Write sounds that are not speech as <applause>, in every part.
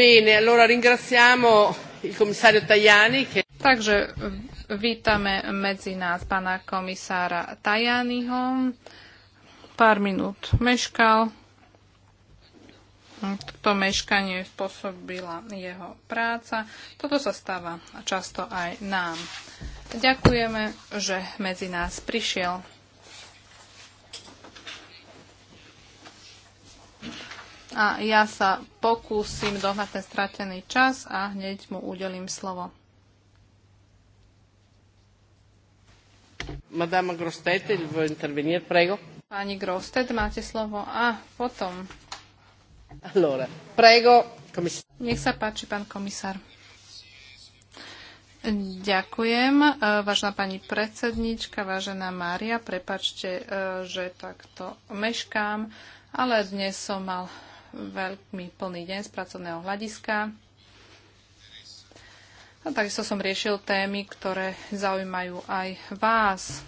Bene, allora ringraziamo il commissario Tajani. Che... Takže eh, vítame medzi nás pána komisára Tajaniho. Pár minút meškal. To meškanie spôsobila jeho práca. Toto sa stáva často aj nám. Ďakujeme, že medzi nás prišiel. A ja sa pokúsim dohnať ten stratený čas a hneď mu udelím slovo. Madame Grostet, intervenir, prego. Pani Grostet, máte slovo. A potom. Allora, prego, komisár. Nech sa páči, pán komisár. Ďakujem, e, vážená pani predsednička, vážená Mária, prepačte, e, že takto meškám, ale dnes som mal veľmi plný deň z pracovného hľadiska. A takisto som riešil témy, ktoré zaujímajú aj vás. E,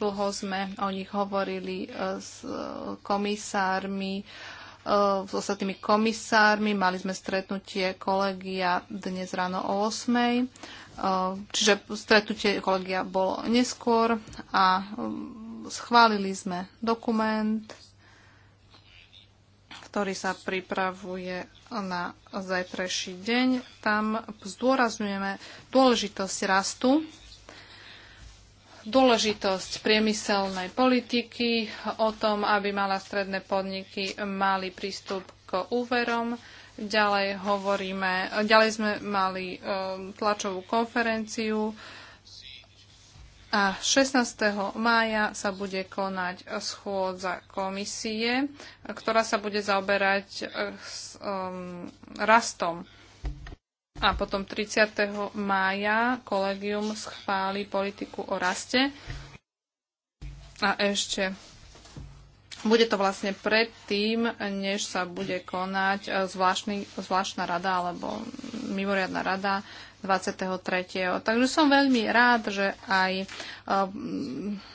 dlho sme o nich hovorili e, s komisármi, e, s ostatnými komisármi. Mali sme stretnutie kolegia dnes ráno o 8. Čiže stretnutie kolegia bolo neskôr a schválili sme dokument ktorý sa pripravuje na zajtrajší deň. Tam zdôrazňujeme dôležitosť rastu, dôležitosť priemyselnej politiky, o tom, aby malé stredné podniky mali prístup k úverom. Ďalej hovoríme, ďalej sme mali eh, tlačovú konferenciu a 16. mája sa bude konať schôdza komisie, ktorá sa bude zaoberať eh, s, um, rastom. A potom 30. mája kolegium schváli politiku o raste. A ešte bude to vlastne predtým, než sa bude konať eh, zvláštny, zvláštna rada alebo mimoriadná rada 23. Takže som veľmi rád, že aj eh,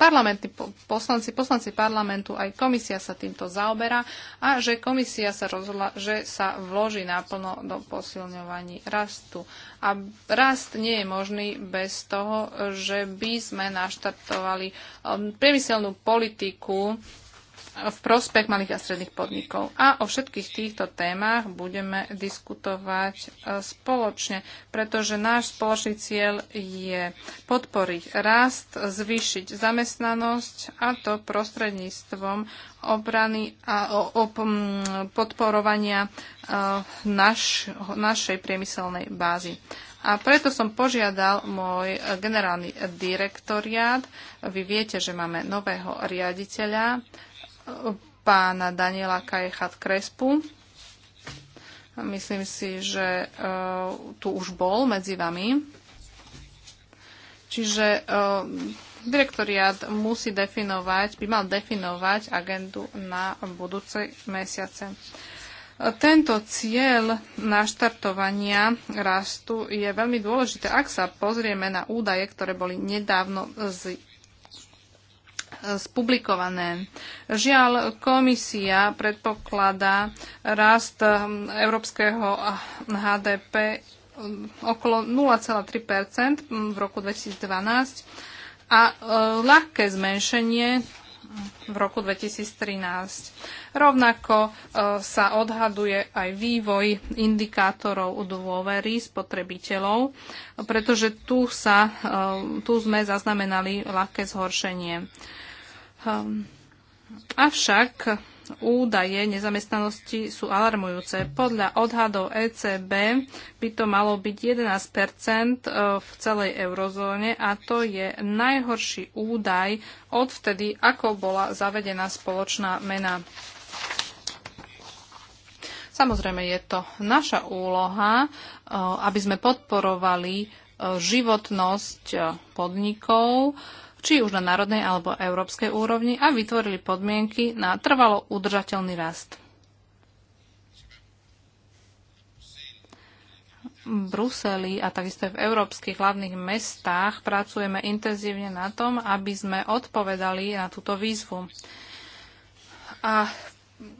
parlamenty, poslanci, poslanci parlamentu, aj komisia sa týmto zaoberá a že komisia sa rozhodla, že sa vloží naplno do posilňovaní rastu. A rast nie je možný bez toho, že by sme naštartovali eh, priemyselnú politiku v prospech malých a stredných podnikov. A o všetkých týchto témach budeme diskutovať e, spoločne, pretože náš spoločný cieľ je podporiť rast, zvýšiť zamestnanosť a to prostredníctvom obrany a podporovania e, naš, našej priemyselnej bázy. A preto som požiadal môj generálny direktoriát. Vy viete, že máme nového riaditeľa pána Daniela Kajechat Krespu. Myslím si, že eh, tu už bol medzi vami. Čiže eh, direktoriát musí definovať, by mal definovať agendu na budúce mesiace. Tento cieľ naštartovania rastu je veľmi dôležité, ak sa pozrieme na údaje, ktoré boli nedávno spublikované. Žiaľ, komisia predpokladá rast um, európskeho HDP ah, um, okolo 0,3 um, v roku 2012 a uh, ľahké zmenšenie v roku 2013. Rovnako uh, sa odhaduje aj vývoj indikátorov dôvery spotrebiteľov, pretože tu, sa, uh, tu sme zaznamenali ľahké zhoršenie. Ehm, avšak údaje nezamestnanosti sú alarmujúce. Podľa odhadov ECB by to malo byť 11 eh, v celej eurozóne a to je najhorší údaj odvtedy, ako bola zavedená spoločná mena. Samozrejme, je to naša úloha, eh, aby sme podporovali eh, životnosť podnikov, či už na národnej alebo európskej úrovni a vytvorili podmienky na trvalo udržateľný rast. V Bruseli a takisto aj v európskych hlavných mestách pracujeme intenzívne na tom, aby sme odpovedali na túto výzvu. A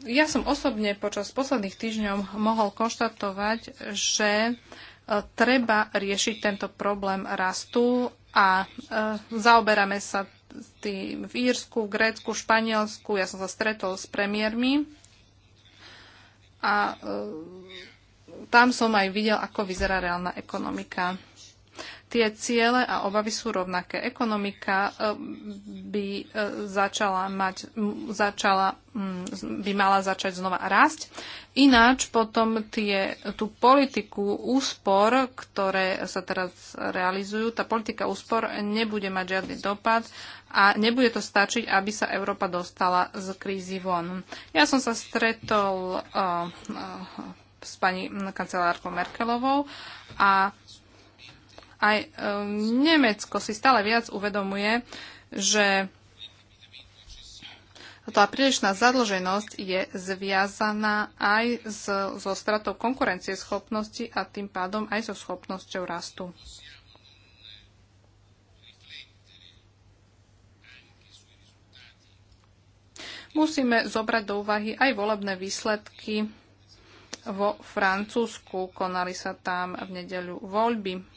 ja som osobne počas posledných týždňov mohol konštatovať, že treba riešiť tento problém rastu a e, zaoberáme sa tým v Írsku, v Grécku, v Španielsku. Ja som sa stretol s premiérmi a e, tam som aj videl, ako vyzerá reálna ekonomika tie ciele a obavy sú rovnaké. Ekonomika eh, by eh, začala, mať, začala, mm, by mala začať znova rásť. Ináč potom tie, tú politiku úspor, ktoré sa teraz realizujú, tá politika úspor nebude mať žiadny dopad a nebude to stačiť, aby sa Európa dostala z krízy von. Ja som sa stretol uh, uh, s pani kancelárkou Merkelovou a aj e, Nemecko si stále viac uvedomuje, že tá prílišná zadlženosť je zviazaná aj so stratou konkurencieschopnosti a tým pádom aj so schopnosťou rastu. Musíme zobrať do úvahy aj volebné výsledky vo Francúzsku. Konali sa tam v nedeľu voľby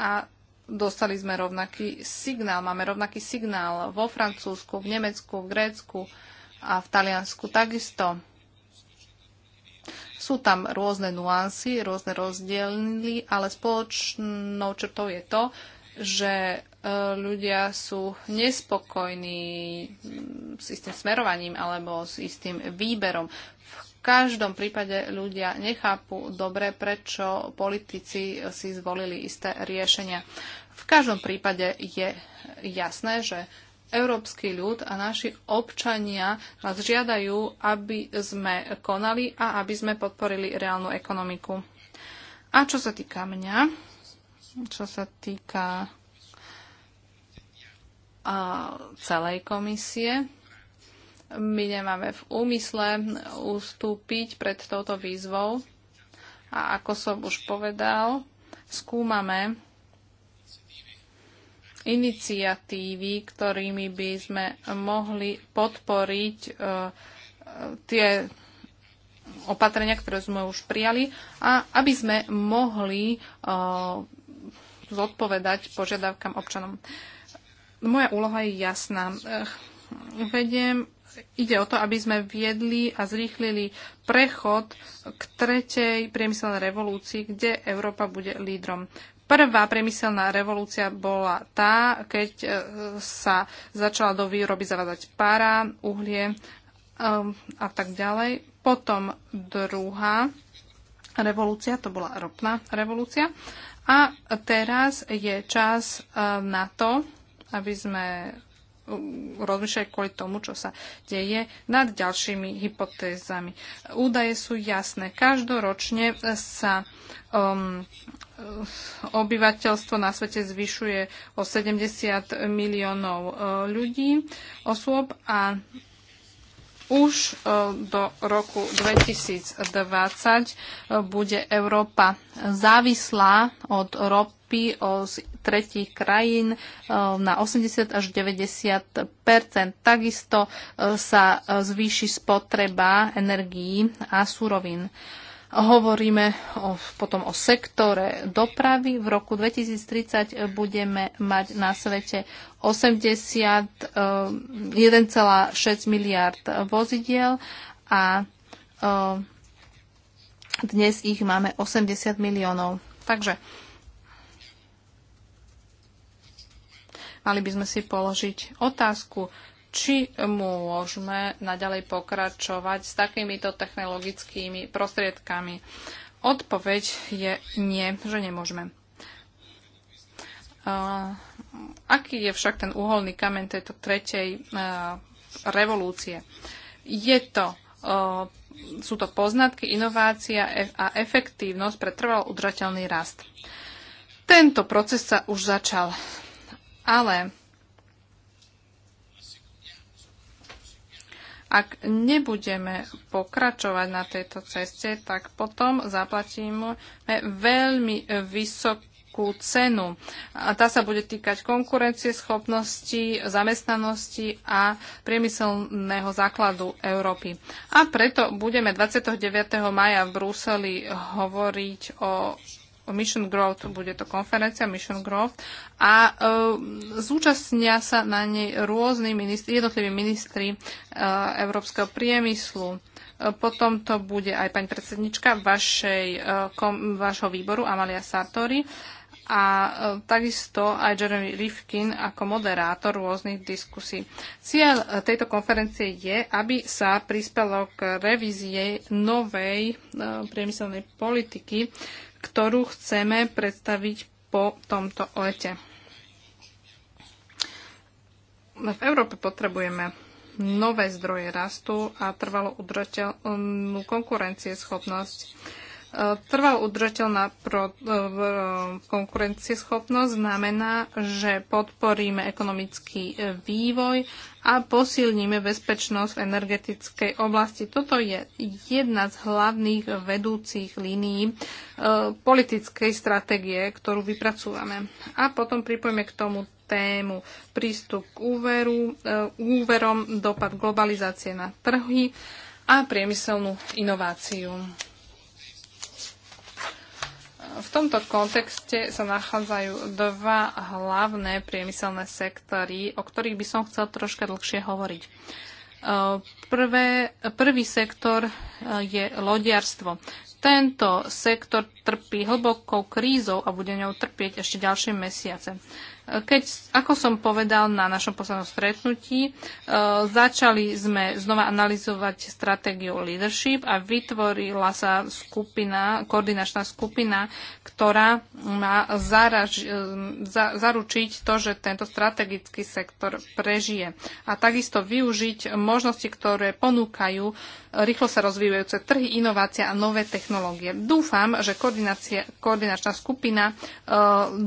a dostali sme rovnaký signál. Máme rovnaký signál vo Francúzsku, v Nemecku, v Grécku a v Taliansku takisto. Sú tam rôzne nuancy, rôzne rozdiely, ale spoločnou črtou je to, že e, ľudia sú nespokojní s istým smerovaním alebo s istým výberom. V každom prípade ľudia nechápu dobre, prečo politici si zvolili isté riešenia. V každom prípade je jasné, že európsky ľud a naši občania nás žiadajú, aby sme konali a aby sme podporili reálnu ekonomiku. A čo sa týka mňa, čo sa týka celej komisie, my nemáme v úmysle ustúpiť pred touto výzvou a ako som už povedal, skúmame iniciatívy, ktorými by sme mohli podporiť e, e, tie opatrenia, ktoré sme už prijali a aby sme mohli e, zodpovedať požiadavkám občanom. Moja úloha je jasná. Vediem ide o to, aby sme viedli a zrýchlili prechod k tretej priemyselnej revolúcii, kde Európa bude lídrom. Prvá priemyselná revolúcia bola tá, keď e, sa začala do výroby zavádzať para, uhlie e, a tak ďalej. Potom druhá revolúcia, to bola ropná revolúcia. A teraz je čas e, na to, aby sme rozmýšľať kvôli tomu, čo sa deje nad ďalšími hypotézami. Údaje sú jasné. Každoročne sa um, obyvateľstvo na svete zvyšuje o 70 miliónov uh, ľudí, osôb a už uh, do roku 2020 uh, bude Európa závislá od ropy z tretích krajín eh, na 80 až 90 Takisto eh, sa eh, zvýši spotreba energií a súrovín. Hovoríme o, potom o sektore dopravy. V roku 2030 budeme mať na svete 81,6 miliard vozidiel a dnes ich máme 80 miliónov. Takže Mali by sme si položiť otázku, či môžeme naďalej pokračovať s takýmito technologickými prostriedkami. Odpoveď je nie, že nemôžeme. Uh, aký je však ten uholný kamen tejto tretej uh, revolúcie? Je to, uh, sú to poznatky, inovácia e, a efektívnosť pre trvalo udržateľný rast. Tento proces sa už začal ale ak nebudeme pokračovať na tejto ceste, tak potom zaplatíme veľmi vysokú cenu. A tá sa bude týkať konkurencie, schopnosti, zamestnanosti a priemyselného základu Európy. A preto budeme 29. maja v Bruseli hovoriť o Mission Growth, bude to konferencia Mission Growth a e, zúčastnia sa na nej rôzni ministri, jednotliví ministri e, európskeho priemyslu. E, potom to bude aj pani predsednička vašej, e, kom, vašho výboru Amalia Sartori a e, takisto aj Jeremy Rifkin ako moderátor rôznych diskusí. Cieľ e, tejto konferencie je, aby sa prispelo k revízie novej e, priemyselnej politiky, ktorú chceme predstaviť po tomto lete. V Európe potrebujeme nové zdroje rastu a trvalo udržateľnú konkurencieschopnosť. Trvá udržateľná e, e, konkurencieschopnosť znamená, že podporíme ekonomický e, vývoj a posilníme bezpečnosť v energetickej oblasti. Toto je jedna z hlavných vedúcich línií politickej stratégie, ktorú vypracúvame. A potom pripojme k tomu tému prístup k úveru, úverom, dopad globalizácie na trhy a priemyselnú inováciu. V tomto kontexte sa nachádzajú dva hlavné priemyselné sektory, o ktorých by som chcel troška dlhšie hovoriť. Prvé, prvý sektor je lodiarstvo. Tento sektor trpí hlbokou krízou a bude ňou trpieť ešte ďalšie mesiace. Keď, ako som povedal na našom poslednom stretnutí, e, začali sme znova analyzovať stratégiu leadership a vytvorila sa skupina, koordinačná skupina, ktorá má zaraž, e, za, zaručiť to, že tento strategický sektor prežije. A takisto využiť možnosti, ktoré ponúkajú rýchlo sa rozvíjajúce trhy, inovácia a nové technológie. Dúfam, že koordinačná skupina e,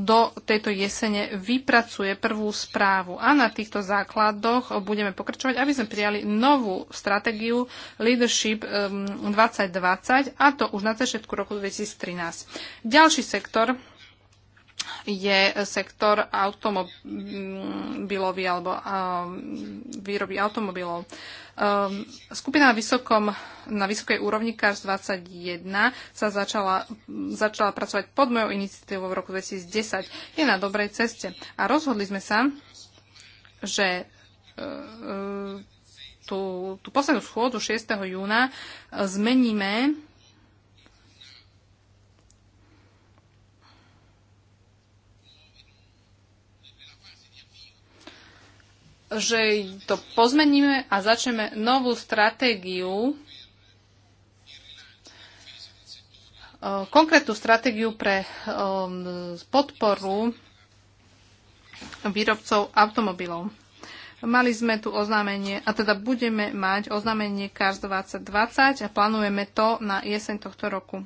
do tejto jesene vy vypracuje prvú správu a na týchto základoch budeme pokračovať, aby sme prijali novú stratégiu Leadership 2020 ehm, a to už na začiatku roku 2013. Ďalší sektor, je sektor automobilový alebo výroby automobilov. Skupina na, vysokom, na vysokej úrovni CARS 21 sa začala, začala pracovať pod mojou iniciatívou v roku 2010. Je na dobrej ceste. A rozhodli sme sa, že e, e, tú, tú poslednú schôdu 6. júna zmeníme že to pozmeníme a začneme novú stratégiu, e, konkrétnu stratégiu pre e, podporu výrobcov automobilov. Mali sme tu oznámenie, a teda budeme mať oznámenie CARS 2020 a plánujeme to na jeseň tohto roku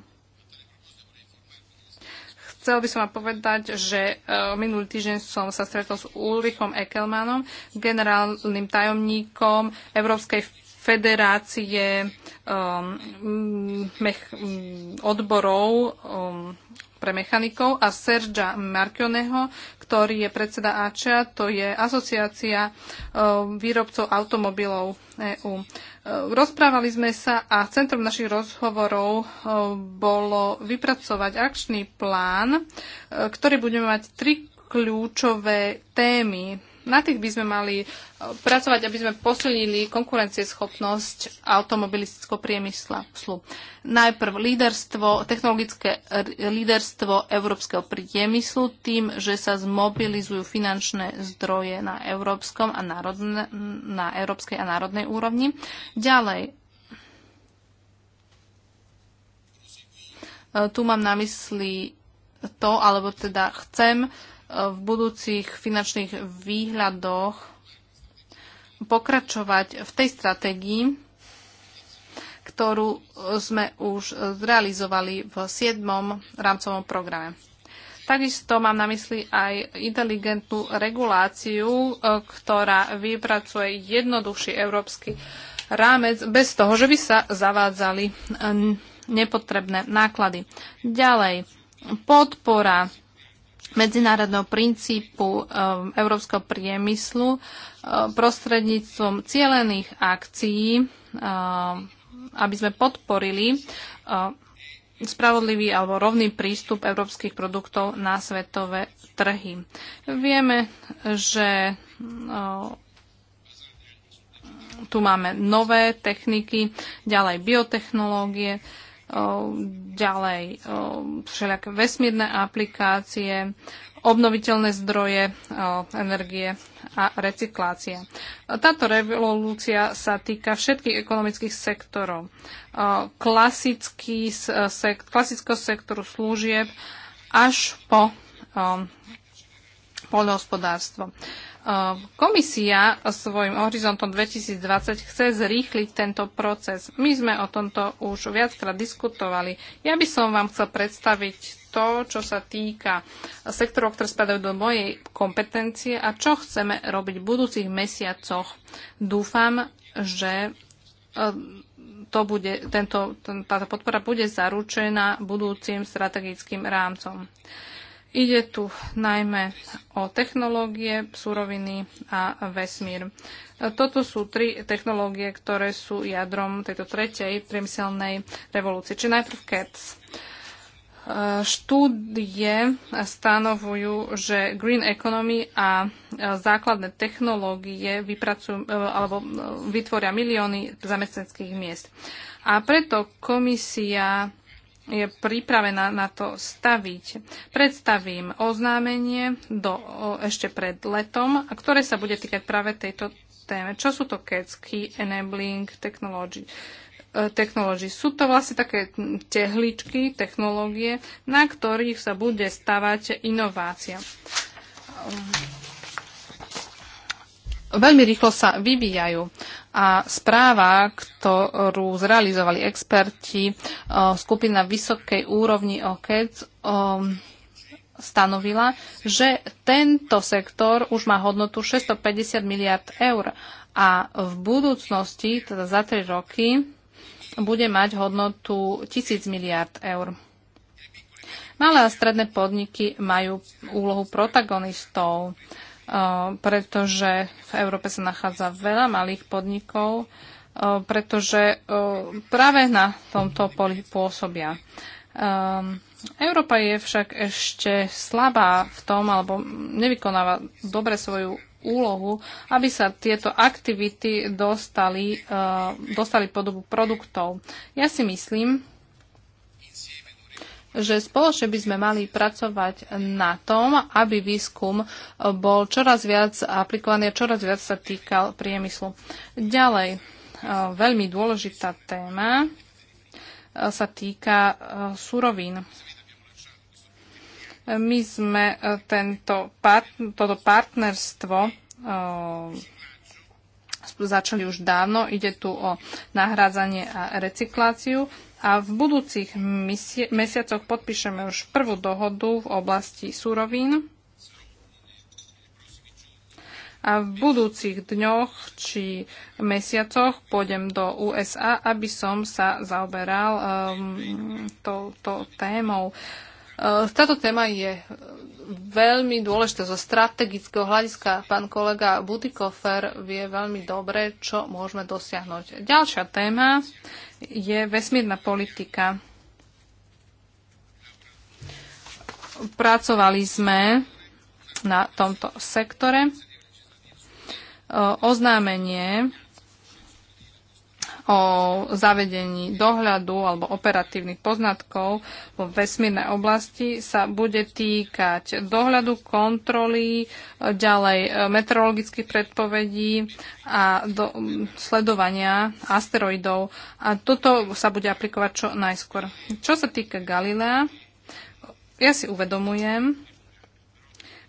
chcel by som vám povedať, že e, minulý týždeň som sa stretol s Ulrichom Ekelmanom, generálnym tajomníkom Európskej federácie um, mech, um, odborov um, pre mechanikov a Sergia Markioneho, ktorý je predseda Ača, to je asociácia e, výrobcov automobilov EÚ. E, rozprávali sme sa a centrom našich rozhovorov e, bolo vypracovať akčný plán, ktorý budeme mať tri kľúčové témy. Na tých by sme mali e, pracovať, aby sme posilnili konkurencieschopnosť automobilistického priemyslu. Najprv líderstvo, technologické líderstvo európskeho priemyslu tým, že sa zmobilizujú finančné zdroje na, európskom a národne, na európskej a národnej úrovni. Ďalej, e, tu mám na mysli to, alebo teda chcem v budúcich finančných výhľadoch pokračovať v tej stratégii, ktorú sme už zrealizovali v 7. rámcovom programe. Takisto mám na mysli aj inteligentnú reguláciu, ktorá vypracuje jednoduchší európsky rámec bez toho, že by sa zavádzali nepotrebné náklady. Ďalej, podpora medzinárodného princípu eh, európskeho priemyslu eh, prostredníctvom cielených akcií, eh, aby sme podporili spravodlivý alebo rovný prístup európskych produktov na svetové trhy. Vieme, že tu máme nové techniky, ďalej biotechnológie, ďalej všelijaké vesmírne aplikácie, obnoviteľné zdroje energie a recyklácia. Táto revolúcia sa týka všetkých ekonomických sektorov. Klasický sekt, klasického sektoru služieb až po poľnohospodárstvo. Um, Komisia svojim horizontom 2020 chce zrýchliť tento proces. My sme o tomto už viackrát diskutovali. Ja by som vám chcel predstaviť to, čo sa týka sektorov, ktoré spadajú do mojej kompetencie a čo chceme robiť v budúcich mesiacoch. Dúfam, že e, to bude, tento, táto podpora bude zaručená budúcim strategickým rámcom. Ide tu najmä o technológie, suroviny a vesmír. Toto sú tri technológie, ktoré sú jadrom tejto tretej priemyselnej revolúcie. Čiže najprv CATS. E Štúdie stanovujú, že green economy a základné technológie vypracujú, alebo vytvoria milióny zamestnanských miest. A preto komisia je pripravená na to staviť. Predstavím oznámenie do, o, ešte pred letom, a ktoré sa bude týkať práve tejto téme. Čo sú to CATS, Key Enabling Technology? E, technology. Sú to vlastne také tehličky, technológie, na ktorých sa bude stavať inovácia veľmi rýchlo sa vyvíjajú. A správa, ktorú zrealizovali experti, skupina vysokej úrovni OKED, stanovila, že tento sektor už má hodnotu 650 miliard eur a v budúcnosti, teda za 3 roky, bude mať hodnotu 1000 miliard eur. Malé a stredné podniky majú úlohu protagonistov pretože v Európe sa nachádza veľa malých podnikov, pretože práve na tomto poli pôsobia. Európa je však ešte slabá v tom, alebo nevykonáva dobre svoju úlohu, aby sa tieto aktivity dostali, dostali podobu produktov. Ja si myslím, že spoločne by sme mali pracovať na tom, aby výskum bol čoraz viac aplikovaný a čoraz viac sa týkal priemyslu. Ďalej, e, veľmi dôležitá téma e, sa týka e, surovín. My sme tento part, toto partnerstvo začali už dávno. Ide tu o nahrádzanie a recykláciu a v budúcich mesiacoch podpíšeme už prvú dohodu v oblasti súrovín a v budúcich dňoch či mesiacoch pôjdem do USA, aby som sa zaoberal um, touto to témou. Ehm, táto téma je veľmi dôležité zo strategického hľadiska. Pán kolega Butikofer vie veľmi dobre, čo môžeme dosiahnuť. Ďalšia téma je vesmírna politika. Pracovali sme na tomto sektore. Oznámenie o zavedení dohľadu alebo operatívnych poznatkov vo vesmírnej oblasti sa bude týkať dohľadu, kontroly, ďalej e, meteorologických predpovedí a do, sledovania asteroidov. A toto sa bude aplikovať čo najskôr. Čo sa týka Galilea, ja si uvedomujem,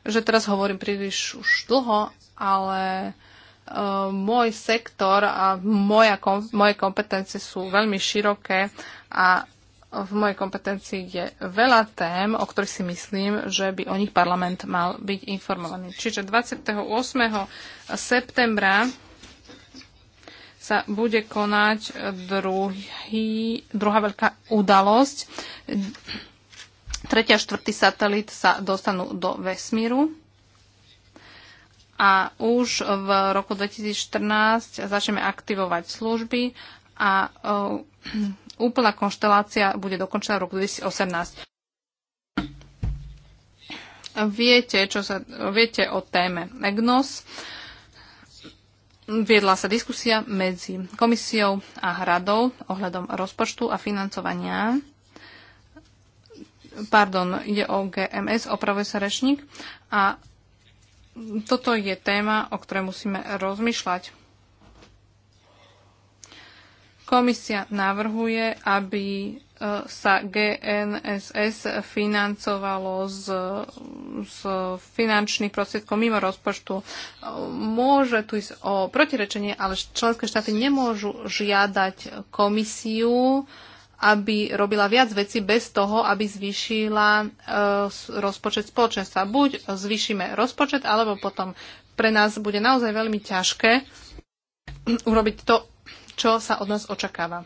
že teraz hovorím príliš už dlho, ale môj sektor a moja, moje kompetencie sú veľmi široké a v mojej kompetencii je veľa tém, o ktorých si myslím, že by o nich parlament mal byť informovaný. Čiže 28. septembra sa bude konať druhý, druhá veľká udalosť. Tretia a štvrtý satelit sa dostanú do vesmíru a už v roku 2014 začneme aktivovať služby a <clears throat> úplná konštelácia bude dokončená v roku 2018. Viete, čo sa, viete o téme EGNOS. Viedla sa diskusia medzi komisiou a hradou ohľadom rozpočtu a financovania. Pardon, ide o GMS, opravuje sa rečník. A toto je téma, o ktorej musíme rozmýšľať. Komisia navrhuje, aby e, sa GNSS financovalo z, z finančných prostriedkov mimo rozpočtu. E, môže tu ísť o protirečenie, ale členské štáty nemôžu žiadať komisiu aby robila viac vecí bez toho, aby zvýšila e, rozpočet spoločenstva. Buď zvýšime rozpočet, alebo potom pre nás bude naozaj veľmi ťažké <clears throat> urobiť to, čo sa od nás očakáva.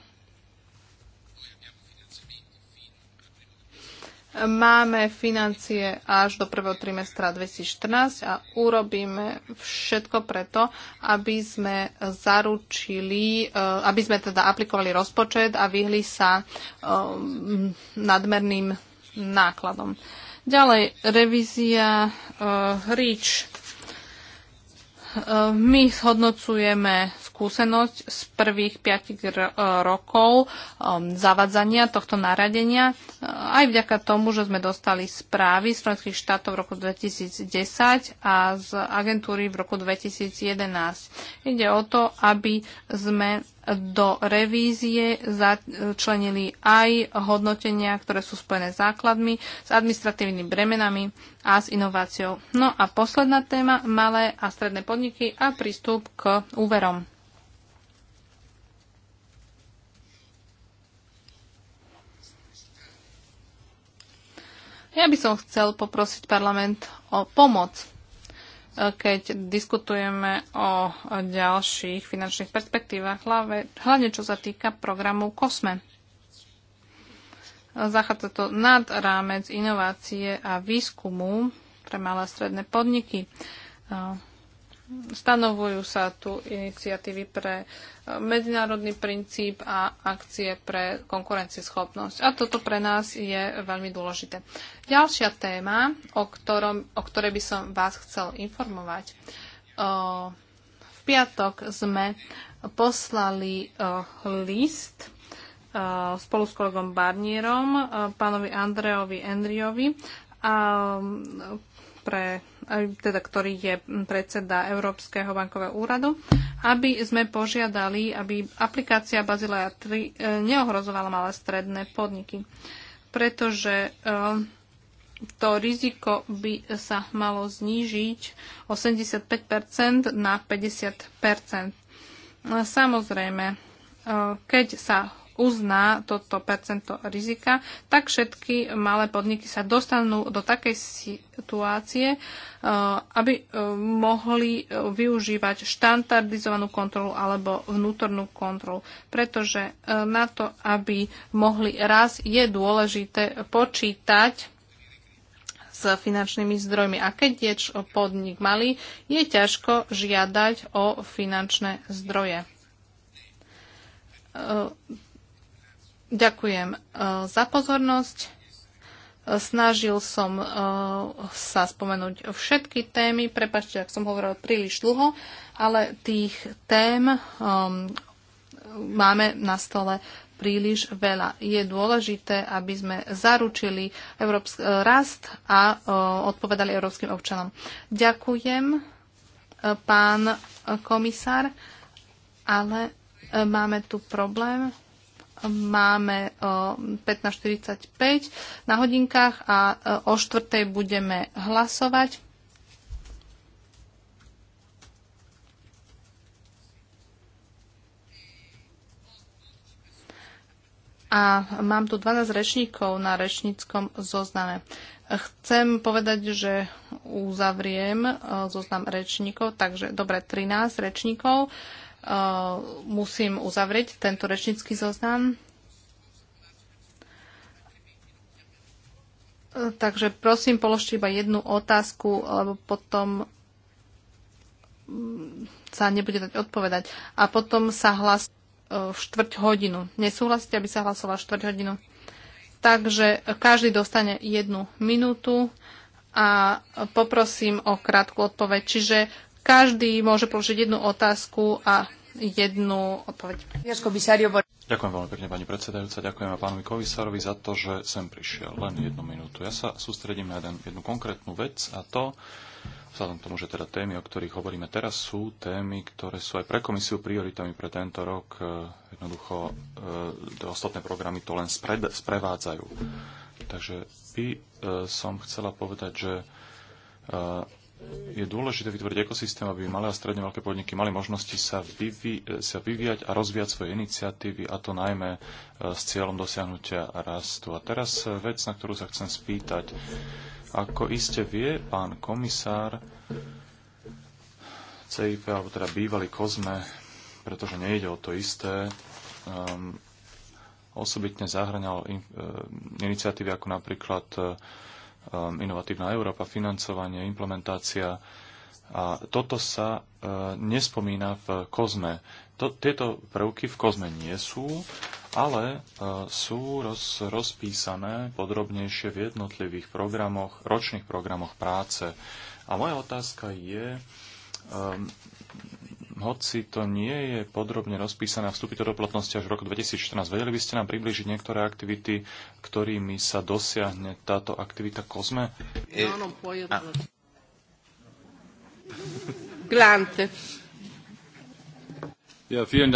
Máme financie až do prvého trimestra 2014 a urobíme všetko preto, aby sme zaručili, eh, aby sme teda aplikovali rozpočet a vyhli sa eh, nadmerným nákladom. Ďalej, revízia uh, REACH. Uh, my zhodnocujeme skúsenosť z prvých 5 e, rokov e, zavadzania tohto naradenia. E, aj vďaka tomu, že sme dostali správy z členských štátov v roku 2010 a z agentúry v roku 2011. Ide o to, aby sme do revízie začlenili aj hodnotenia, ktoré sú spojené s základmi, s administratívnymi bremenami a s inováciou. No a posledná téma, malé a stredné podniky a prístup k úverom. Ja by som chcel poprosiť parlament o pomoc, e, keď diskutujeme o ďalších finančných perspektívach, hlavne čo sa týka programu COSME. Zachádza to nad rámec inovácie a výskumu pre malé a stredné podniky. E, stanovujú sa tu iniciatívy pre e, medzinárodný princíp a akcie pre konkurencieschopnosť. A toto pre nás je veľmi dôležité. Ďalšia téma, o, ktorom, o ktorej by som vás chcel informovať. E, v piatok sme poslali e, list spolu s kolegom Barnierom, pánovi Andreovi Enriovi, a pre E, teda, ktorý je predseda Európskeho bankového úradu, aby sme požiadali, aby aplikácia Bazilea 3 e, neohrozovala malé stredné podniky, pretože e, to riziko by sa malo znížiť 85% na 50%. Samozrejme, keď sa uzná toto percento rizika, tak všetky malé podniky sa dostanú do takej situácie, e, aby e, mohli e, využívať štandardizovanú kontrolu alebo vnútornú kontrolu. Pretože na to, aby mohli raz, je dôležité počítať s finančnými zdrojmi. A keď je podnik malý, je ťažko žiadať o finančné zdroje Ďakujem eh, za pozornosť. Eh, snažil som eh, sa spomenúť všetky témy. Prepačte, ak som hovoril príliš dlho, ale tých tém máme na stole príliš veľa. Je dôležité, aby sme zaručili európsk, rast a odpovedali európskym občanom. Ďakujem, pán komisár, ale máme tu problém máme 15.45 na hodinkách a o štvrtej budeme hlasovať. A mám tu 12 rečníkov na rečníckom zozname. Chcem povedať, že uzavriem zoznam rečníkov, takže dobre, 13 rečníkov Uh, musím uzavrieť tento rečnícky zoznam. Uh, takže prosím, položte iba jednu otázku, lebo potom mm, sa nebude dať odpovedať. A potom sa hlas uh, v štvrť hodinu. Nesúhlasíte, aby sa hlasovala štvrť hodinu? Takže každý dostane jednu minútu a poprosím o krátku odpoveď. Čiže každý môže položiť jednu otázku a jednu odpoveď. Ďakujem veľmi pekne, pani predsedajúca. Ďakujem a pánovi komisárovi za to, že sem prišiel. Len jednu minútu. Ja sa sústredím na jeden, jednu konkrétnu vec a to, vzhľadom k tomu, že teda témy, o ktorých hovoríme teraz, sú témy, ktoré sú aj pre komisiu prioritami pre tento rok. E, jednoducho e, ostatné programy to len spred, sprevádzajú. Takže by e, som chcela povedať, že e, je dôležité vytvoriť ekosystém, aby malé a stredne veľké podniky mali možnosti sa, vyvi- sa vyvíjať a rozvíjať svoje iniciatívy, a to najmä e, s cieľom dosiahnutia rastu. A teraz e, vec, na ktorú sa chcem spýtať. Ako iste vie pán komisár CIP, alebo teda bývalý kozme, pretože nejde o to isté, um, osobitne zahraňal in, e, iniciatívy ako napríklad uh, Um, inovatívna Európa, financovanie, implementácia. A toto sa uh, nespomína v kozme. To, tieto prvky v kozme nie sú, ale uh, sú roz, rozpísané podrobnejšie v jednotlivých programoch, ročných programoch práce. A moja otázka je, um, hoci to nie je podrobne rozpísané a vstúpi to do platnosti až v roku 2014, vedeli by ste nám približiť niektoré aktivity, ktorými sa dosiahne táto aktivita COSME? Eh, no, no, <laughs> Glante. Ja, vielen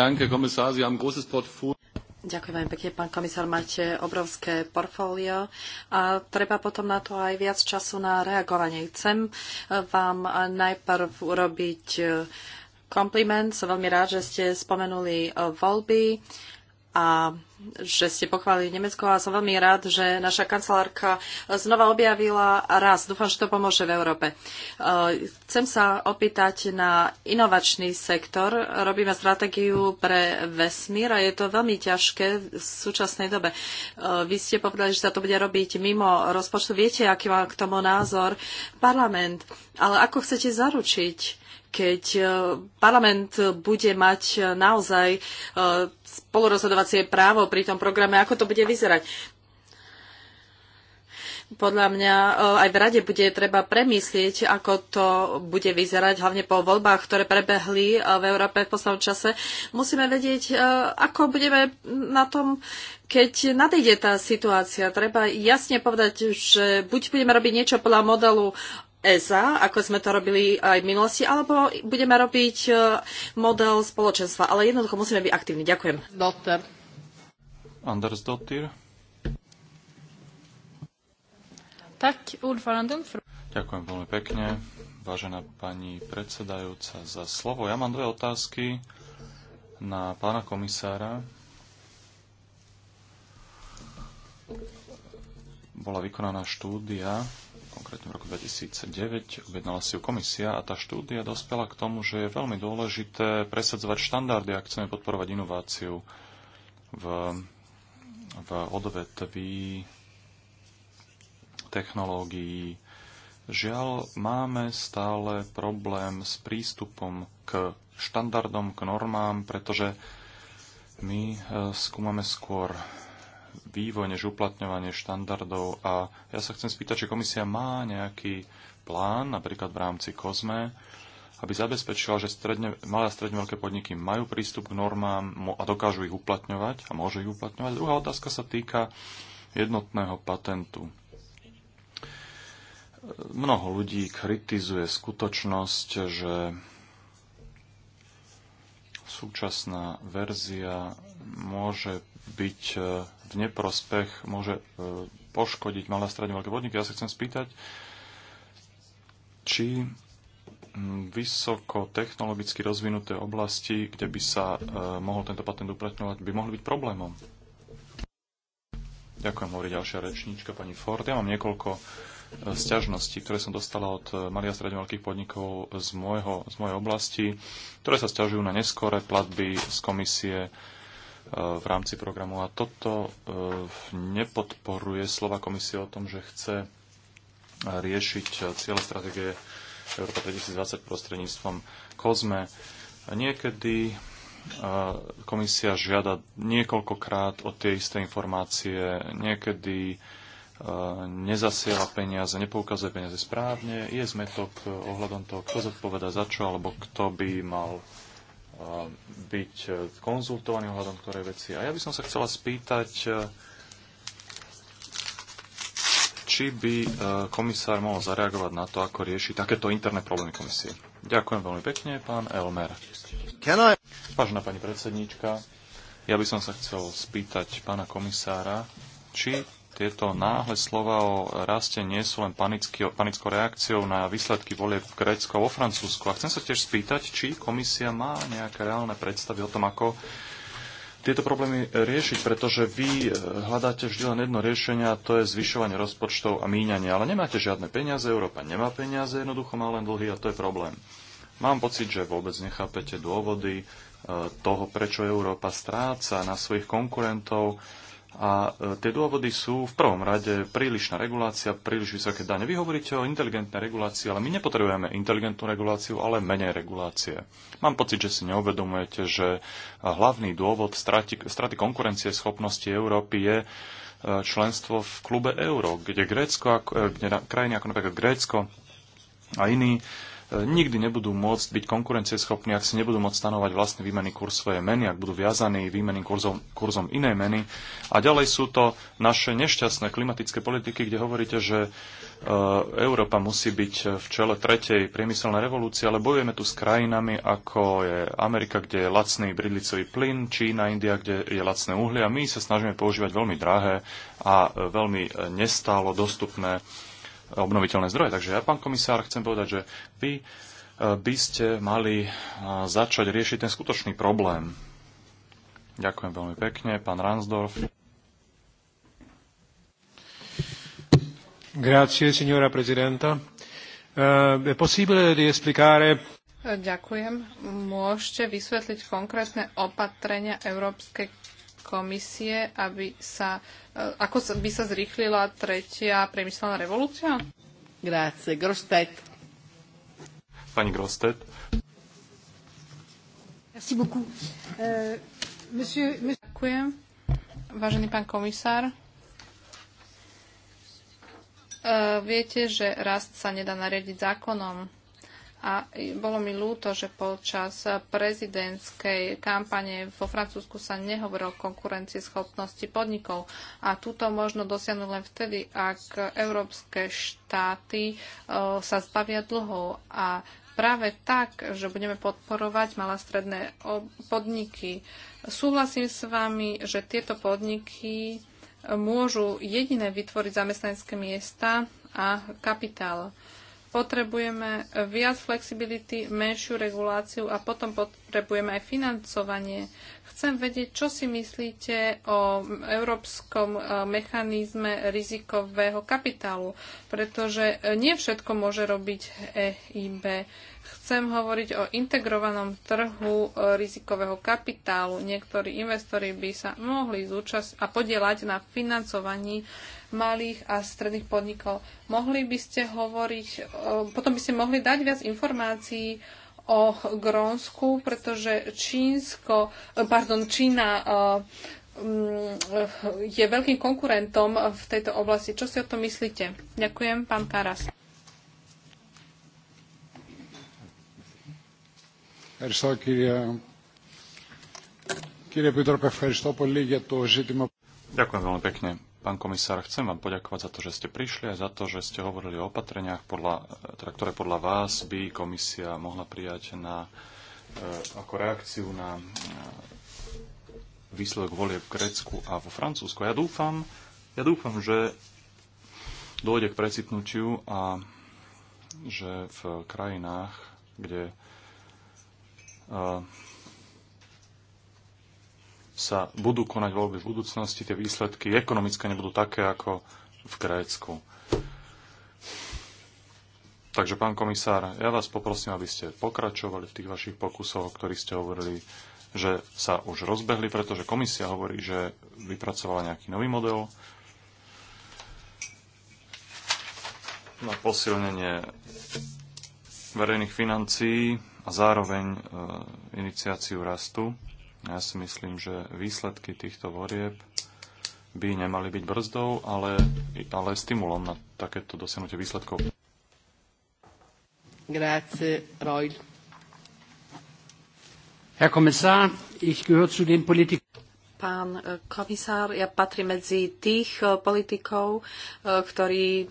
Ďakujem veľmi pekne, pán komisár. Máte obrovské portfólio a treba potom na to aj viac času na reagovanie. Chcem eh, vám eh, najprv urobiť kompliment. Som veľmi rád, že ste spomenuli e, voľby a že ste pochválili Nemecko a som veľmi rád, že naša kancelárka znova objavila raz. Dúfam, že to pomôže v Európe. E, chcem sa opýtať na inovačný sektor. Robíme stratégiu pre vesmír a je to veľmi ťažké v súčasnej dobe. E, vy ste povedali, že sa to bude robiť mimo rozpočtu. Viete, aký má k tomu názor parlament. Ale ako chcete zaručiť, keď e, parlament bude mať e, naozaj e, spolurozhodovacie právo pri tom programe, ako to bude vyzerať. Podľa mňa aj v rade bude treba premyslieť, ako to bude vyzerať, hlavne po voľbách, ktoré prebehli v Európe v poslednom čase. Musíme vedieť, ako budeme na tom, keď nadejde tá situácia. Treba jasne povedať, že buď budeme robiť niečo podľa modelu ESA, ako sme to robili aj v minulosti, alebo budeme robiť e, model spoločenstva. Ale jednoducho musíme byť aktívni. Ďakujem. Dotter. Anders Dottir. Tak, Ďakujem veľmi pekne, vážená pani predsedajúca, za slovo. Ja mám dve otázky na pána komisára. Bola vykonaná štúdia konkrétne v roku 2009, objednala si ju komisia a tá štúdia dospela k tomu, že je veľmi dôležité presadzovať štandardy, ak chceme podporovať inováciu v, v odvetví technológií. Žiaľ, máme stále problém s prístupom k štandardom, k normám, pretože my eh, skúmame skôr vývoj než uplatňovanie štandardov. A ja sa chcem spýtať, či komisia má nejaký plán, napríklad v rámci COSME, aby zabezpečila, že stredne, malé a stredne veľké podniky majú prístup k normám a dokážu ich uplatňovať a môžu ich uplatňovať. Druhá otázka sa týka jednotného patentu. Mnoho ľudí kritizuje skutočnosť, že súčasná verzia môže byť e, v neprospech, môže e, poškodiť malé a stredne veľké podniky. Ja sa chcem spýtať, či vysoko technologicky rozvinuté oblasti, kde by sa e, mohol tento patent uplatňovať, by mohli byť problémom. Ďakujem, hovorí ďalšia rečníčka, pani Ford. Ja mám niekoľko sťažnosti, ktoré som dostala od eh, malých a stredne veľkých podnikov z, môjho, z mojej oblasti, ktoré sa sťažujú na neskore platby z komisie eh, v rámci programu. A toto eh, nepodporuje slova komisie o tom, že chce riešiť cieľe stratégie Európa 2020 prostredníctvom COSME. Niekedy komisia žiada niekoľkokrát o tie isté informácie, niekedy nezasiela peniaze, nepoukazuje peniaze správne, je zmetok ohľadom toho, kto zodpoveda za čo, alebo kto by mal byť konzultovaný ohľadom ktorej veci. A ja by som sa chcela spýtať, či by komisár mohol zareagovať na to, ako rieši takéto interné problémy komisie. Ďakujem veľmi pekne, pán Elmer. Vážená pani predsedníčka, ja by som sa chcel spýtať pána komisára, či tieto náhle slova o raste nie sú len panicky, panickou reakciou na výsledky volie v Grécku a vo Francúzsku. A chcem sa tiež spýtať, či komisia má nejaké reálne predstavy o tom, ako tieto problémy riešiť, pretože vy eh, hľadáte vždy len jedno riešenie a to je zvyšovanie rozpočtov a míňanie. Ale nemáte žiadne peniaze, Európa nemá peniaze, jednoducho má len dlhy a to je problém. Mám pocit, že vôbec nechápete dôvody eh, toho, prečo Európa stráca na svojich konkurentov a e, tie dôvody sú v prvom rade prílišná regulácia, príliš vysoké dane. Vy hovoríte o inteligentnej regulácii, ale my nepotrebujeme inteligentnú reguláciu, ale menej regulácie. Mám pocit, že si neuvedomujete, že hlavný dôvod straty, straty konkurencie schopnosti Európy je e, členstvo v klube euro, kde, Grécko, e, kde krajiny ako napríklad Grécko a iní nikdy nebudú môcť byť konkurencieschopní, ak si nebudú môcť stanovať vlastný výmenný kurz svojej meny, ak budú viazaní výmenným kurzom, kurzom inej meny. A ďalej sú to naše nešťastné klimatické politiky, kde hovoríte, že e, Európa musí byť v čele tretej priemyselnej revolúcie, ale bojujeme tu s krajinami, ako je Amerika, kde je lacný bridlicový plyn, Čína, India, kde je lacné uhlie a my sa snažíme používať veľmi drahé a e, veľmi e, nestálo dostupné obnoviteľné zdroje. Takže ja, pán komisár, chcem povedať, že vy e, by ste mali e, začať riešiť ten skutočný problém. Ďakujem veľmi pekne, pán Ransdorf. Grazie, signora prezidenta. Uh, e, possibile di esplicare Ďakujem. Môžete vysvetliť konkrétne opatrenia Európskej komisie, aby sa, e, ako by sa zrýchlila tretia priemyselná revolúcia? Grazie. Grostet. Pani Grostet. Merci beaucoup. Uh, monsieur, monsieur... Ďakujem. Vážený pán komisár, uh, viete, že rast sa nedá nariadiť zákonom a bolo mi ľúto, že počas prezidentskej kampane vo Francúzsku sa nehovorilo o konkurencieschopnosti podnikov. A túto možno dosiahnuť len vtedy, ak európske štáty e, sa zbavia dlhov. A práve tak, že budeme podporovať malé stredné podniky. Súhlasím s vami, že tieto podniky e, môžu jediné vytvoriť zamestnanecké miesta a kapitál. Uh, potrebujeme viac flexibility, menšiu reguláciu a potom potrebujeme aj financovanie. Chcem vedieť, čo si myslíte o európskom e, mechanizme rizikového kapitálu, pretože e, nie všetko môže robiť EIB. Chcem hovoriť o integrovanom trhu e, rizikového kapitálu. Niektorí investori by sa mohli zúčastniť a podielať na financovaní malých a stredných podnikov. Mohli by ste hovoriť, e, potom by ste mohli dať viac informácií o Grónsku, pretože Čínsko, e, pardon, Čína e, mm, je veľkým konkurentom v tejto oblasti. Čo si o tom myslíte? Ďakujem, pán Karas. Ďakujem veľmi pekne, Pán komisár, chcem vám poďakovať za to, že ste prišli a za to, že ste hovorili o opatreniach, podľa, teda, ktoré podľa vás by komisia mohla prijať na, e, ako reakciu na e, výsledok volieb v Grécku a vo Francúzsku. Ja dúfam, ja dúfam, že dôjde k precitnutiu a že v krajinách, kde e, sa budú konať voľby v budúcnosti, tie výsledky ekonomické nebudú také ako v Grécku. Takže, pán komisár, ja vás poprosím, aby ste pokračovali v tých vašich pokusoch, o ktorých ste hovorili, že sa už rozbehli, pretože komisia hovorí, že vypracovala nejaký nový model na posilnenie verejných financií a zároveň e, iniciáciu rastu. Ja si myslím, že výsledky týchto vorieb by nemali byť brzdou, ale, ale stimulom na takéto dosiahnutie výsledkov. Grazie, Reul. Herr Kommissar, ich gehöre zu den Pán e, komisár, ja patrím medzi tých e, politikov, e, ktorí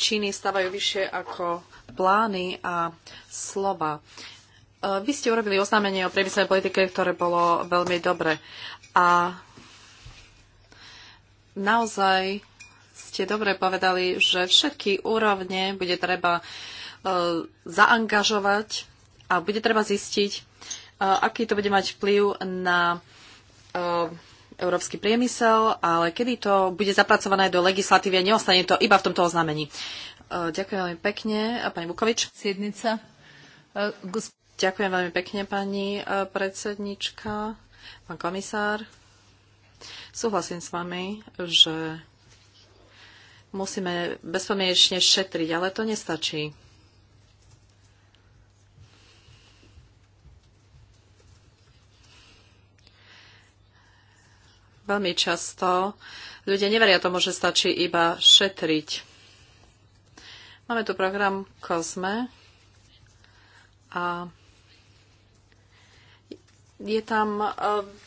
činy stavajú vyššie ako plány a slova. Eh, vy ste urobili oznámenie o priemyselnej politike, ktoré bolo veľmi dobre. A naozaj ste dobre povedali, že všetky úrovne bude treba eh, zaangažovať a bude treba zistiť, eh, aký to bude mať vplyv na európsky priemysel, ale kedy to bude zapracované do legislatívy a neostane to iba v tomto oznámení. Ďakujem veľmi pekne, pani Bukovič. Siednica. Ďakujem veľmi pekne, pani e, predsednička, pán komisár. Súhlasím s vami, že musíme bezpomienečne šetriť, ale to nestačí. Veľmi často ľudia neveria tomu, že stačí iba šetriť. Máme tu program COSME a je tam e,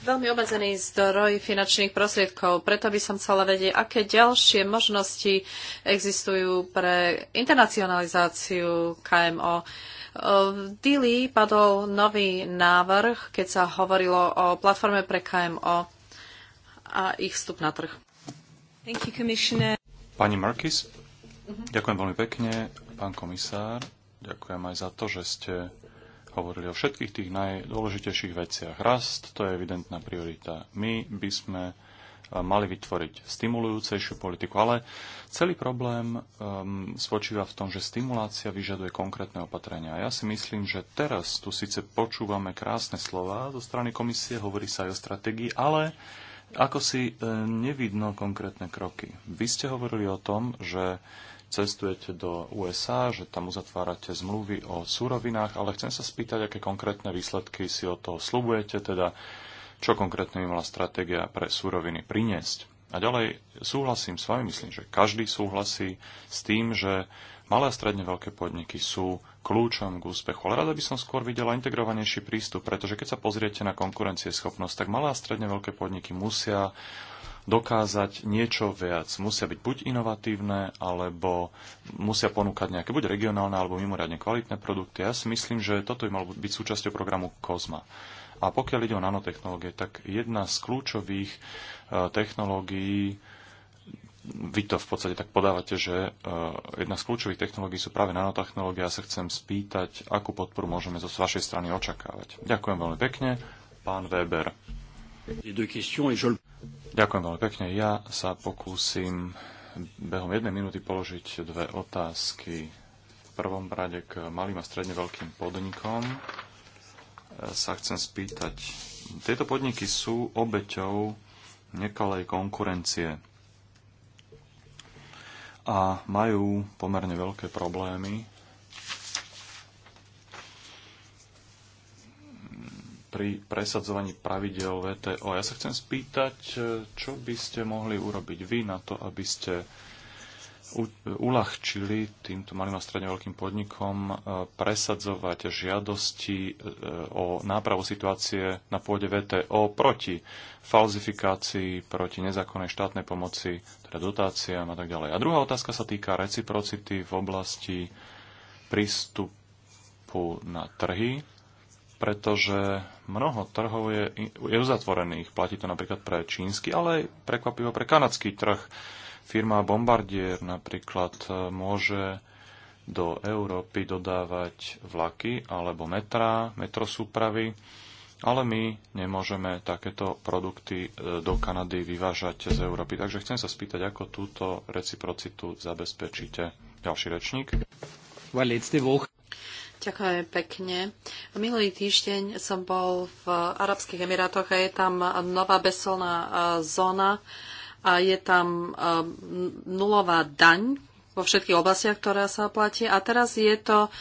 veľmi obmedzený zdroj finančných prostriedkov, preto by som chcela vedieť, aké ďalšie možnosti existujú pre internacionalizáciu KMO. E, v Dili padol nový návrh, keď sa hovorilo o platforme pre KMO a ich vstup na trh. Thank you, Pani Markis, ďakujem veľmi pekne. Pán komisár, ďakujem aj za to, že ste hovorili o všetkých tých najdôležitejších veciach. Rast, to je evidentná priorita. My by sme e, mali vytvoriť stimulujúcejšiu politiku, ale celý problém um, spočíva v tom, že stimulácia vyžaduje konkrétne opatrenia. Ja si myslím, že teraz tu síce počúvame krásne slova zo strany komisie, hovorí sa aj o stratégii, ale ako si e, nevidno konkrétne kroky. Vy ste hovorili o tom, že cestujete do USA, že tam uzatvárate zmluvy o súrovinách, ale chcem sa spýtať, aké konkrétne výsledky si o toho slubujete, teda čo konkrétne by mala stratégia pre súroviny priniesť. A ďalej súhlasím s vami, myslím, že každý súhlasí s tým, že malé a stredne veľké podniky sú kľúčom k úspechu. Ale rada by som skôr videla integrovanejší prístup, pretože keď sa pozriete na konkurencieschopnosť, tak malé a stredne veľké podniky musia dokázať niečo viac. Musia byť buď inovatívne, alebo musia ponúkať nejaké buď regionálne, alebo mimoriadne kvalitné produkty. Ja si myslím, že toto by malo byť súčasťou programu COSMA. A pokiaľ ide o nanotechnológie, tak jedna z kľúčových e, technológií, vy to v podstate tak podávate, že e, jedna z kľúčových technológií sú práve nanotechnológie. a sa chcem spýtať, akú podporu môžeme zo vašej strany očakávať. Ďakujem veľmi pekne, pán Weber. Ďakujem veľmi pekne. Ja sa pokúsim behom jednej minúty položiť dve otázky. V prvom rade k malým a stredne veľkým podnikom e, sa chcem spýtať. Tieto podniky sú obeťou nekalej konkurencie a majú pomerne veľké problémy pri presadzovaní pravidel VTO. Ja sa chcem spýtať, e, čo by ste mohli urobiť vy na to, aby ste uľahčili týmto malým a stredne veľkým podnikom e, presadzovať žiadosti e, o nápravu situácie na pôde VTO proti falzifikácii, proti nezákonnej štátnej pomoci, teda dotáciám a tak ďalej. A druhá otázka sa týka reciprocity v oblasti prístupu na trhy pretože mnoho trhov je, je uzatvorených. Platí to napríklad pre čínsky, ale aj prekvapivo pre kanadský trh. Firma Bombardier napríklad e, môže do Európy dodávať vlaky alebo metra, metrosúpravy, ale my nemôžeme takéto produkty e, do Kanady vyvážať z Európy. Takže chcem sa spýtať, ako túto reciprocitu zabezpečíte. Ďalší rečník. Ďakujem pekne. Minulý týždeň som bol v Arabských Emirátoch a je tam nová beselná zóna a je tam nulová daň vo všetkých oblastiach, ktorá sa platí. A teraz je to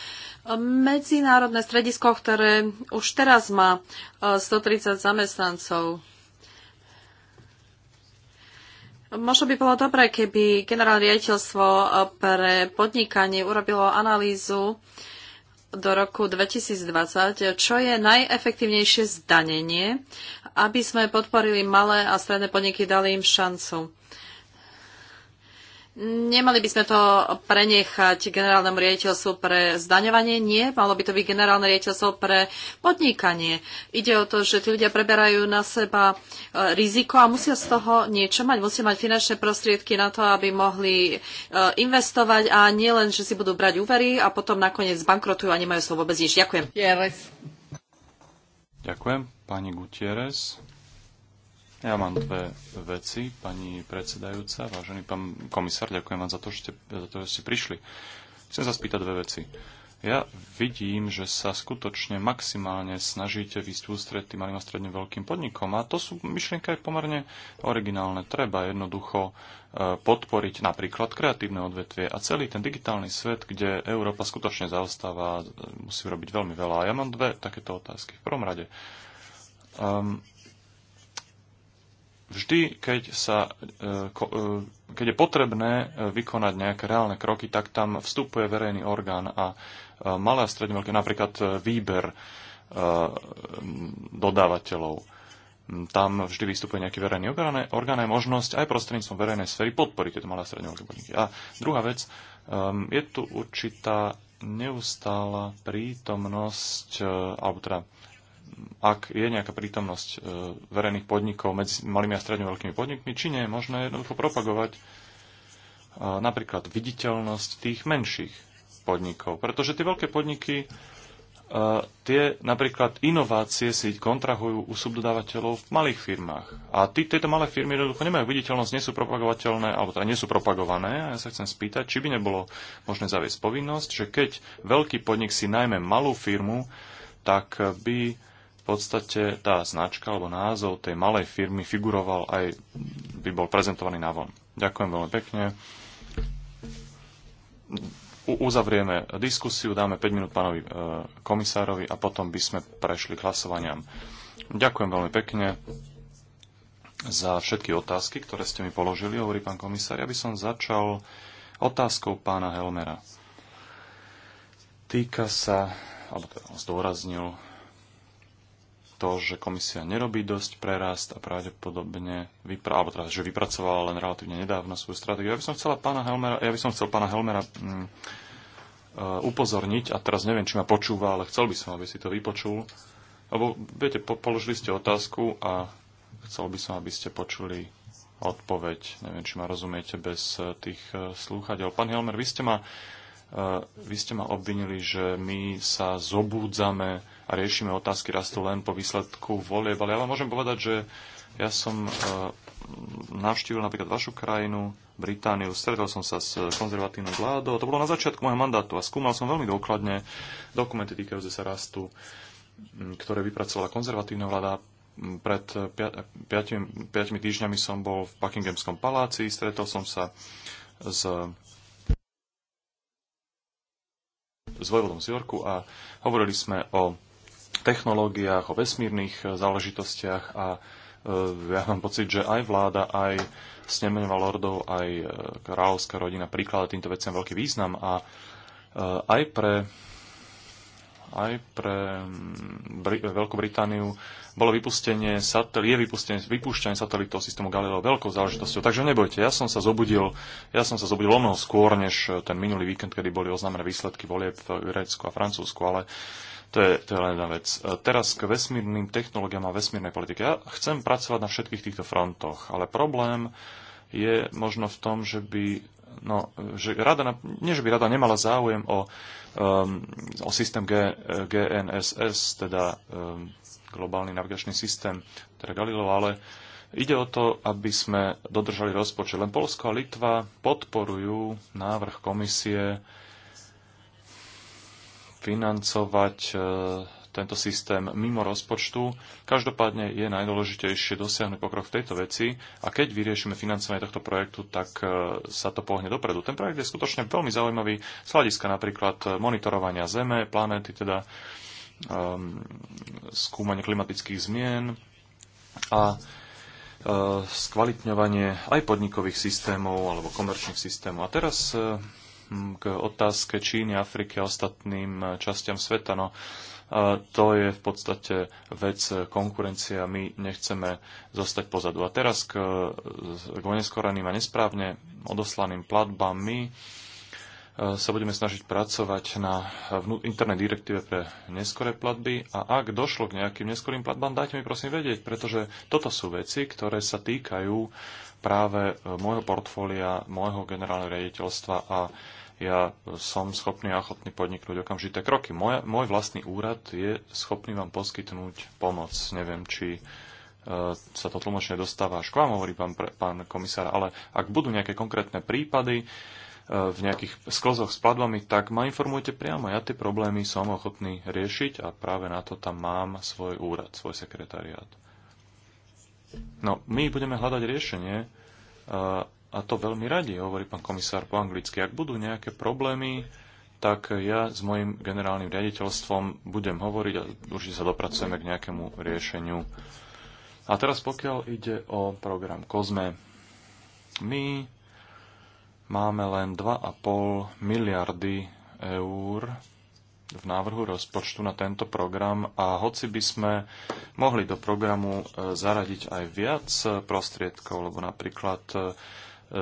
medzinárodné stredisko, ktoré už teraz má 130 zamestnancov. Možno by bolo dobré, keby generálne riaditeľstvo pre podnikanie urobilo analýzu do roku 2020, čo je najefektívnejšie zdanenie, aby sme podporili malé a stredné podniky, dali im šancu. Nemali by sme to prenechať generálnemu riaditeľstvu pre zdaňovanie, nie, malo by to byť generálne riaditeľstvo pre podnikanie. Ide o to, že tí ľudia preberajú na seba e, riziko a musia z toho niečo mať, musia mať finančné prostriedky na to, aby mohli e, investovať a nie len, že si budú brať úvery a potom nakoniec bankrotujú a nemajú slovo vôbec nič. Ďakujem. Ďakujem, pani Gutierrez. Ja mám dve veci, pani predsedajúca, vážený pán komisár, ďakujem vám za to, že ste, za to, že ste prišli. Chcem sa spýtať dve veci. Ja vidím, že sa skutočne maximálne snažíte výsť ústretí malým a stredne veľkým podnikom a to sú myšlienky aj pomerne originálne. Treba jednoducho e, podporiť napríklad kreatívne odvetvie a celý ten digitálny svet, kde Európa skutočne zaostáva, musí robiť veľmi veľa. A ja mám dve takéto otázky. V prvom rade, um, vždy, keď, sa, e, e, keď je potrebné e, vykonať nejaké reálne kroky, tak tam vstupuje verejný orgán a malé a stredne veľké, napríklad výber dodávateľov. Tam vždy vystupuje nejaký verejný orgán, orgán aj možnosť aj prostredníctvom verejnej sféry podporiť tieto malé a stredne veľké podniky. A druhá vec, je tu určitá neustála prítomnosť, alebo teda ak je nejaká prítomnosť e, verejných podnikov medzi malými a stredne veľkými podnikmi, či nie je možné jednoducho propagovať e, napríklad viditeľnosť tých menších podnikov. Pretože tie veľké podniky, e, tie napríklad inovácie si kontrahujú u subdodávateľov v malých firmách. A tí, tieto malé firmy jednoducho nemajú viditeľnosť, nie sú propagovateľné, alebo teda nie sú propagované. A ja sa chcem spýtať, či by nebolo možné zaviesť povinnosť, že keď veľký podnik si najmä malú firmu, tak by v podstate tá značka alebo názov tej malej firmy figuroval aj, by bol prezentovaný na von. Ďakujem veľmi pekne. U- uzavrieme diskusiu, dáme 5 minút pánovi e, komisárovi a potom by sme prešli k hlasovaniam. Ďakujem veľmi pekne za všetky otázky, ktoré ste mi položili, hovorí pán komisár. Ja by som začal otázkou pána Helmera. Týka sa, alebo teda zdôraznil to, že komisia nerobí dosť prerast a pravdepodobne vypra- alebo teda, že vypracovala len relatívne nedávno svoju stratégiu. Ja by som chcela pána Helmera, ja by som chcel pána Helmera mm, e, upozorniť, a teraz neviem, či ma počúva, ale chcel by som, aby si to vypočul, lebo, viete, po- položili ste otázku a chcel by som, aby ste počuli odpoveď. Neviem, či ma rozumiete bez e, tých e, slúchadiel. Pán Helmer, vy ste ma, vy ste ma obvinili, že my sa zobúdzame a riešime otázky rastu len po výsledku volieb. Ale ja vám môžem povedať, že ja som e, navštívil napríklad vašu krajinu, Britániu, stretol som sa s konzervatívnou vládou, to bolo na začiatku môjho mandátu a skúmal som veľmi dôkladne dokumenty týkajúce sa rastu, ktoré vypracovala konzervatívna vláda. Pred 5, 5, týždňami som bol v Buckinghamskom paláci, stretol som sa s s vojvodom z Jorku a hovorili sme o technológiách, o vesmírnych e, záležitostiach a e, ja mám pocit, že aj vláda, aj snemenova lordov, aj e, kráľovská rodina prikladá týmto veciam veľký význam a aj pre aj pre mm, Br- Veľkú Britániu bolo vypustenie satel- je vypustenie, vypúšťanie satelitov systému Galileo veľkou záležitosťou. Takže nebojte, ja som sa zobudil, ja som sa zobudil o mnoho skôr, než ten minulý víkend, kedy boli oznámené výsledky volieb v Grécku a Francúzsku, ale to je, to je len jedna vec. E, teraz k vesmírnym technológiám a vesmírnej politike. Ja chcem pracovať na všetkých týchto frontoch, ale problém je možno v tom, že by no, že rada, nie že by rada nemala záujem o, um, o systém G, e, GNSS, teda um, globálny navigačný systém, teda Galileo, ale ide o to, aby sme dodržali rozpočet. Len Polsko a Litva podporujú návrh komisie financovať e, tento systém mimo rozpočtu. Každopádne je najdôležitejšie dosiahnuť pokrok v tejto veci a keď vyriešime financovanie tohto projektu, tak e, sa to pohne dopredu. Ten projekt je skutočne veľmi zaujímavý z hľadiska napríklad monitorovania Zeme, planéty, teda um, skúmanie klimatických zmien a e, skvalitňovanie aj podnikových systémov alebo komerčných systémov. A teraz k otázke Číny, Afriky a ostatným častiam sveta. No, to je v podstate vec konkurencie a my nechceme zostať pozadu. A teraz k, k oneskoreným a nesprávne odoslaným platbám my e, sa budeme snažiť pracovať na internej direktíve pre neskoré platby a ak došlo k nejakým neskorým platbám, dajte mi prosím vedieť, pretože toto sú veci, ktoré sa týkajú práve e, môjho portfólia, môjho generálneho riaditeľstva a ja som schopný a ochotný podniknúť okamžité kroky. Môj, môj vlastný úrad je schopný vám poskytnúť pomoc. Neviem, či e, sa to tlmočne dostáva až k vám, hovorí pán, pán komisár, ale ak budú nejaké konkrétne prípady e, v nejakých sklzoch s platbami, tak ma informujte priamo. Ja tie problémy som ochotný riešiť a práve na to tam mám svoj úrad, svoj sekretariát. No, my budeme hľadať riešenie e, a to veľmi radi, hovorí pán komisár po anglicky. Ak budú nejaké problémy, tak ja s mojim generálnym riaditeľstvom budem hovoriť a určite sa dopracujeme k nejakému riešeniu. A teraz pokiaľ ide o program COSME, my máme len 2,5 miliardy eur v návrhu rozpočtu na tento program a hoci by sme mohli do programu e, zaradiť aj viac e, prostriedkov, lebo napríklad e,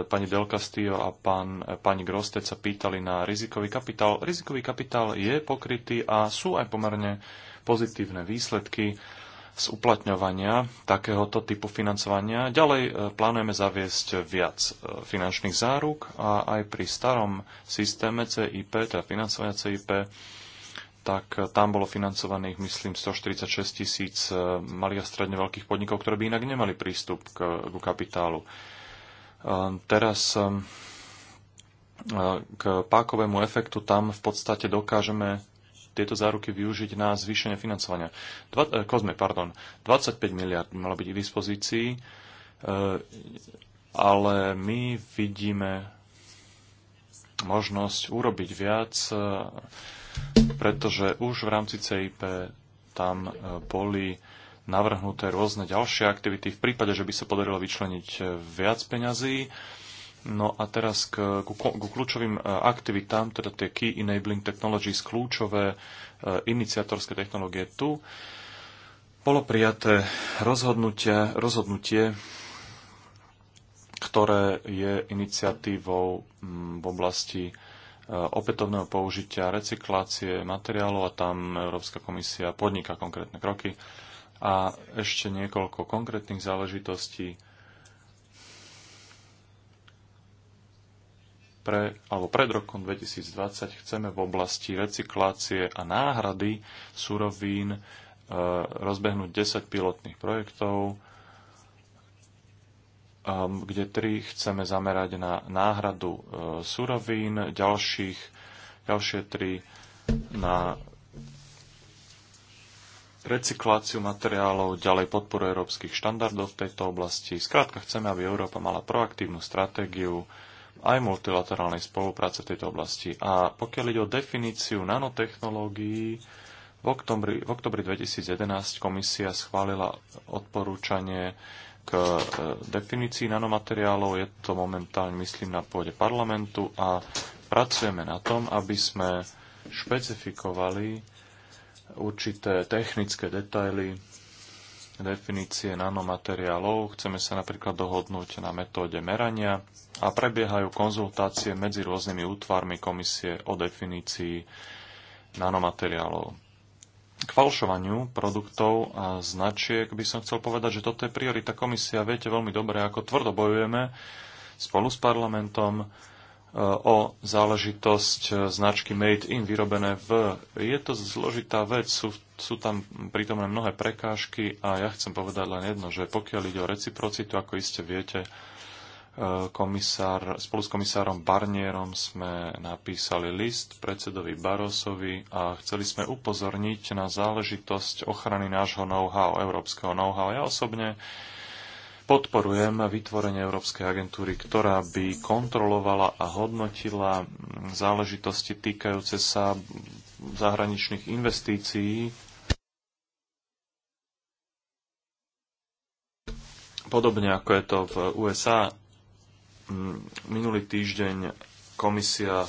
pani Del Castillo a pán, pani Grostec sa pýtali na rizikový kapitál. Rizikový kapitál je pokrytý a sú aj pomerne pozitívne výsledky z uplatňovania takéhoto typu financovania. Ďalej e, plánujeme zaviesť viac e, finančných záruk a aj pri starom systéme CIP, teda financovania CIP, tak e, tam bolo financovaných, myslím, 146 tisíc malých a stredne veľkých podnikov, ktoré by inak nemali prístup k, k kapitálu. Ehm, teraz ehm, k pákovému efektu tam v podstate dokážeme tieto záruky využiť na zvýšenie financovania. Dva, e, kozme, pardon, 25 miliard malo byť v dispozícii, e, ale my vidíme možnosť urobiť viac, e, pretože už v rámci CIP tam boli navrhnuté rôzne ďalšie aktivity v prípade, že by sa podarilo vyčleniť e, viac peňazí. No a teraz k, ku, ku kľúčovým e, aktivitám, teda tie Key Enabling Technologies, kľúčové e, iniciatorské technológie tu. Bolo prijaté rozhodnutie, rozhodnutie ktoré je iniciatívou v oblasti opätovného použitia recyklácie materiálov a tam Európska komisia podniká konkrétne kroky a ešte niekoľko konkrétnych záležitostí pre, alebo pred rokom 2020 chceme v oblasti recyklácie a náhrady surovín e, rozbehnúť 10 pilotných projektov, e, kde tri chceme zamerať na náhradu e, surovín, ďalších, ďalšie tri na recykláciu materiálov, ďalej podporu európskych štandardov v tejto oblasti. Skrátka chceme, aby Európa mala proaktívnu stratégiu aj multilaterálnej spolupráce v tejto oblasti. A pokiaľ ide o definíciu nanotechnológií, v oktobri, v oktobri 2011 komisia schválila odporúčanie k e, definícii nanomateriálov. Je to momentálne, myslím, na pôde parlamentu a pracujeme na tom, aby sme špecifikovali určité technické detaily definície nanomateriálov. Chceme sa napríklad dohodnúť na metóde merania a prebiehajú konzultácie medzi rôznymi útvarmi komisie o definícii nanomateriálov. K falšovaniu produktov a značiek by som chcel povedať, že toto je priorita komisia. Viete veľmi dobre, ako tvrdo bojujeme spolu s parlamentom o záležitosť e, značky Made in vyrobené v. Je to zložitá vec, sú, sú tam prítomné mnohé prekážky a ja chcem povedať len jedno, že pokiaľ ide o reciprocitu, ako iste viete, e, komisár, spolu s komisárom Barnierom sme napísali list predsedovi Barosovi a chceli sme upozorniť na záležitosť ochrany nášho know-how, európskeho know-how. Ja osobne uh, podporujem vytvorenie Európskej agentúry, ktorá by kontrolovala a hodnotila záležitosti týkajúce sa zahraničných investícií. Podobne ako je to v USA, minulý týždeň komisia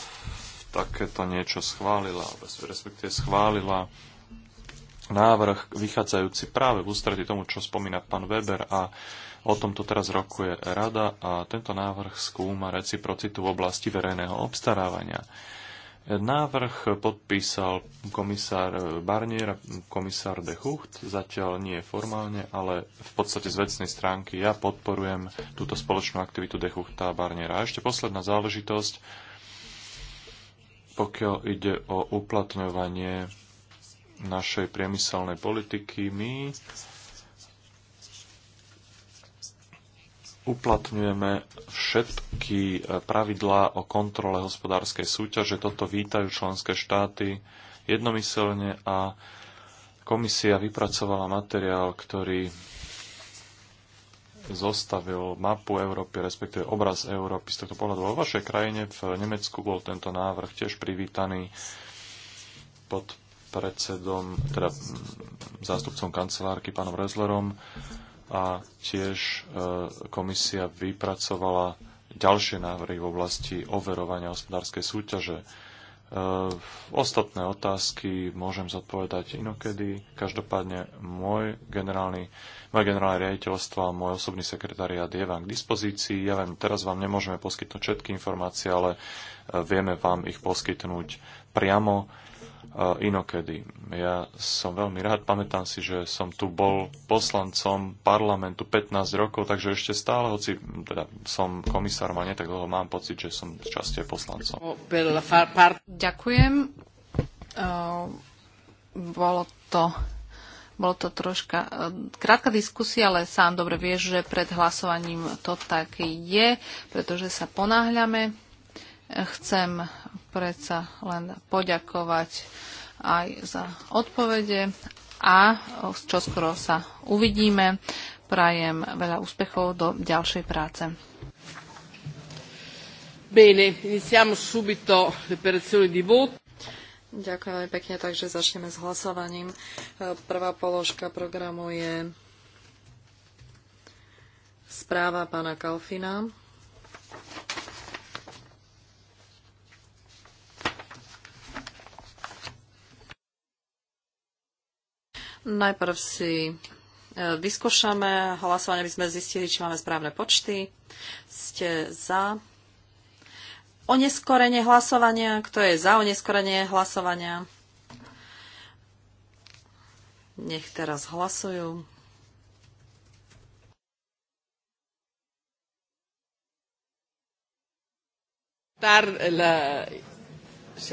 takéto niečo schválila, respektíve schválila návrh vychádzajúci práve v ústretí tomu, čo spomína pán Weber a O tomto teraz rokuje rada a tento návrh skúma reciprocitu v oblasti verejného obstarávania. Návrh podpísal komisár Barnier a komisár de Hucht, zatiaľ nie formálne, ale v podstate z vecnej stránky ja podporujem túto spoločnú aktivitu de Huchta a Barniera. A ešte posledná záležitosť, pokiaľ ide o uplatňovanie našej priemyselnej politiky, my uplatňujeme všetky e, pravidlá o kontrole hospodárskej súťaže. Toto vítajú členské štáty jednomyselne a komisia vypracovala materiál, ktorý zostavil mapu Európy, respektíve obraz Európy z tohto pohľadu. Vo vašej krajine, v Nemecku, bol tento návrh tiež privítaný pod predsedom, teda zástupcom kancelárky, pánom Rezlerom a tiež e, komisia vypracovala ďalšie návrhy v oblasti overovania hospodárskej súťaže. E, ostatné otázky môžem zodpovedať inokedy. Každopádne môj generálny, moje generálne riaditeľstvo a môj osobný sekretariat je vám k dispozícii. Ja vám teraz vám nemôžeme poskytnúť všetky informácie, ale e, vieme vám ich poskytnúť priamo inokedy. Ja som veľmi rád, pamätám si, že som tu bol poslancom parlamentu 15 rokov, takže ešte stále, hoci teda som komisárom a tak dlho, mám pocit, že som časte poslancom. Ďakujem. Ehm, bolo to bolo to troška ehm, krátka diskusia, ale sám dobre vieš, že pred hlasovaním to tak je, pretože sa ponáhľame. Chcem predsa len poďakovať aj za odpovede a čo skoro sa uvidíme. Prajem veľa úspechov do ďalšej práce. Bene, iniziamo subito l'operazione di voto. Ďakujem veľmi pekne, takže začneme s hlasovaním. Prvá položka programu je správa pána Kalfina. Najprv si e, vyskúšame hlasovanie, aby sme zistili, či máme správne počty. Ste za oneskorenie hlasovania? Kto je za oneskorenie hlasovania? Nech teraz hlasujú.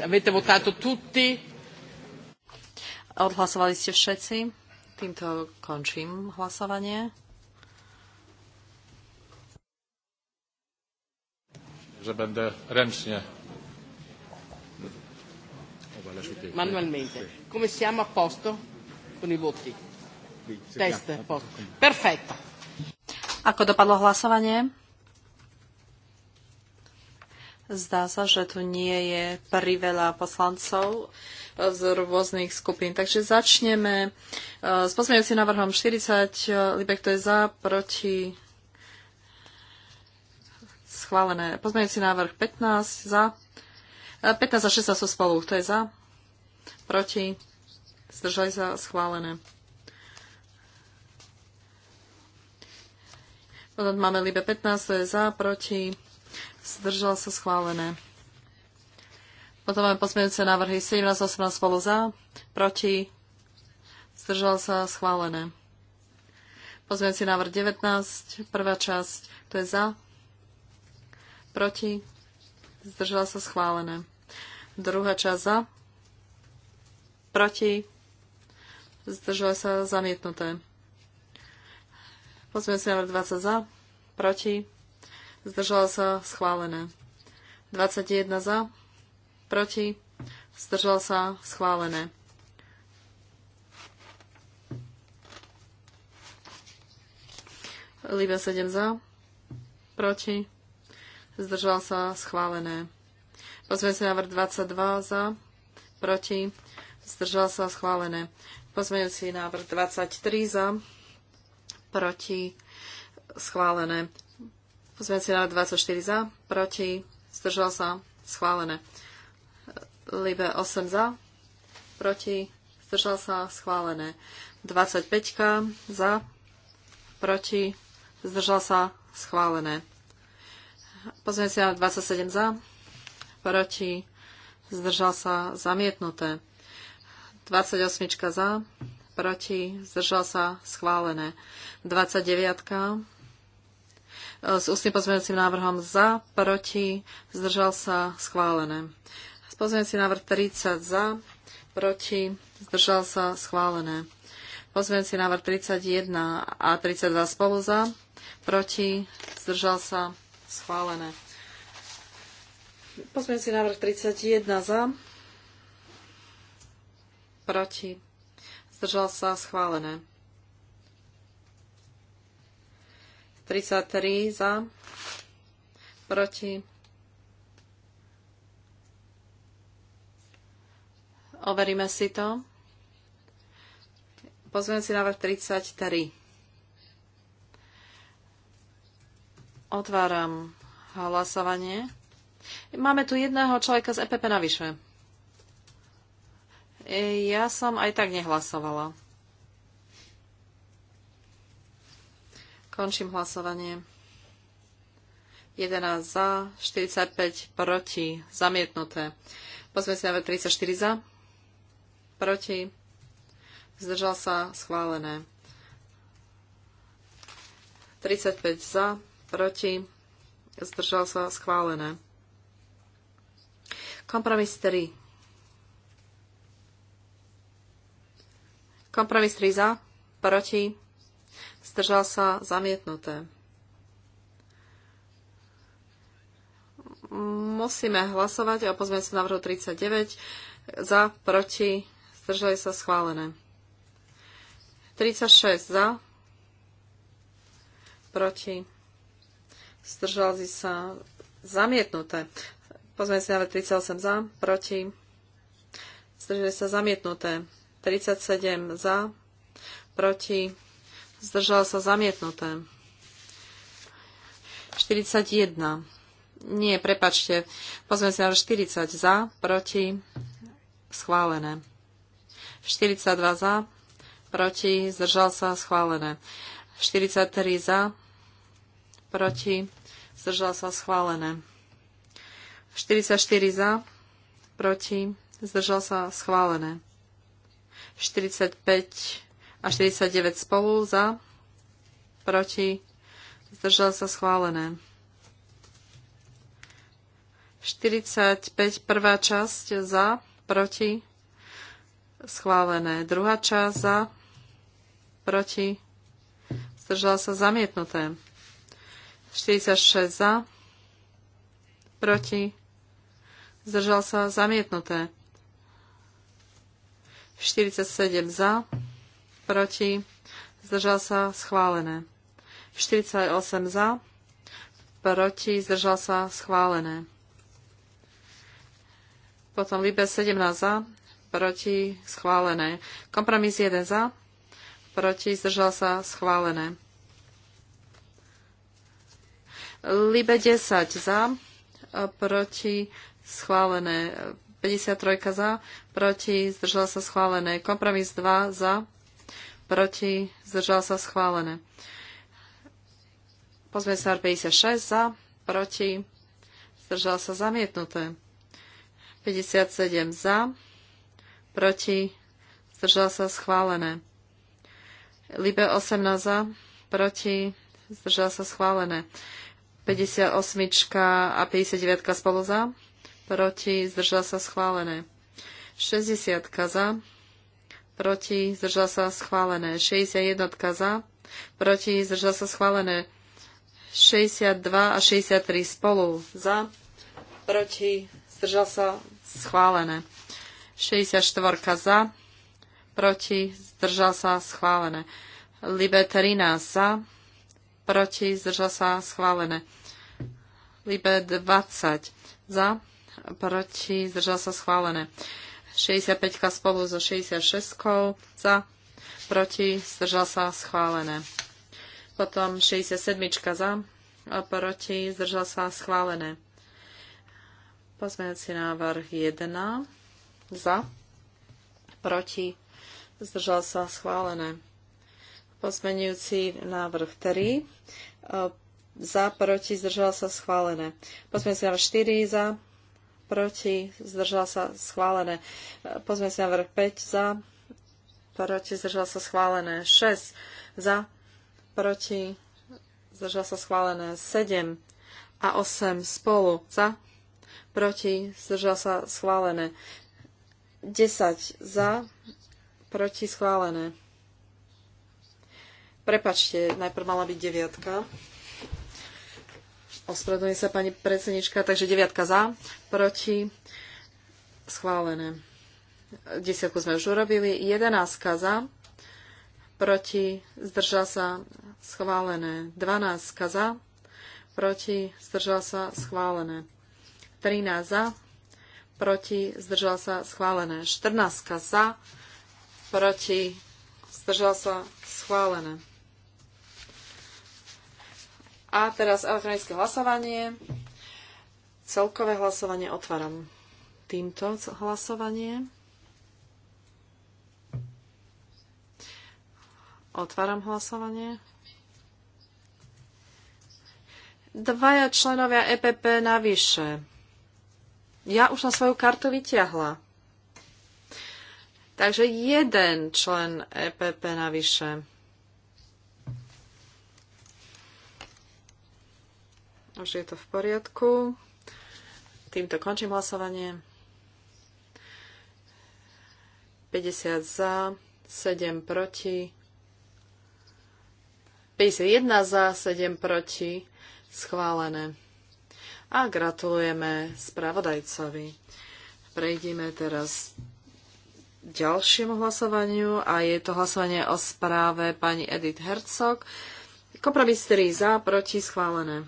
Avete votato tutti? Odhlasovali ste všetci? Týmto končím hlasovanie. Že bude ręcznie. Manualmente. Come siamo a posto con i voti? Test, posto. Perfetto. Ako dopadlo hlasovanie? Zdá sa, že tu nie je priveľa poslancov e, z rôznych skupín. Takže začneme e, s pozmeňujúcim návrhom 40. E, Libek, to je za, proti schválené. Pozmeňujúci návrh 15 za. 15 a 16 sú spolu. To je za. Proti. Zdržali sa schválené. Potom máme Libe 15, to je za, proti zdržal sa schválené. Potom máme pozmeňujúce návrhy 17, 18 spolu za, proti, zdržal sa schválené. Pozmeňujúci návrh 19, prvá časť, to je za, proti, zdržal sa schválené. Druhá časť za, proti, zdržal sa zamietnuté. Pozmeňujúci návrh 20 za, proti, zdržala sa, schválené. 21 za, proti, zdržal sa, schválené. Libe 7 za, proti, zdržal sa, schválené. sa návrh 22 za, proti, zdržal sa, schválené. si návrh 23 za, proti, schválené. Pozmeňujúci návrh 24 za, proti, zdržal sa, schválené. Libe 8 za, proti, zdržal sa, schválené. 25 za, proti, zdržal sa, schválené. Pozmeňujúci návrh 27 za, proti, zdržal sa, zamietnuté. 28 za, proti, zdržal sa, schválené. 29 E, s ústnym pozmeňujúcim návrhom za, proti, zdržal sa, schválené. Pozmeňujúci návrh 30 za, proti, zdržal sa, schválené. Pozmeňujúci návrh 31 a 32 spolu za, proti, zdržal sa, schválené. Pozmeňujúci návrh 31 za, proti, zdržal sa, schválené. 33 za, proti. Overíme si to. na návrh 33. Otváram hlasovanie. Máme tu jedného človeka z EPP navyše. Ja som aj tak nehlasovala. Končím hlasovanie. 11 za, 45 proti, zamietnuté. Pozme si na 34 za, proti, zdržal sa, schválené. 35 za, proti, zdržal sa, schválené. Kompromis 3. Kompromis 3 za, proti, zdržal sa, zamietnuté. Musíme hlasovať o pozmeňujúcom návrhu 39. Za, proti, zdržali sa, schválené. 36 za, proti, zdržali sa, zamietnuté. Pozmeňujúci návrh 38 za, proti, zdržali sa, zamietnuté. 37 za, proti, Zdržal sa zamietnuté. 41. Nie, prepačte. Pozme si na 40 za, proti, schválené. 42 za, proti, zdržal sa, schválené. 43 za, proti, zdržal sa, schválené. 44 za, proti, zdržal sa, schválené. 45 a 49 spolu za, proti, zdržal sa schválené. 45 prvá časť za, proti, schválené. Druhá časť za, proti, zdržal sa zamietnuté. 46 za, proti, zdržal sa zamietnuté. 47 za, proti, zdržal sa, schválené. 48 za, proti, zdržal sa, schválené. Potom Libe 17 za, proti, schválené. Kompromis 1 za, proti, zdržal sa, schválené. Libe 10 za, proti, schválené. 53 za, proti, zdržal sa, schválené. Kompromis 2 za, proti, zdržal sa schválené. Pozmeňujúci návrh 56 za, proti, zdržal sa zamietnuté. 57 za, proti, zdržal sa schválené. Libe 18 za, proti, zdržal sa schválené. 58 a 59 spolu za, proti, zdržal sa schválené. 60 za, proti, zdržal sa schválené. 61 za, proti, zdržal sa schválené. 62 a 63 spolu za, proti, zdržal sa schválené. 64 za, proti, zdržal sa schválené. Libe 13 za, proti, zdržal sa schválené. Libe 20 za, proti, zdržal sa schválené. 65 spolu so 66 za, proti, zdržal sa, schválené. Potom 67 za, proti, zdržal sa, schválené. Pozmeňujúci návrh 1 za, proti, zdržal sa, schválené. Pozmeňujúci návrh 3 eh, za, proti, zdržal sa, schválené. Pozmeňujúci návrh 4 za, proti, zdržal sa schválené. Pozme si vrch 5 za, proti, zdržal sa schválené. 6 za, proti, zdržal sa schválené. 7 a 8 spolu za, proti, zdržal sa schválené. 10 za, proti schválené. Prepačte, najprv mala byť deviatka. Ospravedlňuje sa pani predsednička, takže deviatka za, proti, schválené. Desiatku sme už urobili, jedenáctka za, proti, zdržal sa, schválené. Dvanáctka za, proti, zdržal sa, schválené. Trináct za, proti, zdržal sa, schválené. Štrnáctka za, proti, zdržal sa, schválené. A teraz elektronické hlasovanie. Celkové hlasovanie otváram týmto hlasovanie. Otváram hlasovanie. Dvaja členovia EPP navyše. Ja už som svoju kartu vyťahla. Takže jeden člen EPP navyše. Už je to v poriadku. Týmto končím hlasovanie. 50 za, 7 proti. 51 za, 7 proti. Schválené. A gratulujeme spravodajcovi. Prejdime teraz ďalšiemu hlasovaniu a je to hlasovanie o správe pani Edith Herzog. Kompromis 3 za, proti, schválené.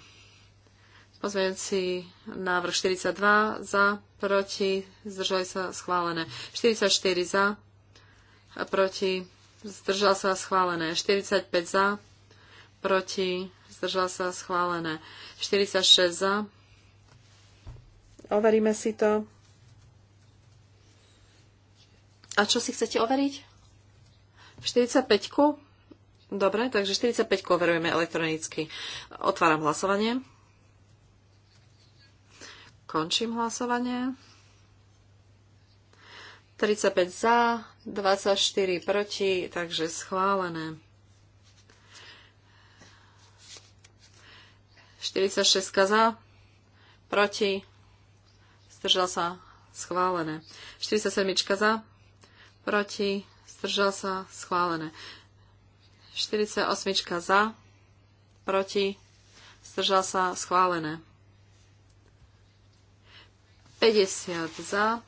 Pozmeňujúci návrh 42 za, proti, zdržali sa schválené. 44 za, proti, zdržal sa schválené. 45 za, proti, zdržal sa schválené. 46 za. Overíme si to. A čo si chcete overiť? 45 -ku? Dobre, takže 45 overujeme elektronicky. Otváram hlasovanie. Končím hlasovanie. 35 za, 24 proti, takže schválené. 46 za, proti, zdržal sa, schválené. 47 za, proti, zdržal sa, schválené. 48 za, proti, zdržal sa, schválené. 50 za,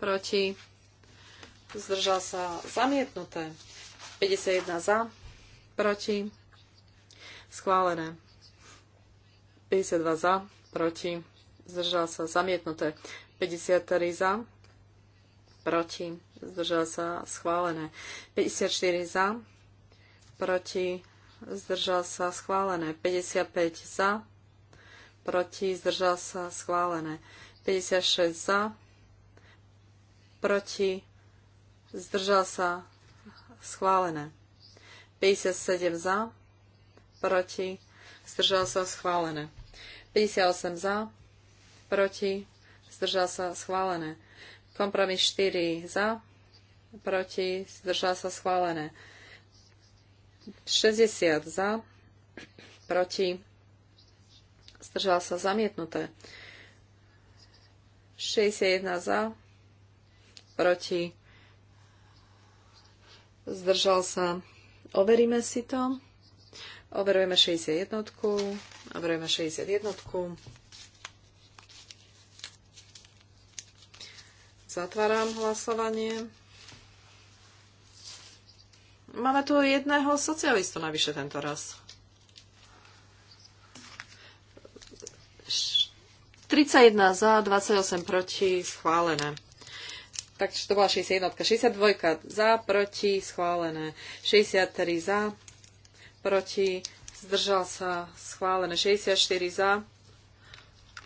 proti, zdržal sa zamietnuté. 51 za, proti, schválené. 52 za, proti, zdržal sa zamietnuté. 53 za, proti, zdržal sa schválené. 54 za, proti, zdržal sa schválené. 55 za, proti, zdržal sa schválené. 56 za, proti, zdržal sa, schválené. 57 za, proti, zdržal sa, schválené. 58 za, proti, zdržal sa, schválené. Kompromis 4 za, proti, zdržal sa, schválené. 60 za, proti, zdržal sa, zamietnuté. 61 za, proti, zdržal sa. Overíme si to. Overujeme 61. Overujeme 61. Zatváram hlasovanie. Máme tu jedného socialistu navyše tento raz. 31 za, 28 proti, schválené. Takže to bola 61. 62 za, proti, schválené. 63 za, proti, zdržal sa, schválené. 64 za,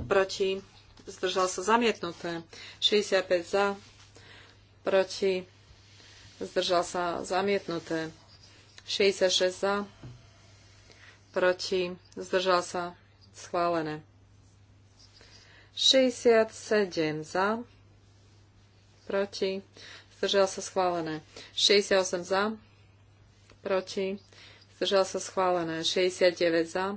proti, zdržal sa, zamietnuté. 65 za, proti, zdržal sa, zamietnuté. 66 za, proti, zdržal sa, schválené. 67 za, proti, zdržal sa schválené. 68 za, proti, zdržal sa schválené. 69 za,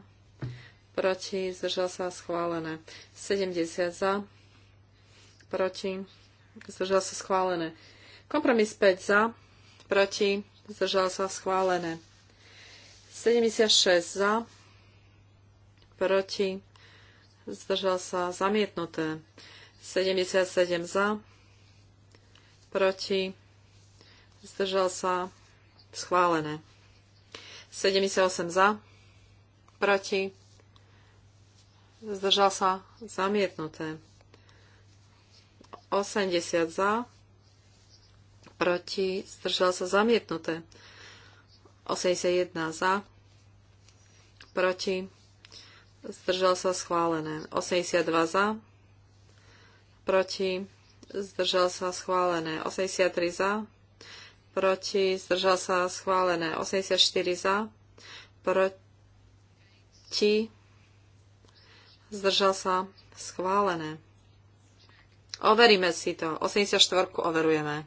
proti, zdržal sa schválené. 70 za, proti, zdržal sa schválené. Kompromis 5 za, proti, zdržal sa schválené. 76 za, proti, zdržal sa zamietnuté. 77 za, proti, zdržal sa schválené. 78 za, proti, zdržal sa zamietnuté. 80 za, proti, zdržal sa zamietnuté. 81 za, proti, zdržal sa schválené. 82 za, proti, zdržal sa schválené. 83 za, proti, zdržal sa schválené. 84 za, proti, zdržal sa schválené. Overíme si to. 84 overujeme.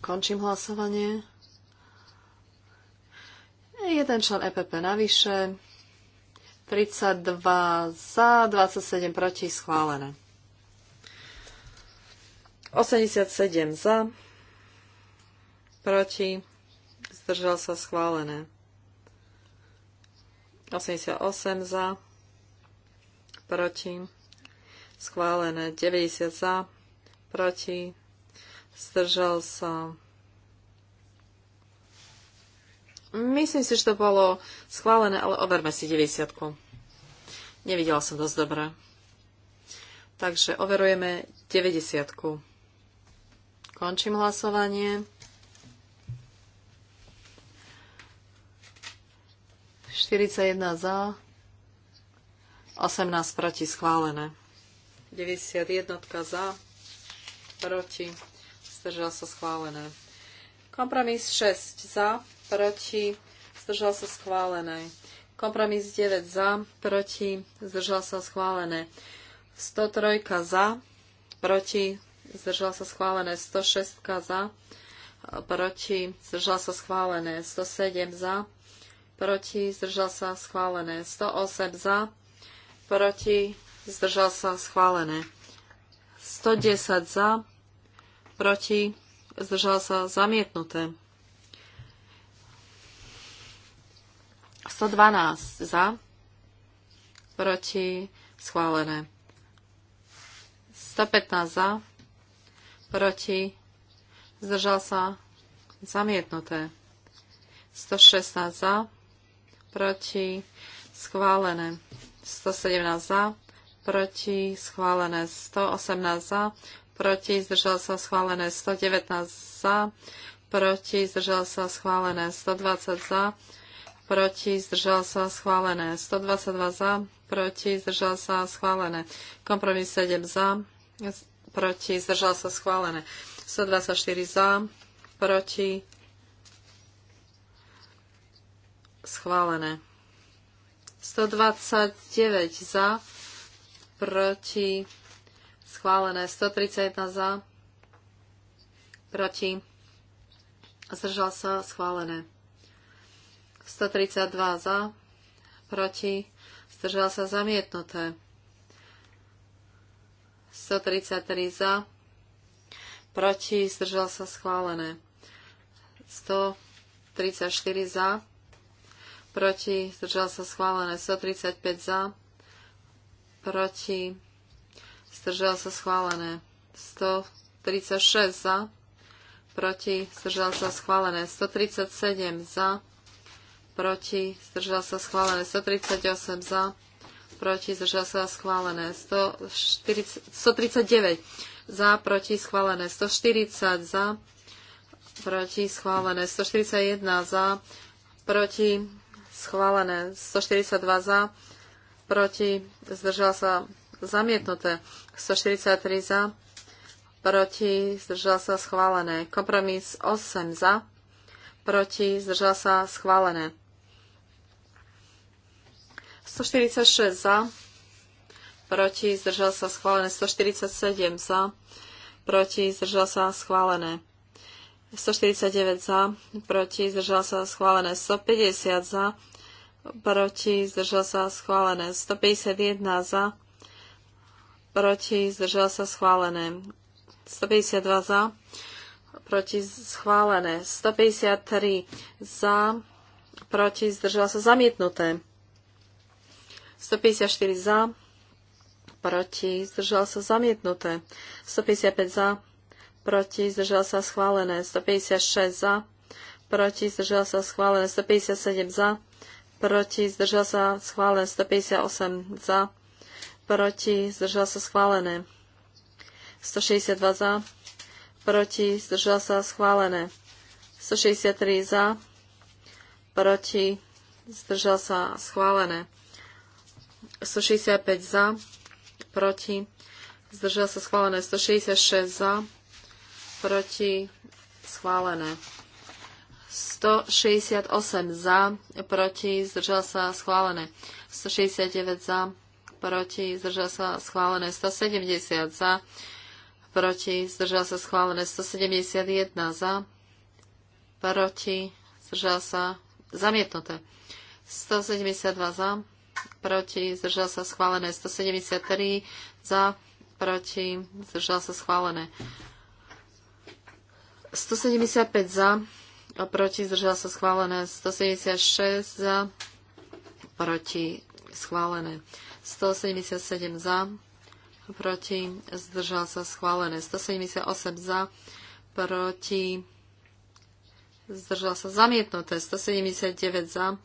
Končím hlasovanie. Jeden člen EPP navyše. 32 za, 27 proti, schválené. 87 za, proti, zdržal sa schválené. 88 za, proti, schválené. 90 za, proti, zdržal sa schválené Myslím si, že to bolo schválené, ale overme si 90. -ku. Nevidela som dosť dobrá. Takže overujeme 90. -ku. Končím hlasovanie. 41 za, 18 proti schválené. 91 za, proti, zdržal sa schválené. Kompromis 6 za, proti, zdržal sa schválené. Kompromis 9 za, proti, zdržal sa schválené. 103 za, proti, zdržal sa schválené. 106 za, proti, zdržal sa schválené. 107 za, proti, zdržal sa schválené. 108 za, proti, zdržal sa schválené. 110 za, proti, zdržal sa zamietnuté. 112 za, proti, schválené. 115 za, proti, zdržal sa, zamietnuté. 116 za, proti, schválené. 117 za, proti, schválené. 118 za, proti, zdržal sa, schválené. 119 za, proti, zdržal sa, schválené. 120 za, proti, zdržal sa, schválené. 122 za, proti, zdržal sa, schválené. Kompromis 7 za, proti, zdržal sa, schválené. 124 za, proti, schválené. 129 za, proti, schválené. 131 za, proti, zdržal sa, schválené. 132 za, proti, zdržal sa zamietnuté. 133 za, proti, zdržal sa schválené. 134 za, proti, zdržal sa schválené. 135 za, proti, zdržal sa schválené. 136 za, proti, zdržal sa schválené. 137 za, proti, zdržal sa schválené 138 za, proti, zdržal sa schválené 140, 139 za, proti, schválené 140 za, proti, schválené 141 za, proti, schválené 142 za, proti, zdržal sa zamietnuté 143 za, proti, zdržal sa schválené. Kompromis 8 za, proti, zdržal sa schválené. 146 za, proti, zdržal sa schválené. 147 za, proti, zdržal sa schválené. 149 za, proti, zdržal sa schválené. 150 za, proti, zdržal sa schválené. 151 za, proti, zdržal sa schválené. 152 za, proti schválené, 153 za, proti zdržal sa zamietnuté, 154 za, proti, zdržal sa zamietnuté. 155 za, proti, zdržal sa schválené. 156 za, proti, zdržal sa schválené. 157 za, proti, zdržal sa schválené. 158 za, proti, zdržal sa schválené. 162 za, proti, zdržal sa schválené. 163 za, proti, zdržal sa schválené. 165 za, proti, zdržal sa schválené 166 za, proti, schválené. 168 za, proti, zdržal sa schválené. 169 za, proti, zdržal sa schválené. 170 za, proti, zdržal sa schválené. 171 za, proti, zdržal sa zamietnuté. 172 za, proti, zdržal sa schválené. 173 za, proti, zdržal sa schválené. 175 za, proti, zdržal sa schválené. 176 za, proti, schválené. 177 za, proti, zdržal sa schválené. 178 za, proti, zdržal sa zamietnuté. 179 za,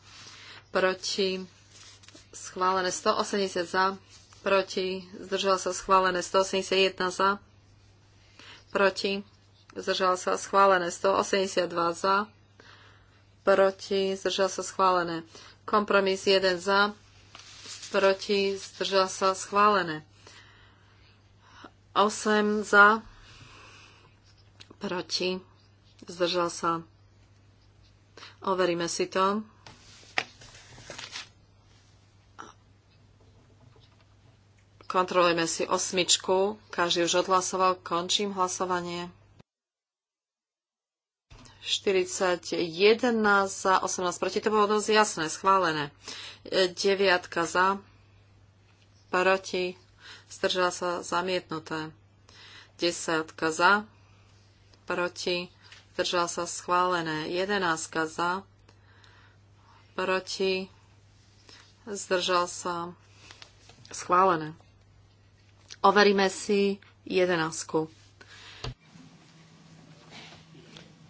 proti, schválené 180 za, proti, zdržal sa schválené 181 za, proti, zdržal sa schválené 182 za, proti, zdržal sa schválené. Kompromis 1 za, proti, zdržal sa schválené. 8 za, proti, zdržal sa. Overíme si to. Skontrolujeme si osmičku. Každý už odhlasoval. Končím hlasovanie. 41 za, 18 proti. To bolo dosť jasné, schválené. 9 za, proti. Zdržala sa zamietnuté. 10 za, proti. Zdržala sa schválené. 11 za, proti. Zdržal sa schválené. Overíme si jedenásku.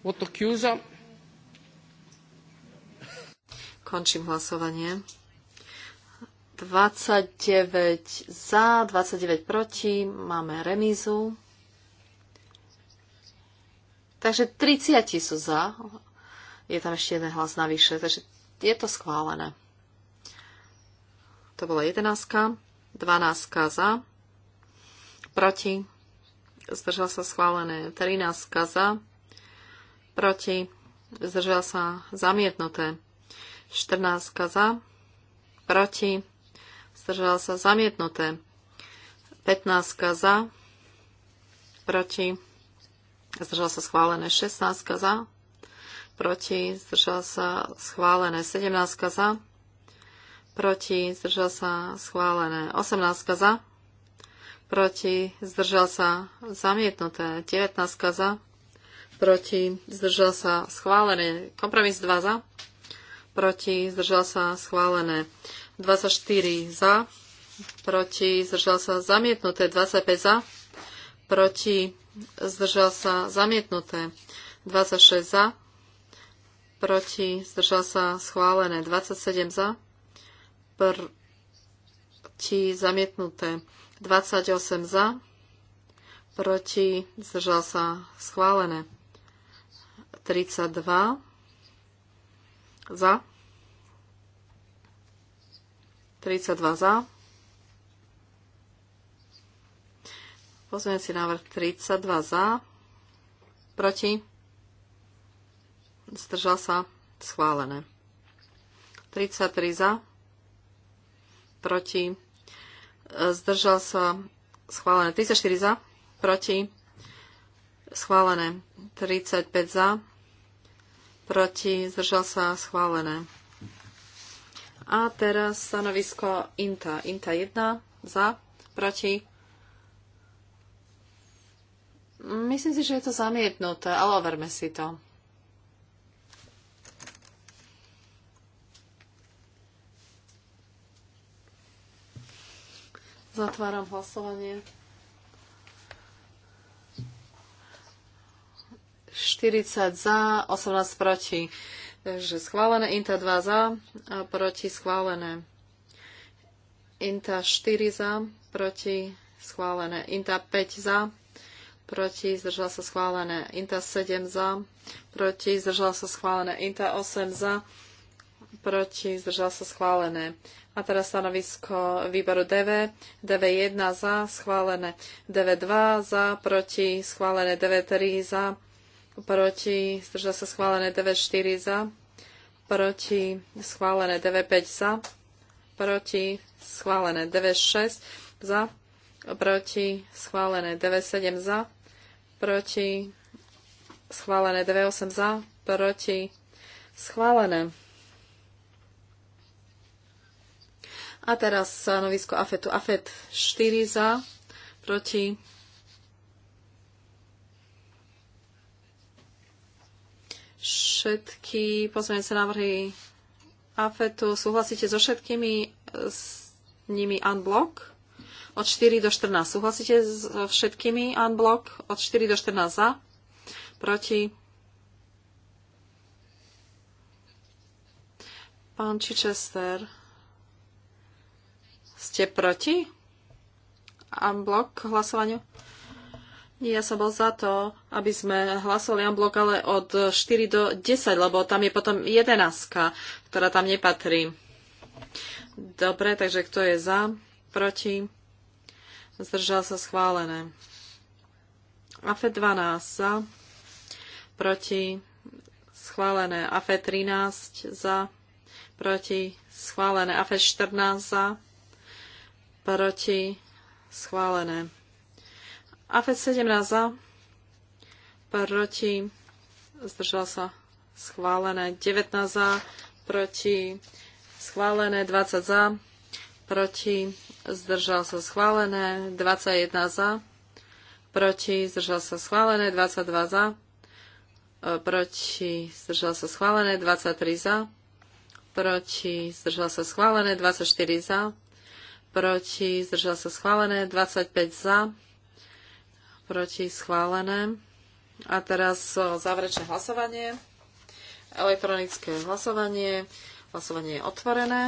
Voto Končím hlasovanie. 29 za, 29 proti, máme remízu. Takže 30 sú za. Je tam ešte jeden hlas navyše, takže je to schválené. To bola 11, 12 za, proti, zdržal sa schválené 13 za, proti, zdržal sa zamietnuté 14 za, proti, zdržal sa zamietnuté 15 za, proti, zdržal sa schválené 16 za, proti, zdržal sa schválené 17 za, proti, zdržal sa schválené 18 za, proti, zdržal sa, zamietnuté. 19 za, proti, zdržal sa, schválené. Kompromis 2 za, proti, zdržal sa, schválené. 24 za, proti, zdržal sa, zamietnuté. 25 za, proti, zdržal sa, zamietnuté. 26 za, proti, zdržal sa, schválené. 27 za, proti, zamietnuté. 28 za, proti, zdržal sa schválené. 32 za, 32 za, si návrh 32 za, proti, zdržal sa schválené. 33 za, proti, zdržal sa, schválené 34 za, proti, schválené 35 za, proti, zdržal sa, schválené. A teraz stanovisko INTA. INTA 1 za, proti. Myslím si, že je to zamietnuté, ale overme si to. Zatváram hlasovanie. 40 za, 18 proti. Takže schválené INTA 2 za, a proti schválené. INTA 4 za, proti schválené. INTA 5 za, proti zdržal sa schválené. INTA 7 za, proti zdržal sa schválené. INTA 8 za, proti, zdržal sa schválené. A teraz stanovisko výboru DV. DV1 za, schválené. DV2 za, proti, schválené. DV3 za, proti, zdržal sa schválené. DV4 za, proti, schválené. DV5 za, proti, schválené. DV6 za, proti, schválené. DV7 za, proti, schválené. DV8 za, proti, schválené. A teraz stanovisko AFETu. AFET 4 za, proti. Všetky pozmeňujúce návrhy AFETu súhlasíte so všetkými s nimi unblock? Od 4 do 14. Súhlasíte s všetkými unblock? Od 4 do 14 za, proti. Pán Chichester ste proti? A blok hlasovaniu? Ja som bol za to, aby sme hlasovali en blok, ale od 4 do 10, lebo tam je potom 11, ktorá tam nepatrí. Dobre, takže kto je za? Proti? Zdržal sa schválené. AFE 12 za, proti schválené AFE 13 za, proti schválené AFE 14 za, proti, schválené. AFED 7 za, proti, zdržal sa, schválené. 19 za, proti, schválené. 20 za, proti, zdržal sa, schválené. 21 za, proti, zdržal sa, schválené. 22 e, za, proti, zdržal sa, schválené. 23 za, proti, zdržal sa, schválené. 24 za, proti, zdržal sa schválené, 25 za, proti schválené. A teraz záverečné hlasovanie, elektronické hlasovanie, hlasovanie je otvorené.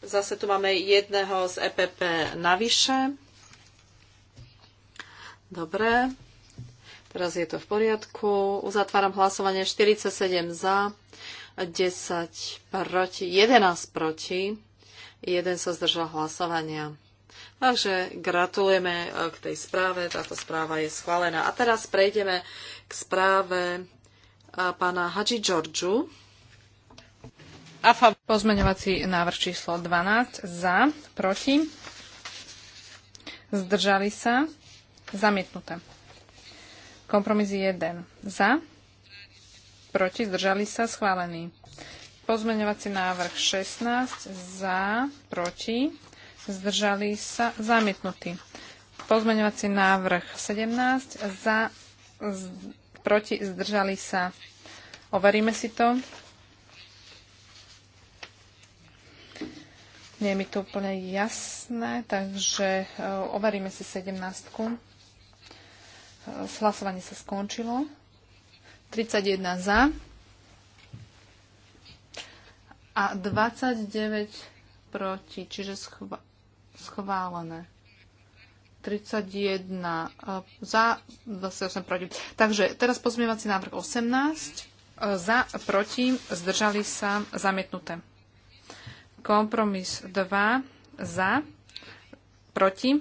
Zase tu máme jedného z EPP navyše. Dobre, teraz je to v poriadku. Uzatváram hlasovanie 47 za, 10 proti, 11 proti, jeden sa zdržal hlasovania. Takže gratulujeme e, k tej správe, táto správa je schválená. A teraz prejdeme k správe e, pána Hadži Georgiu. AFA pozmeňovací návrh číslo 12 za, proti, zdržali sa, zamietnuté. Kompromis 1 za, proti, zdržali sa, schválený. Pozmeňovací návrh 16, za, proti, zdržali sa, zamietnutý. Pozmeňovací návrh 17, za, z, proti, zdržali sa. Overíme si to. Nie je mi to úplne jasné, takže e, overíme si 17. E, hlasovanie sa skončilo. 31 za a 29 proti, čiže schva- schválené. 31 e, za, 28 proti. Takže teraz pozmievací návrh 18. E, za, proti, zdržali sa, zamietnuté. Kompromis 2, za, proti,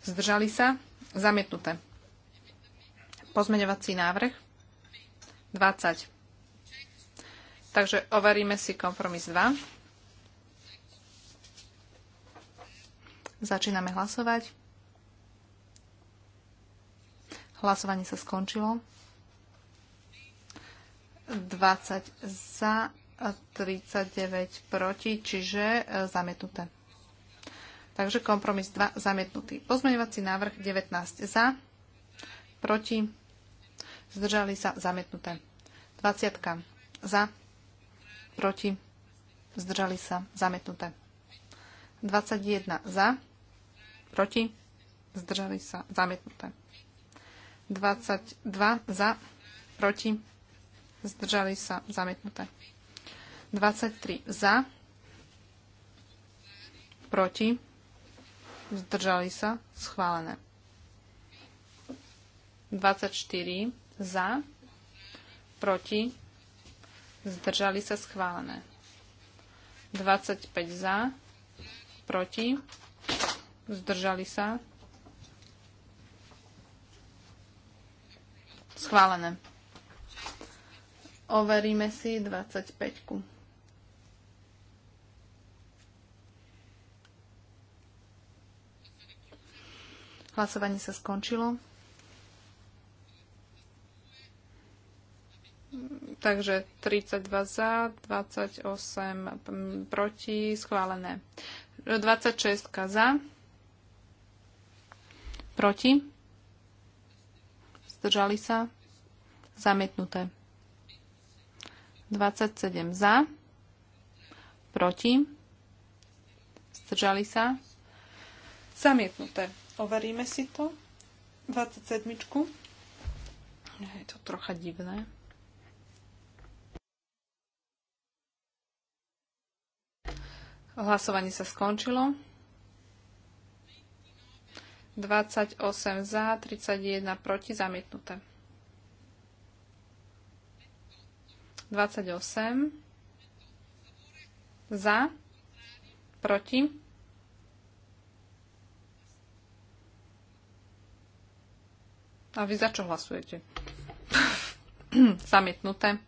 zdržali sa, zamietnuté. Pozmeňovací návrh 20. Takže overíme si kompromis 2. Začíname hlasovať. Hlasovanie sa skončilo. 20 za, 39 proti, čiže e, zamietnuté. Takže kompromis 2 zamietnutý. Pozmeňovací návrh 19 za, proti, zdržali sa, zametnuté. 20 za, proti, zdržali sa, zametnuté. 21 za, proti, zdržali sa, zametnuté. 22 za, proti, zdržali sa, zametnuté. 23 za, proti, zdržali sa, schválené. 24 za, proti, zdržali sa schválené. 25 za, proti, zdržali sa, schválené. Overíme si 25. -ku. Hlasovanie sa skončilo. Takže 32 za, 28 proti, schválené. 26 za, proti, zdržali sa, zamietnuté. 27 za, proti, zdržali sa, zamietnuté. Overíme si to. 27. Je to trocha divné. Hlasovanie sa skončilo. 28 za, 31 proti, zamietnuté. 28 za, proti. A vy za čo hlasujete? <clears throat> Zamietnuté.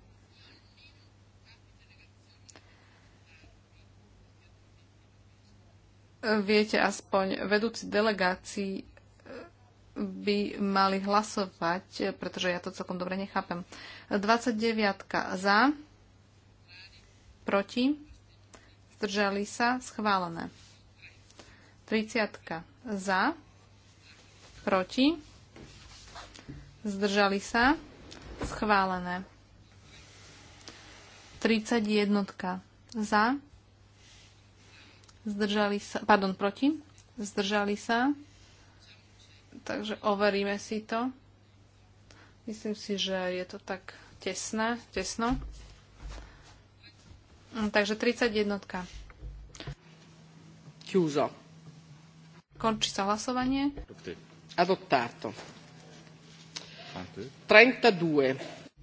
viete, aspoň vedúci delegácií e, by mali hlasovať, pretože ja to celkom dobre nechápem. 29 za, proti, zdržali sa, schválené. 30 za, proti, zdržali sa, schválené. 31 za, zdržali sa, pardon, proti, zdržali sa, takže overíme si to. Myslím si, že je to tak tesné, tesno. Mm, takže 31. Chiuso. Končí sa hlasovanie. Adottato. 32.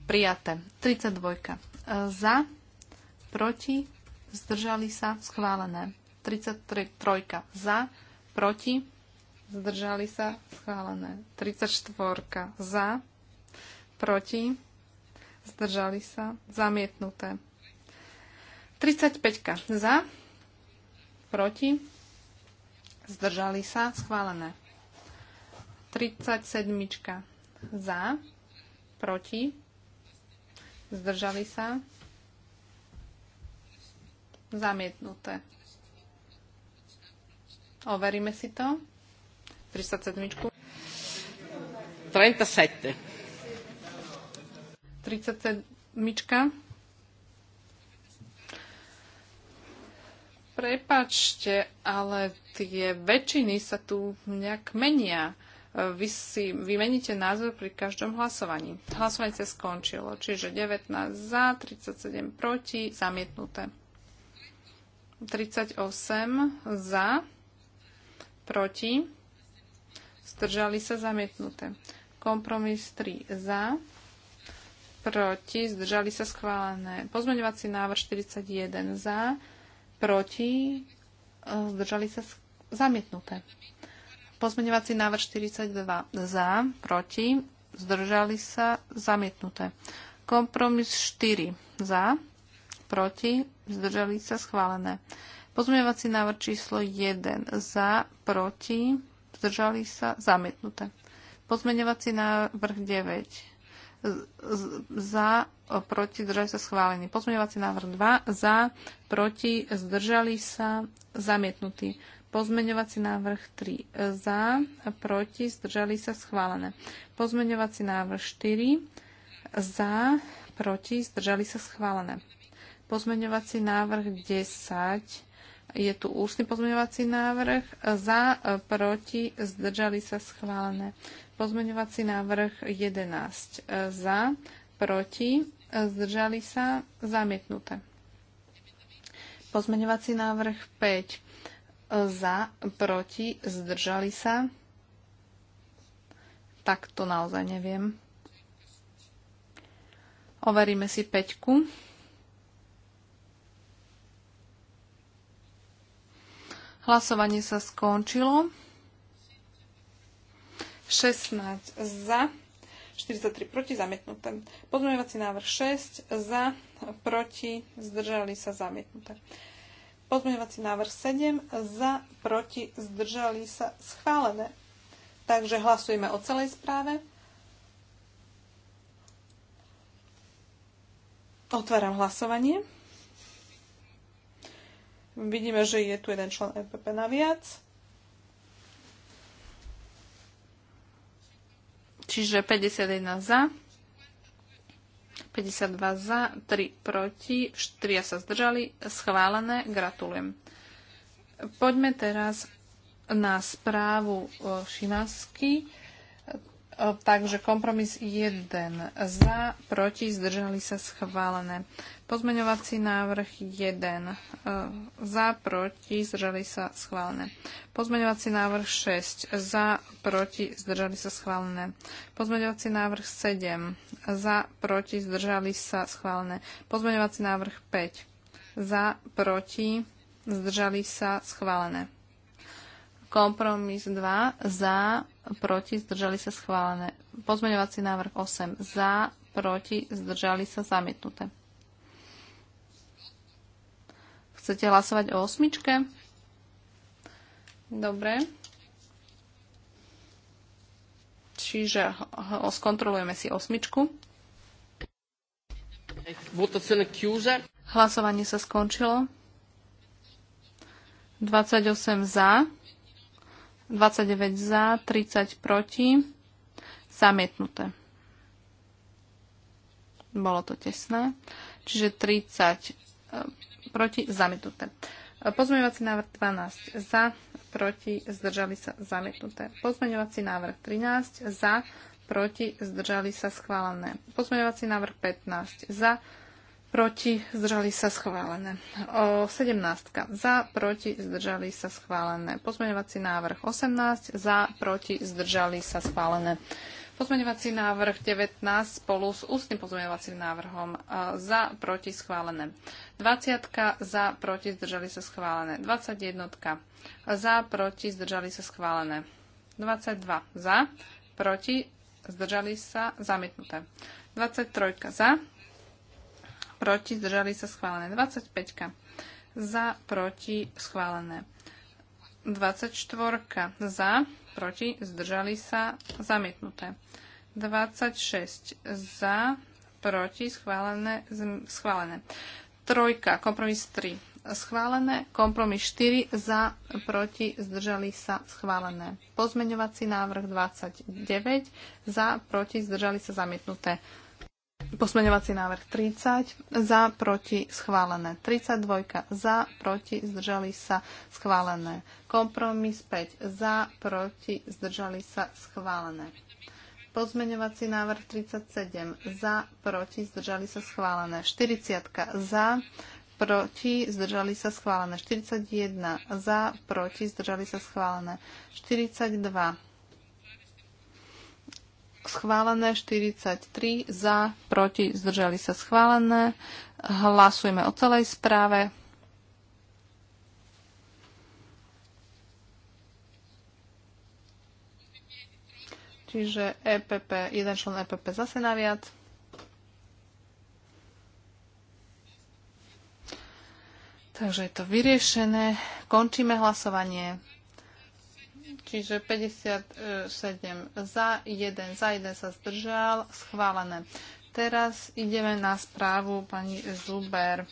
Prijaté. 32. Za, proti, zdržali sa, schválené. 33 za, proti, zdržali sa, schválené. 34 za, proti, zdržali sa, zamietnuté. 35 za, proti, zdržali sa, schválené. 37 za, proti, zdržali sa, zamietnuté. Overíme si to. 37. 37. 37. Prepačte, ale tie väčšiny sa tu nejak menia. Vy si vymeníte názor pri každom hlasovaní. Hlasovanie sa skončilo, čiže 19 za, 37 proti, zamietnuté. 38 za, proti, zdržali sa zamietnuté. Kompromis 3 za, proti, zdržali sa schválené. Pozmeňovací návrh 41 za, proti, e, zdržali sa zamietnuté. Pozmeňovací návrh 42 za, proti, zdržali sa zamietnuté. Kompromis 4 za, proti, zdržali sa schválené. Pozmeňovací návrh číslo 1 za, proti, zdržali sa, zamietnuté. Pozmeňovací návrh 9 za, proti, zdržali sa, schválený. Pozmeňovací návrh 2 za, proti, zdržali sa, zamietnutý. Pozmeňovací návrh 3 za, proti, zdržali sa, schválené. Pozmeňovací návrh 4 za, proti, zdržali sa, schválené. Pozmeňovací návrh 10 je tu ústny pozmeňovací návrh. Za, proti, zdržali sa schválené. Pozmeňovací návrh 11. Za, proti, zdržali sa zamietnuté. Pozmeňovací návrh 5. Za, proti, zdržali sa. Tak to naozaj neviem. Overíme si 5. Hlasovanie sa skončilo. 16 za, 43 proti, zamietnuté. Pozmeňovací návrh 6 za, proti, zdržali sa, zamietnuté. Pozmeňovací návrh 7 za, proti, zdržali sa, schválené. Takže hlasujeme o celej správe. Otváram hlasovanie. Vidíme, že je tu jeden člen EPP naviac. Čiže 51 za, 52 za, 3 proti, 4 sa zdržali, schválené, gratulujem. Poďme teraz na správu e, Šimasky. E, takže kompromis 1 za, proti, zdržali sa schválené. Pozmeňovací návrh 1 e, za, proti, zdržali sa schválené. Pozmeňovací návrh 6 za, proti, zdržali sa schválené. Pozmeňovací návrh 7 za, proti, zdržali sa schválené. Pozmeňovací návrh 5 za, proti, zdržali sa schválené. Kompromis 2 za, proti, zdržali sa schválené. Pozmeňovací návrh 8 za, proti, zdržali sa zamietnuté. Chcete hlasovať o osmičke? Dobre. Čiže skontrolujeme si osmičku. Hlasovanie sa skončilo. 28 za, 29 za, 30 proti. Zamietnuté. Bolo to tesné. Čiže 30 e, proti, zamietnuté. Pozmeňovací návrh 12 za, proti, zdržali sa, zamietnuté. Pozmeňovací návrh 13 za, proti, zdržali sa, schválené. Pozmeňovací návrh 15 za, proti, zdržali sa schválené. O, 17. Za, proti, zdržali sa schválené. Pozmeňovací návrh 18. Za, proti, zdržali sa schválené. Pozmeňovací návrh 19 spolu s ústnym pozmeňovacím návrhom za, proti, schválené. 20. za, proti, zdržali sa schválené. 21. za, proti, zdržali sa schválené. 22 za, proti, zdržali sa zamietnuté. 23 za, proti, zdržali sa schválené. 25. Za, proti, schválené. 24. Za, proti, zdržali sa, zamietnuté. 26. Za, proti, schválené, schválené. Trojka, kompromis 3. Schválené, kompromis 4, za, proti, zdržali sa, schválené. Pozmeňovací návrh 29, za, proti, zdržali sa, zamietnuté. Posmeňovací návrh 30, za, proti, schválené. 32, za, proti, zdržali sa, schválené. Kompromis 5, za, proti, zdržali sa, schválené. Pozmeňovací návrh 37, za, proti, zdržali sa, schválené. 40, za, proti, zdržali sa, schválené. 41, za, proti, zdržali sa, schválené. 42, schválené, 43 za, proti, zdržali sa schválené. Hlasujeme o celej správe. Čiže EPP, jeden člen EPP zase naviac. Takže je to vyriešené. Končíme hlasovanie. Čiže 57 za, 1 za, 1 sa zdržal, schválené. Teraz ideme na správu pani Zuber.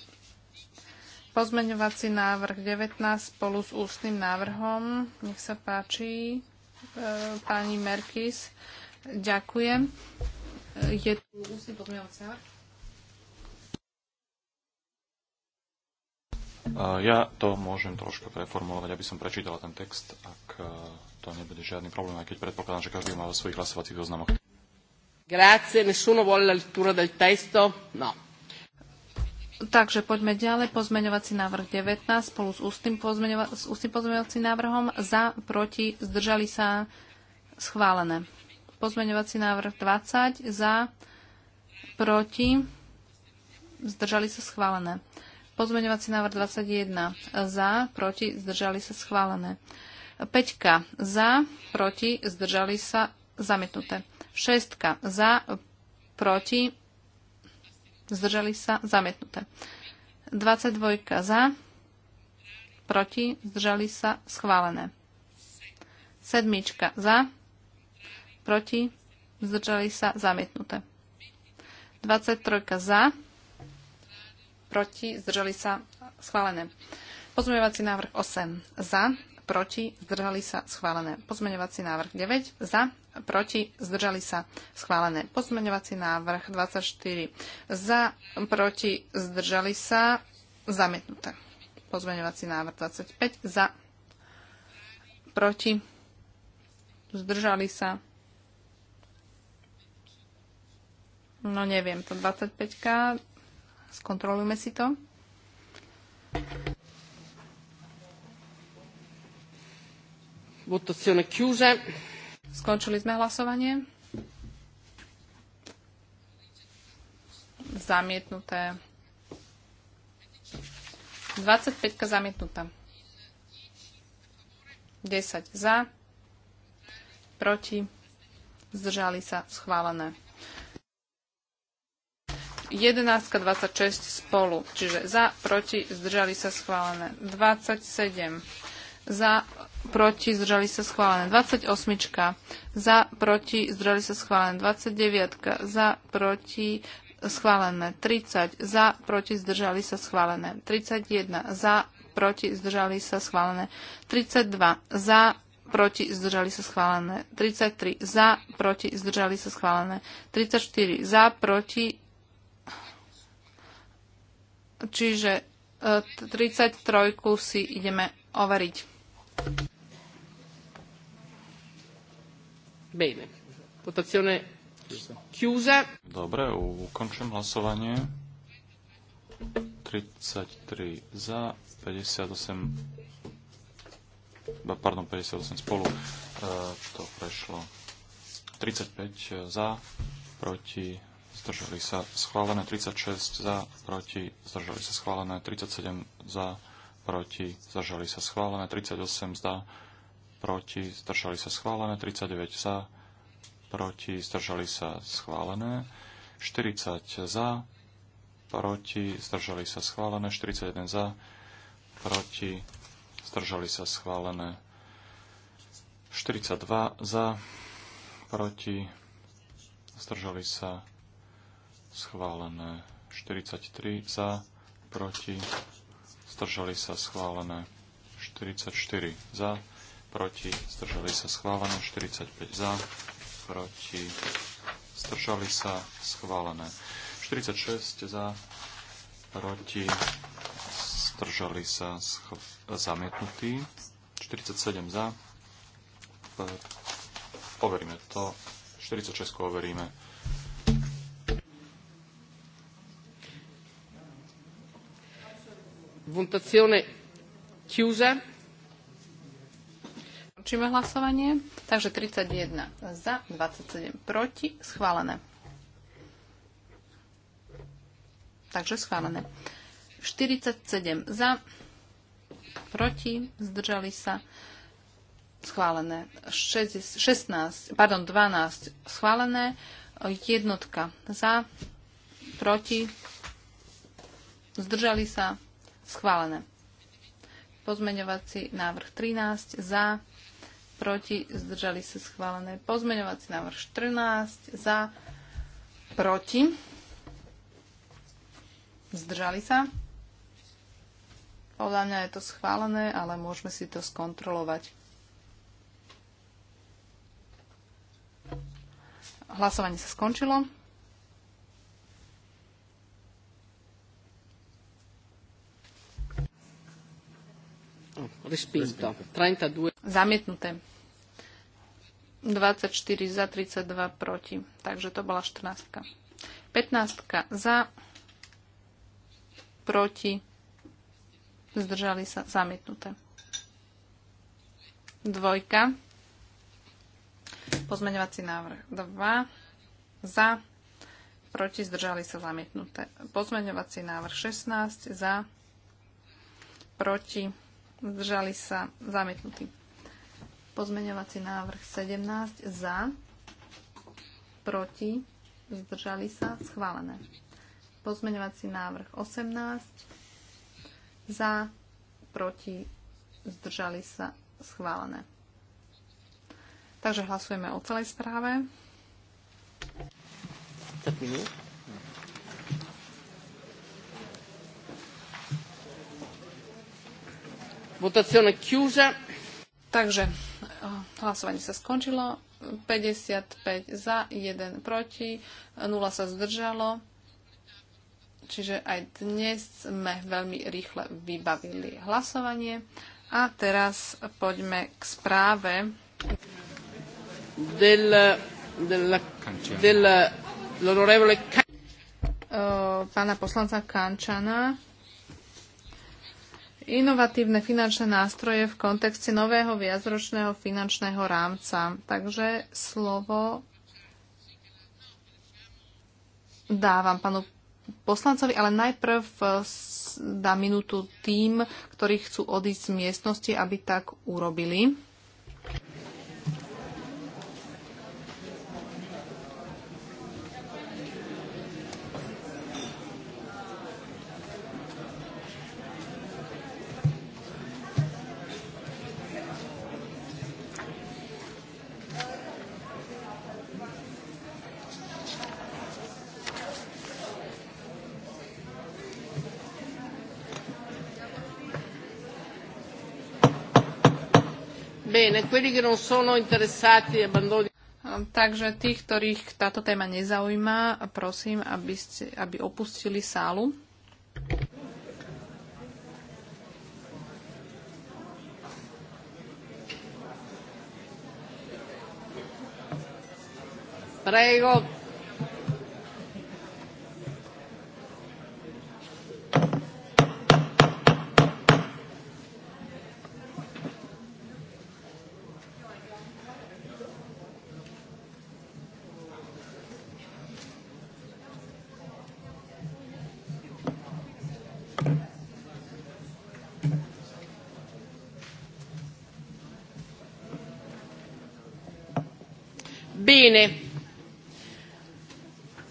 Pozmeňovací návrh 19 spolu s ústnym návrhom. Nech sa páči, e, pani Merkis. Ďakujem. E, je tu ústny pozmeňovací návrh? E, ja to môžem troška preformulovať, aby som prečítala ten text, ak to nebude žiadny problém, aj keď predpokladám, že každý má vo svojich hlasovacích zoznamoch. Grazie, nessuno vuole la lettura del testo? No. Takže poďme ďalej. Pozmeňovací návrh 19 spolu s ústnym, pozmeňova- s ústnym pozmeňovacím návrhom za, proti, zdržali sa schválené. Pozmeňovací návrh 20 za, proti, zdržali sa schválené. Pozmeňovací návrh 21 za, proti, zdržali sa schválené. Peťka za, proti, zdržali sa, zamietnuté. Šestka za, proti, zdržali sa, zamietnuté. 22 za, proti, zdržali sa, schválené. Sedmička za, proti, zdržali sa, zamietnuté. 23 za, proti, zdržali sa, schválené. Pozmeňovací návrh 8 za, proti, zdržali sa, schválené. Pozmeňovací návrh 9, za, proti, zdržali sa, schválené. Pozmeňovací návrh 24, za, proti, zdržali sa, zamietnuté. Pozmeňovací návrh 25, za, proti, zdržali sa, No neviem, to 25 skontrolujme si to. Votazione chiusa. Skončili sme hlasovanie. Zamietnuté. 25 zamietnutá. 10 za, proti, zdržali sa, schválené. 11, 26 spolu, čiže za, proti, zdržali sa, schválené. 27 za, proti, zdržali sa schválené. 28. Za, proti, zdržali sa schválené. 29. Za, proti, schválené. 30. Za, proti, zdržali sa schválené. 31. Za, proti, zdržali sa schválené. 32. Za, proti, zdržali sa schválené. 33. Za, proti, zdržali sa schválené. 34. Za, proti, čiže 33 e, si ideme overiť. Bene. Votazione chiusa. Dobre, ukončím hlasovanie. 33 za, 58 pardon, 58 spolu. E, to prešlo 35 za, proti, zdržali sa schválené, 36 za, proti, zdržali sa schválené, 37 za, proti, zdržali sa schválené, 38 za, proti, zdržali sa schválené, 39 za, proti, zdržali sa schválené, 40 za, proti, zdržali sa schválené, 41 za, proti, zdržali sa schválené, 42 za, proti, zdržali sa schválené, 43 za, proti, zdržali sa schválené 44 za, proti, zdržali sa schválené 45 za, proti, zdržali sa schválené 46 za, proti, zdržali sa zamietnutí 47 za, overíme to, 46 overíme Votazione chiusa. Končíme hlasovanie. Takže 31 za, 27 proti, schválené. Takže schválené. 47 za, proti, zdržali sa, schválené. 6, 16, pardon, 12 schválené, jednotka za, proti, zdržali sa, Schválené. Pozmeňovací návrh 13 za, proti, zdržali sa schválené. Pozmeňovací návrh 14 za, proti, zdržali sa. Podľa mňa je to schválené, ale môžeme si to skontrolovať. Hlasovanie sa skončilo. Respinto. 32. Zamietnuté. 24 za, 32 proti. Takže to bola 14. 15 za, proti, zdržali sa zamietnuté. Dvojka. Pozmeňovací návrh 2. Za. Proti zdržali sa zamietnuté. Pozmeňovací návrh 16. Za. Proti zdržali sa zamietnutí. Pozmeňovací návrh 17 za, proti, zdržali sa schválené. Pozmeňovací návrh 18 za, proti, zdržali sa schválené. Takže hlasujeme o celej správe. Tak minút. Votazione chiusa. Takže eh, hlasovanie sa skončilo. 55 za, 1 proti, 0 sa zdržalo. Čiže aj dnes sme veľmi rýchle vybavili hlasovanie. A teraz poďme k správe del, del, del, del, eh, pána poslanca Kančana inovatívne finančné nástroje v kontexte nového viacročného finančného rámca. Takže slovo dávam panu poslancovi, ale najprv eh, dá minútu tým, ktorí chcú odísť z miestnosti, aby tak urobili. Takže tých, ktorých táto téma nezaujíma, prosím, aby, ste, aby opustili sálu. Prego, Bene.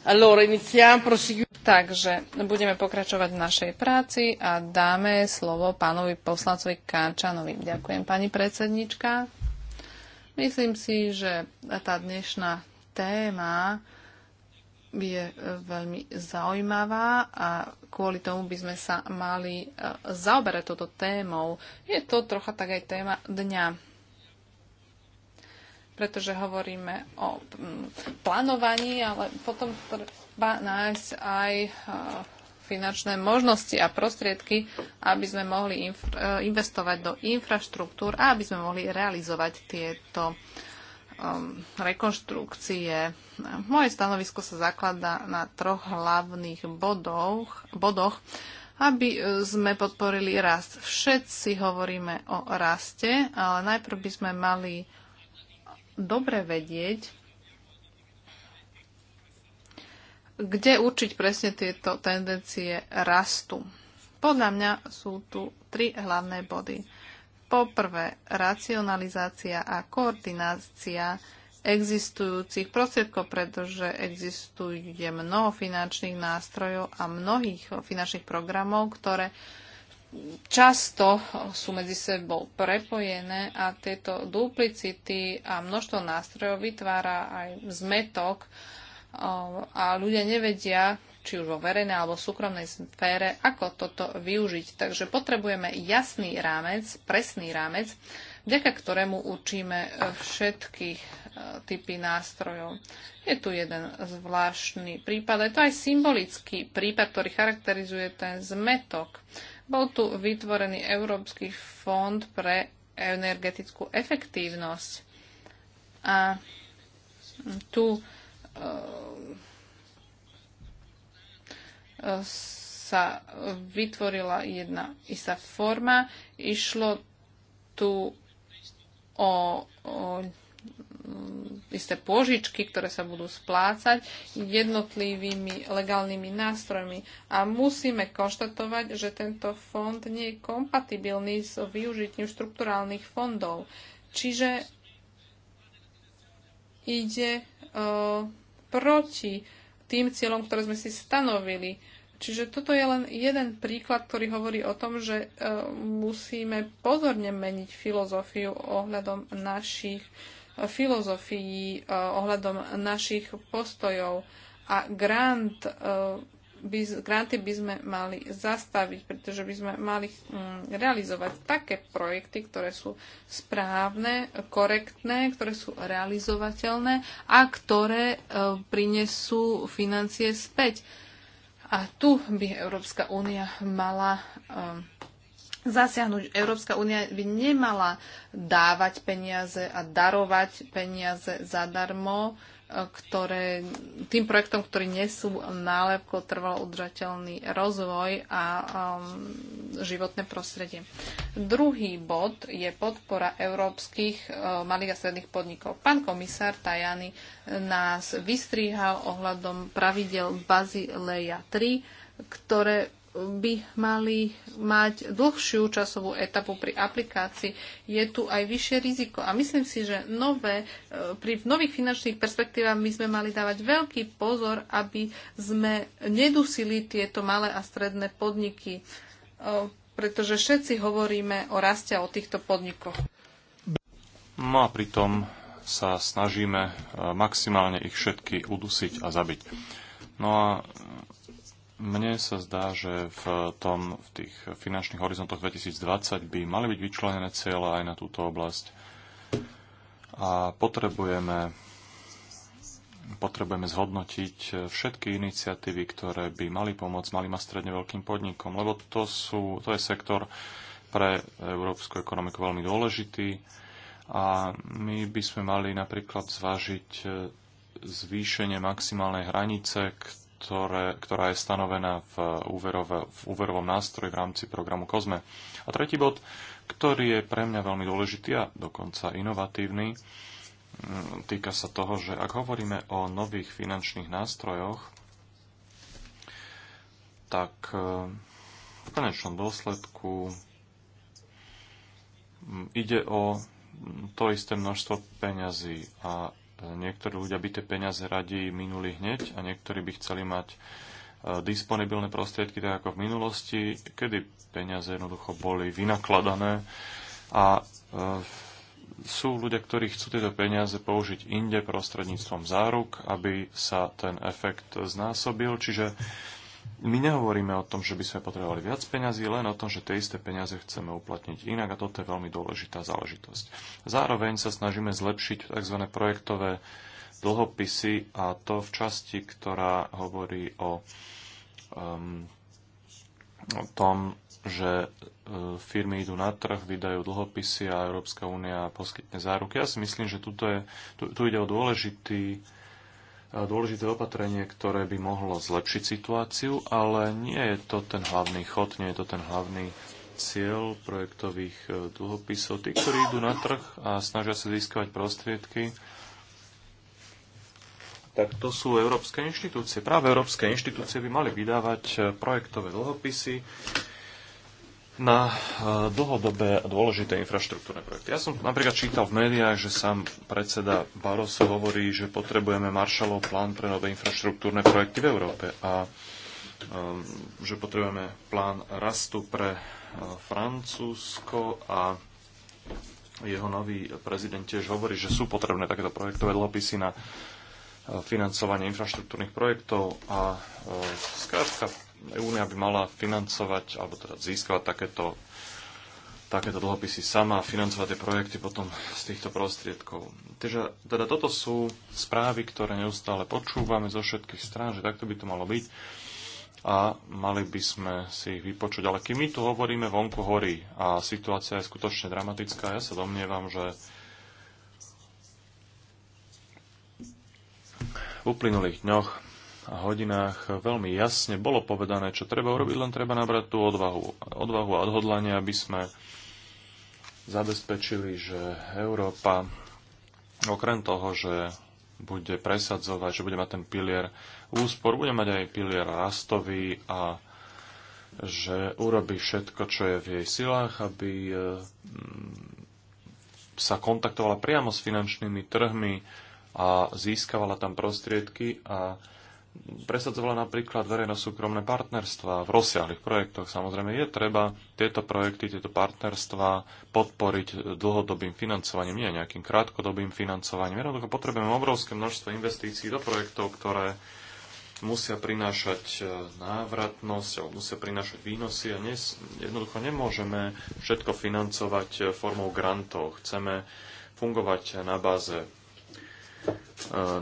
Allora, iniziamo, proseguiamo. Takže budeme pokračovať v našej práci a dáme slovo pánovi poslancovi Kančanovi. Ďakujem, pani predsednička. Myslím si, že tá dnešná téma je e, veľmi zaujímavá a kvôli tomu by sme sa mali e, zaoberať toto témou. Je to trocha tak aj téma dňa pretože hovoríme o mm, plánovaní, ale potom treba nájsť aj e, finančné možnosti a prostriedky, aby sme mohli e, investovať do infraštruktúr a aby sme mohli realizovať tieto um, rekonštrukcie. Moje stanovisko sa zakladá na troch hlavných bodoch, bodoch, aby e, sme podporili rast. Všetci hovoríme o raste, ale najprv by sme mali dobre vedieť, kde určiť presne tieto tendencie rastu. Podľa mňa sú tu tri hlavné body. Po prvé, racionalizácia a koordinácia existujúcich prostriedkov, pretože existuje mnoho finančných nástrojov a mnohých finančných programov, ktoré uh, často sú medzi sebou prepojené a tieto duplicity a množstvo nástrojov vytvára aj zmetok a ľudia nevedia, či už vo verejnej alebo súkromnej sfére, ako toto využiť. Takže potrebujeme jasný rámec, presný rámec, vďaka ktorému učíme e, všetky e, typy nástrojov. Je tu jeden zvláštny prípad, je to aj symbolický prípad, ktorý charakterizuje ten zmetok. Bol tu vytvorený Európsky fond pre energetickú efektívnosť. A tu e, e, sa vytvorila jedna istá forma. Išlo tu o, o Mm, isté pôžičky, ktoré sa budú splácať jednotlivými legálnymi nástrojmi. A musíme konštatovať, že tento fond nie je kompatibilný s využitím štrukturálnych fondov. Čiže ide uh, proti tým cieľom, ktoré sme si stanovili. Čiže toto je len jeden príklad, ktorý hovorí o tom, že uh, musíme pozorne meniť filozofiu ohľadom našich filozofií eh, ohľadom našich postojov a grant, eh, by, granty by sme mali zastaviť, pretože by sme mali mm, realizovať také projekty, ktoré sú správne, korektné, ktoré sú realizovateľné a ktoré eh, prinesú financie späť. A tu by Európska únia mala um, zasiahnuť. Európska únia by nemala dávať peniaze a darovať peniaze zadarmo e, ktoré, tým projektom, ktorí nesú nálepko trvalo udržateľný rozvoj a um, životné prostredie. Druhý bod je podpora európskych uh, malých a stredných podnikov. Pán komisár Tajany nás vystriehal ohľadom pravidel Bazileja 3, ktoré by mali mať dlhšiu časovú etapu pri aplikácii. Je tu aj vyššie riziko. A myslím si, že nové, e, pri nových finančných perspektívach my sme mali dávať veľký pozor, aby sme nedusili tieto malé a stredné podniky, e, pretože všetci hovoríme o raste o týchto podnikoch. No a pritom sa snažíme e, maximálne ich všetky udusiť a zabiť. No a mne sa zdá, že v, tom, v tých finančných horizontoch 2020 by mali byť vyčlenené cieľa aj na túto oblasť. A potrebujeme, potrebujeme zhodnotiť všetky iniciatívy, ktoré by mali pomôcť malým a stredne veľkým podnikom, lebo to, sú, to je sektor pre európsku ekonomiku veľmi dôležitý a my by sme mali napríklad zvážiť eh, zvýšenie maximálnej hranice, ktoré, ktorá je stanovená v, úverove, v úverovom nástroji v rámci programu COSME. A tretí bod, ktorý je pre mňa veľmi dôležitý a dokonca inovatívny, mm, týka sa toho, že ak hovoríme o nových finančných nástrojoch, tak e, v konečnom dôsledku mm, ide o mm, to isté množstvo peňazí a Niektorí ľudia by tie peniaze radi minuli hneď a niektorí by chceli mať e, disponibilné prostriedky, tak ako v minulosti, kedy peniaze jednoducho boli vynakladané a e, sú ľudia, ktorí chcú tieto peniaze použiť inde prostredníctvom záruk, aby sa ten efekt znásobil. Čiže my nehovoríme o tom, že by sme potrebovali viac peňazí, len o tom, že tie isté peniaze chceme uplatniť inak a toto je veľmi dôležitá záležitosť. Zároveň sa snažíme zlepšiť tzv. projektové dlhopisy a to v časti, ktorá hovorí o, um, o tom, že uh, firmy idú na trh, vydajú dlhopisy a Európska únia poskytne záruky. Ja si myslím, že tuto je, tu, tu ide o dôležitý dôležité opatrenie, ktoré by mohlo zlepšiť situáciu, ale nie je to ten hlavný chod, nie je to ten hlavný cieľ projektových e, dlhopisov. Tí, ktorí idú na trh a snažia sa získavať prostriedky, tak to sú európske inštitúcie. Práve európske inštitúcie by mali vydávať e, projektové dlhopisy, na eh, dlhodobé dôležité infraštruktúrne projekty. Ja som napríklad čítal v médiách, že sám predseda Barroso hovorí, že potrebujeme Marshallov plán pre nové infraštruktúrne projekty v Európe a eh, že potrebujeme plán rastu pre eh, Francúzsko a jeho nový prezident tiež hovorí, že sú potrebné takéto projektové dlhopisy na financovanie infraštruktúrnych projektov a skrátka Únia by mala financovať, alebo teda získavať takéto, takéto dlhopisy sama a financovať tie projekty potom z týchto prostriedkov. Takže teda toto sú správy, ktoré neustále počúvame zo všetkých strán, že takto by to malo byť a mali by sme si ich vypočuť. Ale kým my tu hovoríme, vonku horí a situácia je skutočne dramatická. Ja sa domnievam, že v uplynulých dňoch hodinách veľmi jasne bolo povedané, čo treba urobiť, len treba nabrať tú odvahu, odvahu a odhodlanie, aby sme zabezpečili, že Európa okrem toho, že bude presadzovať, že bude mať ten pilier úspor, bude mať aj pilier rastový a že urobí všetko, čo je v jej silách, aby mm, sa kontaktovala priamo s finančnými trhmi a získavala tam prostriedky a presadzovala napríklad verejno-súkromné partnerstva v rozsiahlych projektoch. Samozrejme, je treba tieto projekty, tieto partnerstva podporiť dlhodobým financovaním, nie nejakým krátkodobým financovaním. Jednoducho potrebujeme obrovské množstvo investícií do projektov, ktoré musia prinášať e, návratnosť alebo musia prinášať výnosy a nes, jednoducho nemôžeme všetko financovať e, formou grantov. Chceme fungovať na báze, e,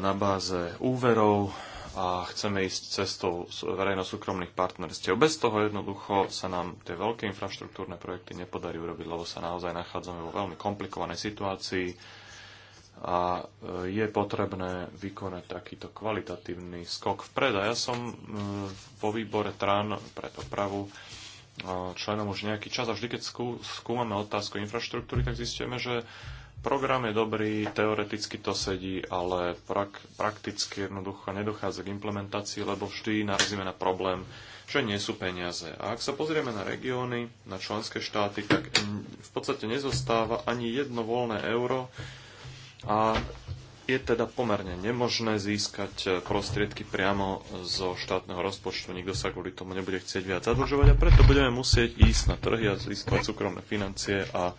na báze úverov, a chceme ísť cestou verejno-súkromných partnerstiev. Bez toho jednoducho sa nám tie veľké infraštruktúrne projekty nepodarí urobiť, lebo sa naozaj nachádzame vo veľmi komplikovanej situácii a e, je potrebné vykonať takýto kvalitatívny skok vpred. A ja som e, vo výbore TRAN pre dopravu e, členom už nejaký čas a vždy, keď skúmame otázku infraštruktúry, tak zistíme, že Program je dobrý, teoreticky to sedí, ale prak- prakticky jednoducho nedochádza k implementácii, lebo vždy narazíme na problém, že nie sú peniaze. A ak sa pozrieme na regióny, na členské štáty, tak v podstate nezostáva ani jedno voľné euro a je teda pomerne nemožné získať eh, prostriedky priamo zo štátneho rozpočtu. Nikto sa kvôli tomu nebude chcieť viac zadlžovať a preto budeme musieť ísť na trhy a získať súkromné financie a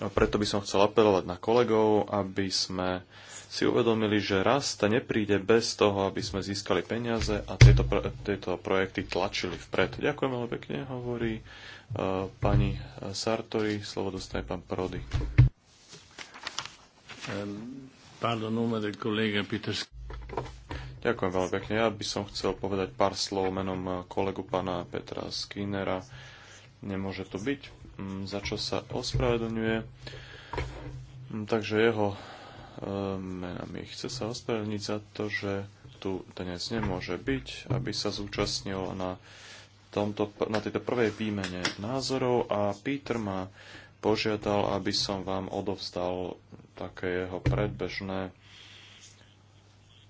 a preto by som chcel apelovať na kolegov, aby sme si uvedomili, že rast nepríde bez toho, aby sme získali peniaze a tieto, pro, tieto projekty tlačili vpred. Ďakujem veľmi pekne, hovorí uh, pani Sartori. Slovo dostane pán Prody. Ehm, Pardon, kolega Ďakujem veľmi pekne. Ja by som chcel povedať pár slov menom kolegu pána Petra Skinnera. Nemôže to byť Mm, za čo sa ospravedlňuje. Mm, takže jeho e, menami chce sa ospravedlniť za to, že tu dnes nemôže byť, aby sa zúčastnil na, tomto, na tejto prvej výmene názorov a Peter ma požiadal, aby som vám odovzdal také jeho predbežné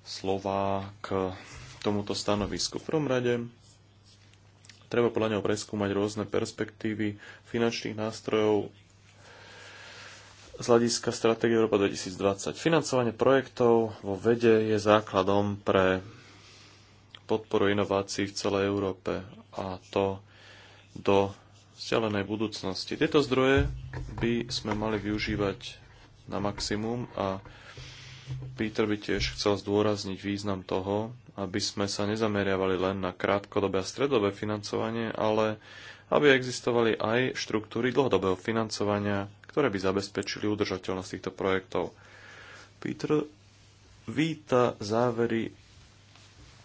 slova k tomuto stanovisku. V prvom rade Treba podľa neho preskúmať rôzne perspektívy finančných nástrojov z hľadiska stratégie Európa 2020. Financovanie projektov vo vede je základom pre podporu inovácií v celej Európe a to do vzdialenej budúcnosti. Tieto zdroje by sme mali využívať na maximum a Peter by tiež chcel zdôrazniť význam toho, aby sme sa nezameriavali len na krátkodobé a stredové financovanie, ale aby existovali aj štruktúry dlhodobého financovania, ktoré by zabezpečili udržateľnosť týchto projektov. Peter víta závery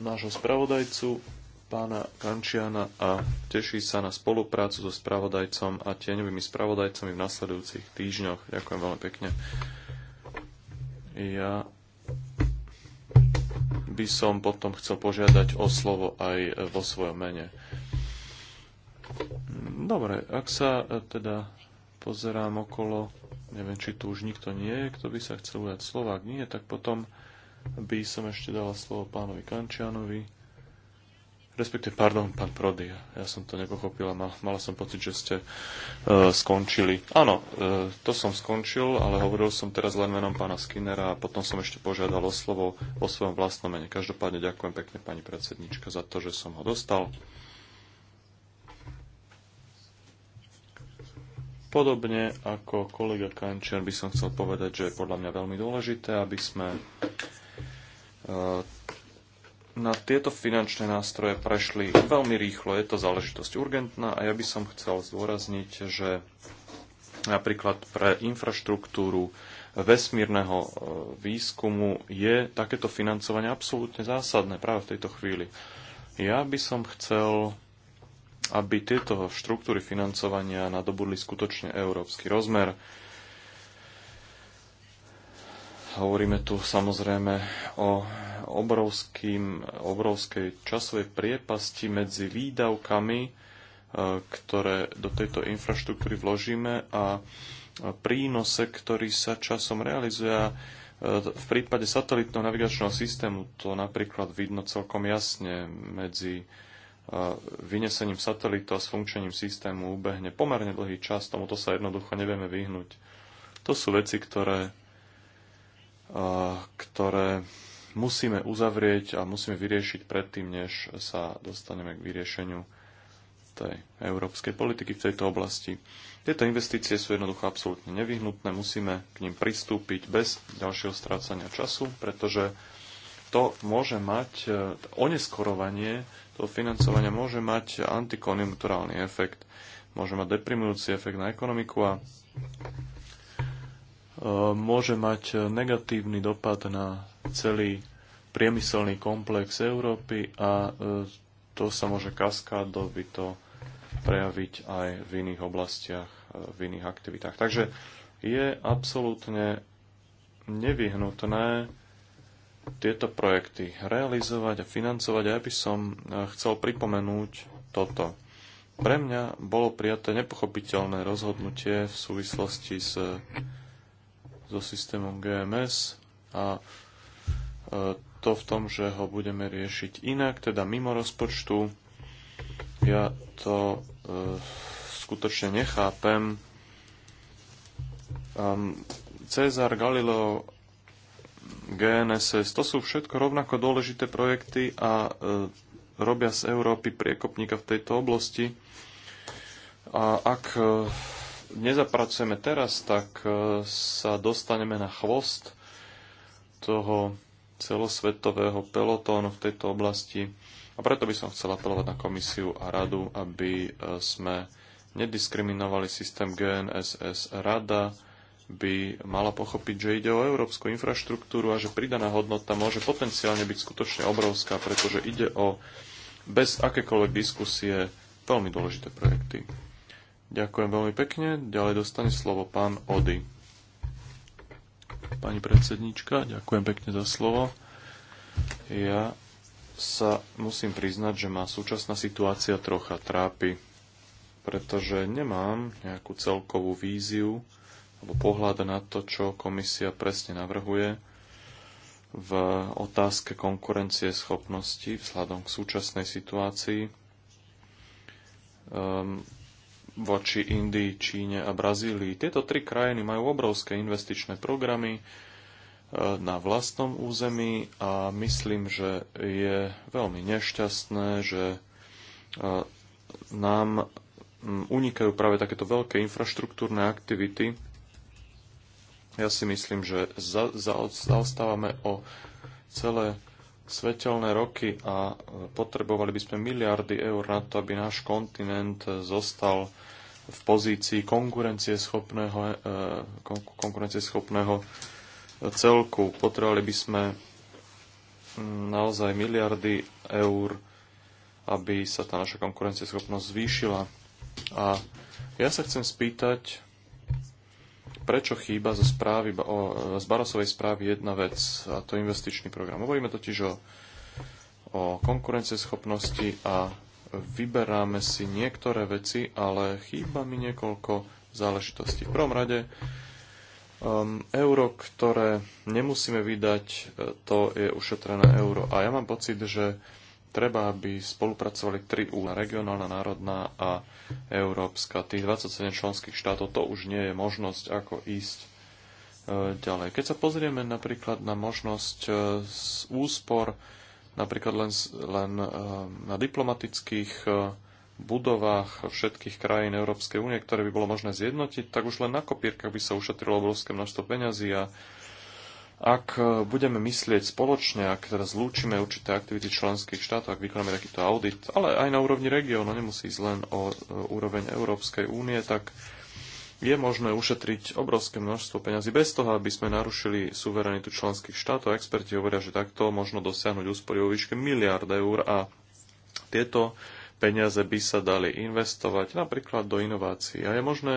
nášho spravodajcu, pána Kančiana a teší sa na spoluprácu so spravodajcom a tieňovými spravodajcami v nasledujúcich týždňoch. Ďakujem veľmi pekne. Ja by som potom chcel požiadať o slovo aj vo svojom mene. Dobre, ak sa e, teda pozerám okolo, neviem, či tu už nikto nie je, kto by sa chcel ujať slova, ak nie, tak potom by som ešte dala slovo pánovi Kančianovi, Respektíve, pardon, pán Prody, ja som to nepochopila, mal, mala som pocit, že ste e, skončili. Áno, e, to som skončil, ale hovoril som teraz len menom pána Skinnera a potom som ešte požiadal o slovo o svojom vlastnom mene. Každopádne ďakujem pekne pani predsednička za to, že som ho dostal. Podobne ako kolega Kančer by som chcel povedať, že je podľa mňa veľmi dôležité, aby sme e, na tieto finančné nástroje prešli veľmi rýchlo. Je to záležitosť urgentná a ja by som chcel zdôrazniť, že napríklad pre infraštruktúru vesmírneho e, výskumu je takéto financovanie absolútne zásadné práve v tejto chvíli. Ja by som chcel, aby tieto štruktúry financovania nadobudli skutočne európsky rozmer. Hovoríme tu samozrejme o obrovským, obrovskej časovej priepasti medzi výdavkami, e, ktoré do tejto infraštruktúry vložíme a prínose, ktorý sa časom realizuje. E, v prípade satelitného navigačného systému to napríklad vidno celkom jasne medzi e, vynesením satelitu a sfunkčením systému ubehne pomerne dlhý čas, tomuto sa jednoducho nevieme vyhnúť. To sú veci, ktoré, ktoré musíme uzavrieť a musíme vyriešiť predtým, než sa dostaneme k vyriešeniu tej európskej politiky v tejto oblasti. Tieto investície sú jednoducho absolútne nevyhnutné, musíme k ním pristúpiť bez ďalšieho strácania času, pretože to môže mať, oneskorovanie toho financovania môže mať antikonjunkturálny efekt, môže mať deprimujúci efekt na ekonomiku a E, môže mať negatívny dopad na celý priemyselný komplex Európy a e, to sa môže kaskádovi to prejaviť aj v iných oblastiach, e, v iných aktivitách. Takže je absolútne nevyhnutné tieto projekty realizovať a financovať. A ja by som chcel pripomenúť toto. Pre mňa bolo prijaté nepochopiteľné rozhodnutie v súvislosti s so systémom GMS a e, to v tom, že ho budeme riešiť inak, teda mimo rozpočtu. Ja to e, skutočne nechápem. Um, Cezar, Galileo, GNSS, to sú všetko rovnako dôležité projekty a e, robia z Európy priekopníka v tejto oblasti. A ak e, nezapracujeme teraz, tak e, sa dostaneme na chvost toho celosvetového pelotónu v tejto oblasti. A preto by som chcel apelovať na komisiu a radu, aby e, sme nediskriminovali systém GNSS. Rada by mala pochopiť, že ide o európsku infraštruktúru a že pridaná hodnota môže potenciálne byť skutočne obrovská, pretože ide o bez akékoľvek diskusie veľmi dôležité projekty. Ďakujem veľmi pekne. Ďalej dostane slovo pán Ody. Pani predsednička, ďakujem pekne za slovo. Ja sa musím priznať, že ma súčasná situácia trocha trápi, pretože nemám nejakú celkovú víziu alebo pohľad na to, čo komisia presne navrhuje v otázke konkurencie schopnosti vzhľadom k súčasnej situácii. Um, voči Indii, Číne a Brazílii. Tieto tri krajiny majú obrovské investičné programy e, na vlastnom území a myslím, že je veľmi nešťastné, že e, nám unikajú práve takéto veľké infraštruktúrne aktivity. Ja si myslím, že zaostávame o celé svetelné roky a potrebovali by sme miliardy eur na to, aby náš kontinent zostal v pozícii konkurencieschopného, e, konkurencieschopného celku. Potrebovali by sme mm, naozaj miliardy eur, aby sa tá naša konkurencieschopnosť zvýšila. A ja sa chcem spýtať, prečo chýba zo správy, o, e, z Barosovej správy jedna vec, a to investičný program. Hovoríme no, totiž o, o konkurencieschopnosti a vyberáme si niektoré veci, ale chýba mi niekoľko záležitostí. V prvom rade, um, euro, ktoré nemusíme vydať, e, to je ušetrené euro. A ja mám pocit, že treba, aby spolupracovali tri úla, regionálna, národná a európska. Tých 27 členských štátov to už nie je možnosť, ako ísť e, ďalej. Keď sa pozrieme napríklad na možnosť e, z úspor, napríklad len, len e, na diplomatických budovách všetkých krajín Európskej únie, ktoré by bolo možné zjednotiť, tak už len na kopírkach by sa ušetrilo obrovské množstvo peňazí a ak e, budeme myslieť spoločne, ak teraz zlúčime určité aktivity členských štátov, ak vykonáme takýto audit, ale aj na úrovni regiónu, nemusí ísť len o e, úroveň Európskej únie, tak je možné ušetriť obrovské množstvo peňazí bez toho, aby sme narušili suverenitu členských štátov. Experti hovoria, že takto možno dosiahnuť úspory o výške miliard eur a tieto peniaze by sa dali investovať napríklad do inovácií. A je možné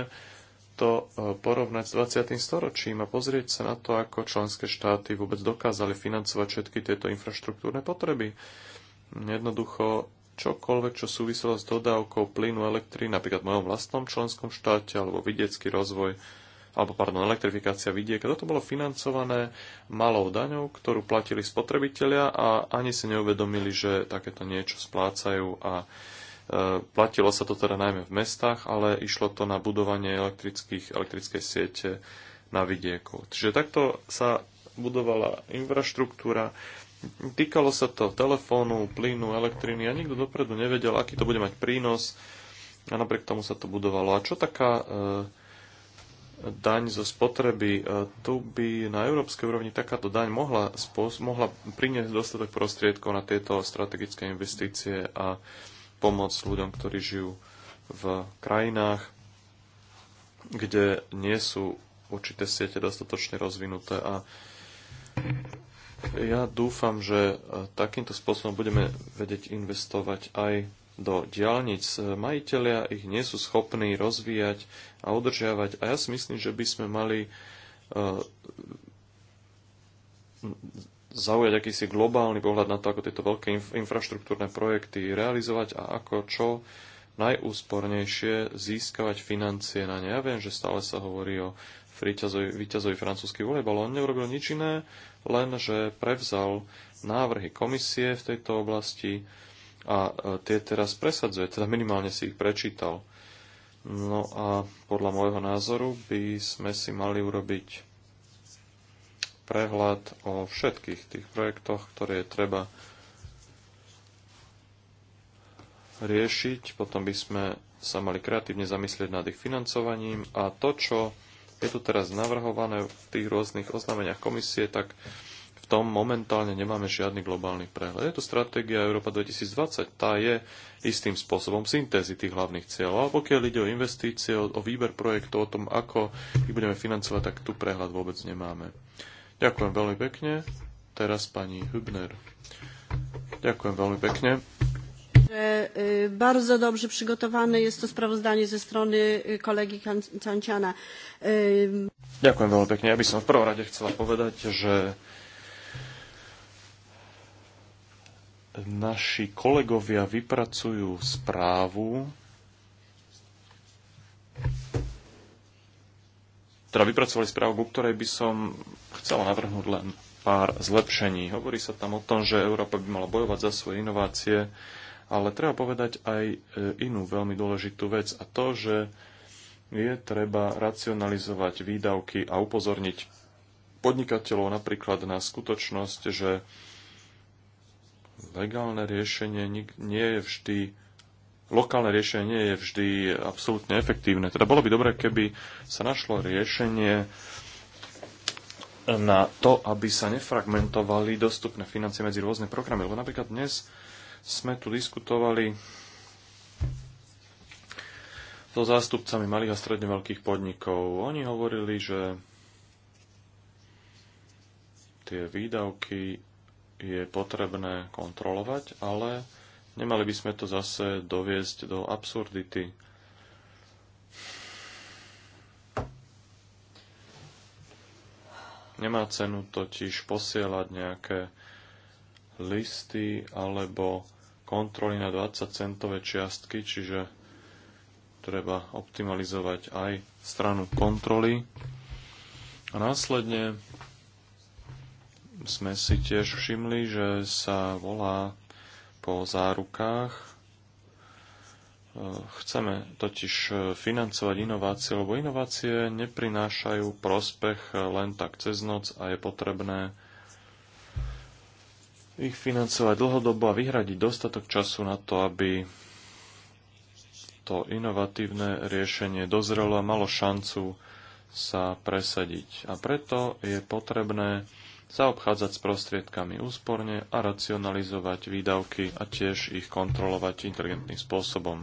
to e, porovnať s 20. storočím a pozrieť sa na to, ako členské štáty vôbec dokázali financovať všetky tieto infraštruktúrne potreby. Jednoducho, čokoľvek, čo súviselo s dodávkou plynu, elektriny, napríklad v mojom vlastnom členskom štáte, alebo vidiecký rozvoj, alebo pardon, elektrifikácia vidieka, toto bolo financované malou daňou, ktorú platili spotrebitelia a ani si neuvedomili, že takéto niečo splácajú a Eh, platilo sa to teda najmä v mestách, ale išlo to na budovanie elektrických, elektrickej siete na vidieku. Čiže takto sa budovala infraštruktúra. Týkalo sa to telefónu, plynu, elektriny a nikto dopredu nevedel, aký to bude mať prínos a napriek tomu sa to budovalo. A čo taká e, daň zo spotreby? E, tu by na európskej úrovni takáto daň mohla, spos- mohla priniesť dostatok prostriedkov na tieto strategické investície a e, pomoc ľuďom, ktorí žijú v krajinách, kde nie sú určité siete dostatočne rozvinuté a ja dúfam, že e, takýmto spôsobom budeme vedieť investovať aj do diálnic. E, majiteľia ich nie sú schopní rozvíjať a udržiavať a ja si myslím, že by sme mali e, zaujať akýsi globálny pohľad na to, ako tieto veľké infraštruktúrne projekty realizovať a ako čo najúspornejšie získavať financie na ne. Ja viem, že stále sa hovorí o výťazovi francúzských voleb, ale on neurobil nič iné, len že prevzal návrhy komisie v tejto oblasti a e, tie teraz presadzuje, teda minimálne si ich prečítal. No a podľa môjho názoru by sme si mali urobiť prehľad o všetkých tých projektoch, ktoré je treba riešiť. Potom by sme sa mali kreatívne zamyslieť nad ich financovaním a to, čo je tu teraz navrhované v tých rôznych oznámeniach komisie, tak v tom momentálne nemáme žiadny globálny prehľad. Je to stratégia Európa 2020. Tá je istým spôsobom syntézy tých hlavných cieľov. A pokiaľ ide o investície, o, o výber projektov, o tom, ako ich budeme financovať, tak tu prehľad vôbec nemáme. Ďakujem veľmi pekne. Teraz pani Hübner. Ďakujem veľmi pekne. Že Bardzo dobrze przygotowane jest to sprawozdanie ze strony kolegi Canciana. Ďakujem veľmi pekne. Ja by som v prvom rade chcela povedať, že naši kolegovia vypracujú správu, teda vypracovali správu, ku ktorej by som chcela navrhnúť len pár zlepšení. Hovorí sa tam o tom, že Európa by mala bojovať za svoje inovácie, ale treba povedať aj e, inú veľmi dôležitú vec a to, že je treba racionalizovať výdavky a upozorniť podnikateľov napríklad na skutočnosť, že legálne riešenie nie je vždy lokálne riešenie je vždy absolútne efektívne. Teda bolo by dobré, keby sa našlo riešenie na to, aby sa nefragmentovali dostupné financie medzi rôzne programy. Lebo napríklad dnes sme tu diskutovali so zástupcami malých a stredne veľkých podnikov. Oni hovorili, že tie výdavky je potrebné kontrolovať, ale Nemali by sme to zase doviesť do absurdity. Nemá cenu totiž posielať nejaké listy alebo kontroly na 20 centové čiastky, čiže treba optimalizovať aj stranu kontroly. A následne sme si tiež všimli, že sa volá po zárukách. E, chceme totiž financovať inovácie, lebo inovácie neprinášajú prospech len tak cez noc a je potrebné ich financovať dlhodobo a vyhradiť dostatok času na to, aby to inovatívne riešenie dozrelo a malo šancu sa presadiť. A preto je potrebné zaobchádzať s prostriedkami úsporne a racionalizovať výdavky a tiež ich kontrolovať inteligentným spôsobom.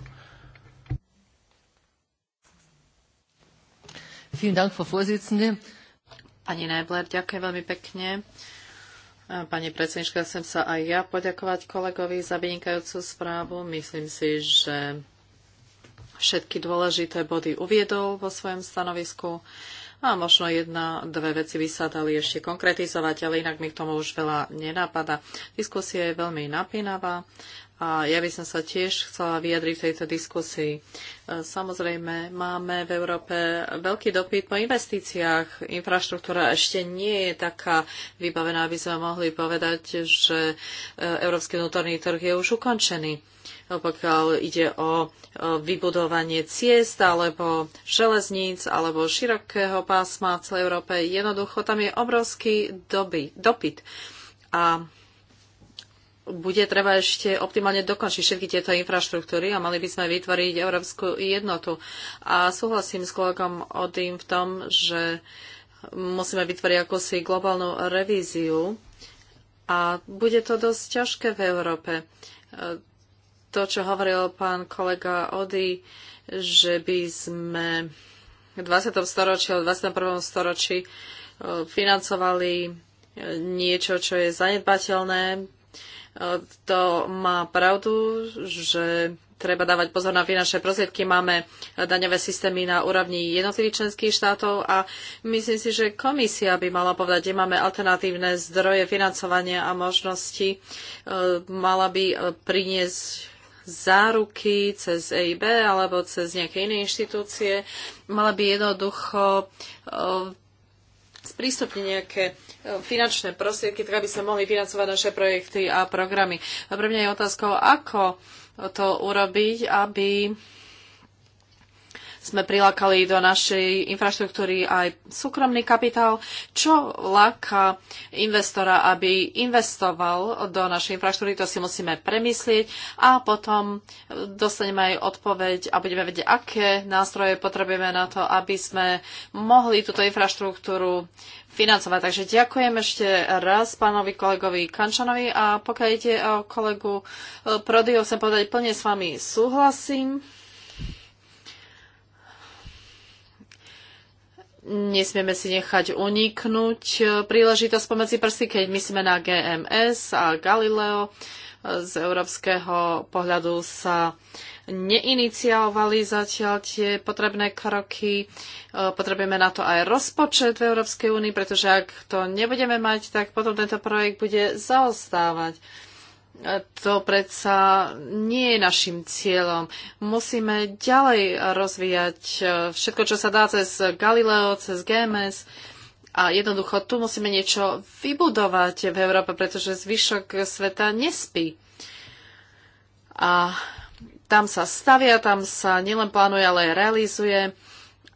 Pani Najbler, ďakujem veľmi pekne. Pani predsednička, chcem sa aj ja poďakovať kolegovi za vynikajúcu správu. Myslím si, že všetky dôležité body uviedol vo svojom stanovisku a možno jedna, dve veci by sa dali ešte konkretizovať, ale inak mi k tomu už veľa nenapadá. Diskusia je veľmi napínavá a ja by som sa tiež chcela vyjadriť v tejto diskusii. E, samozrejme, máme v Európe veľký dopyt po investíciách. Infraštruktúra ešte nie je taká vybavená, aby sme mohli povedať, že e, európsky vnútorný trh je už ukončený e, pokiaľ ide o vybudovanie ciest alebo železníc alebo širokého pásma v celej Európe. Jednoducho tam je obrovský doby, dopyt. A bude treba ešte optimálne dokončiť všetky tieto infraštruktúry a mali by sme vytvoriť európsku jednotu. A súhlasím s kolegom Odým v tom, že musíme vytvoriť akúsi globálnu revíziu a bude to dosť ťažké v Európe. To, čo hovoril pán kolega Ody, že by sme v 20. storočí alebo 21. storočí eh, financovali niečo, čo je zanedbateľné, to má pravdu, že treba dávať pozor na finančné prostriedky. Máme daňové systémy na úrovni jednotlivých členských štátov a myslím si, že komisia by mala povedať, kde máme alternatívne zdroje financovania a možnosti. E, mala by e, priniesť záruky cez EIB alebo cez nejaké iné inštitúcie. Mala by jednoducho e, sprístupniť nejaké finančné prostriedky, tak aby sa mohli financovať naše projekty a programy. A pre mňa je otázkou, ako to urobiť, aby sme prilákali do našej infraštruktúry aj súkromný kapitál, čo láka investora, aby investoval do našej infraštruktúry. To si musíme premyslieť a potom dostaneme aj odpoveď a budeme vedieť, aké nástroje potrebujeme na to, aby sme mohli túto infraštruktúru financovať. Takže ďakujem ešte raz pánovi kolegovi Kančanovi a pokiaľ ide o kolegu Prodio, chcem povedať, plne s vami súhlasím. Nesmieme si nechať uniknúť e, príležitosť pomedzi prsty, keď myslíme na GMS a Galileo. E, Z európskeho pohľadu sa neiniciovali zatiaľ tie potrebné kroky. E, Potrebujeme na to aj rozpočet v Európskej únii, pretože ak to nebudeme mať, tak potom tento projekt bude zaostávať to predsa nie je našim cieľom. Musíme ďalej rozvíjať eh, všetko, čo sa dá cez Galileo, cez GMS. A jednoducho tu musíme niečo vybudovať v Európe, pretože zvyšok sveta nespí. A tam sa stavia, tam sa nielen plánuje, ale aj realizuje.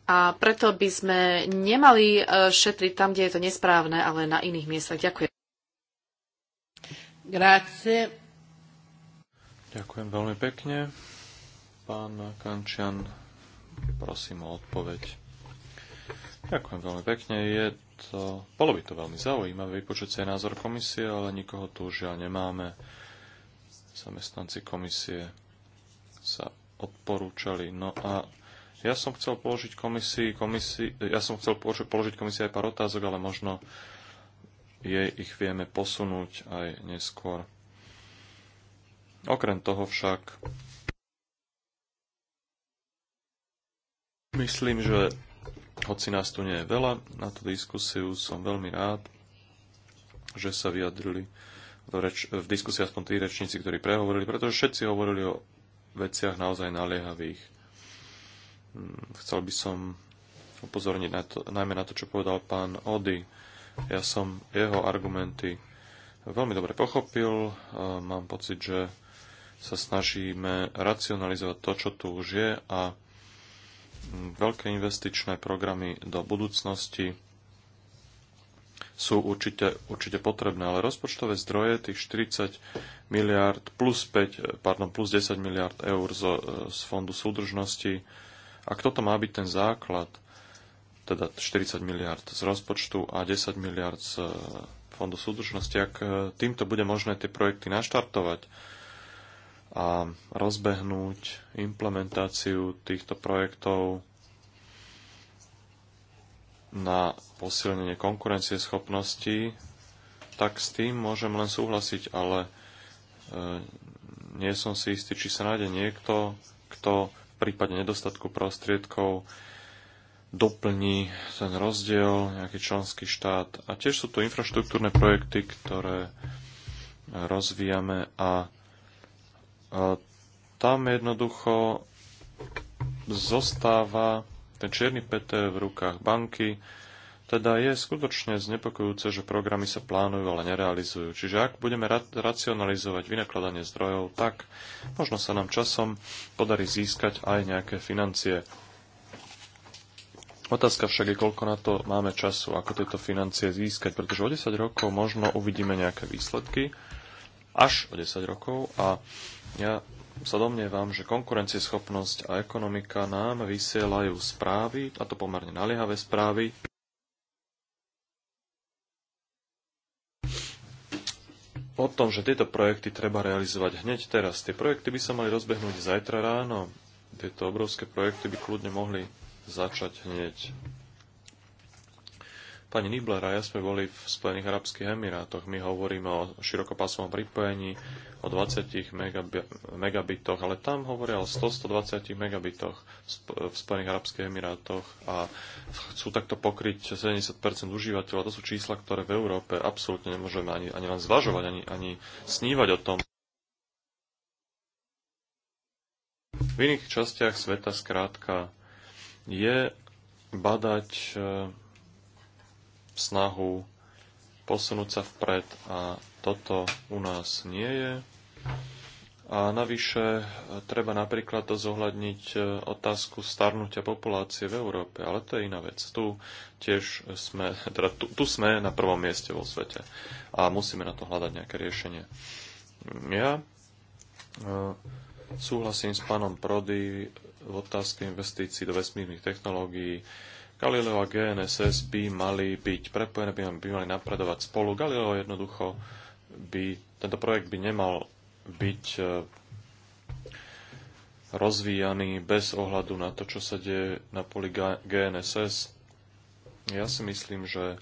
A preto by sme nemali eh, šetriť tam, kde je to nesprávne, ale na iných miestach. Ďakujem. Grazie. Ďakujem veľmi pekne. Pán Kančian, prosím o odpoveď. Ďakujem veľmi pekne. Je to, bolo by to veľmi zaujímavé vypočuť si názor komisie, ale nikoho tu ja nemáme. Zamestnanci komisie sa odporúčali. No a ja som chcel položiť komisii, komisii ja som chcel položiť komisii aj pár otázok, ale možno jej ich vieme posunúť aj neskôr. Okrem toho však myslím, že hoci nás tu nie je veľa na tú diskusiu, som veľmi rád, že sa vyjadrili v, reč- v diskusii aspoň tí rečníci, ktorí prehovorili, pretože všetci hovorili o veciach naozaj naliehavých. Hm, chcel by som upozorniť na to, najmä na to, čo povedal pán Ody ja som jeho argumenty veľmi dobre pochopil. E, mám pocit, že sa snažíme racionalizovať to, čo tu už je a veľké investičné programy do budúcnosti sú určite, určite potrebné, ale rozpočtové zdroje, tých 40 miliard plus, 5, pardon, plus 10 miliard eur z, e, z Fondu súdržnosti, ak kto má byť ten základ? teda 40 miliard z rozpočtu a 10 miliard z eh, Fondu súdržnosti, ak eh, týmto bude možné tie projekty naštartovať a rozbehnúť implementáciu týchto projektov na posilnenie konkurencie schopností, tak s tým môžem len súhlasiť, ale eh, nie som si istý, či sa nájde niekto, kto v prípade nedostatku prostriedkov doplní ten rozdiel, nejaký členský štát. A tiež sú to infraštruktúrne projekty, ktoré rozvíjame a, a tam jednoducho zostáva ten čierny PT v rukách banky. Teda je skutočne znepokojúce, že programy sa plánujú, ale nerealizujú. Čiže ak budeme ra- racionalizovať vynakladanie zdrojov, tak možno sa nám časom podarí získať aj nejaké financie. Otázka však je, koľko na to máme času, ako tieto financie získať, pretože o 10 rokov možno uvidíme nejaké výsledky, až o 10 rokov a ja sa domnievam, že konkurencieschopnosť a ekonomika nám vysielajú správy, a to pomerne naliehavé správy, o tom, že tieto projekty treba realizovať hneď teraz. Tie projekty by sa mali rozbehnúť zajtra ráno. Tieto obrovské projekty by kľudne mohli začať hneď. Pani Nibler a ja sme boli v Spojených Arabských Emirátoch. My hovoríme o širokopásovom pripojení, o 20 megabitoch, ale tam hovoria o 100-120 megabitoch v Spojených Arabských Emirátoch a chcú takto pokryť 70 užívateľov. To sú čísla, ktoré v Európe absolútne nemôžeme ani, ani len zvažovať, ani, ani snívať o tom. V iných častiach sveta skrátka je badať e, snahu posunúť sa vpred a toto u nás nie je. A navyše e, treba napríklad to zohľadniť e, otázku starnutia populácie v Európe, ale to je iná vec. Tu tiež sme, <laughs> teda tu, tu sme na prvom mieste vo svete a musíme na to hľadať nejaké riešenie. Ja súhlasím s pánom Prody v otázke investícií do vesmírnych technológií. Galileo a GNSS by mali byť prepojené, by, by mali napredovať spolu. Galileo jednoducho by, tento projekt by nemal byť e, rozvíjaný bez ohľadu na to, čo sa deje na poli GNSS. Ja si myslím, že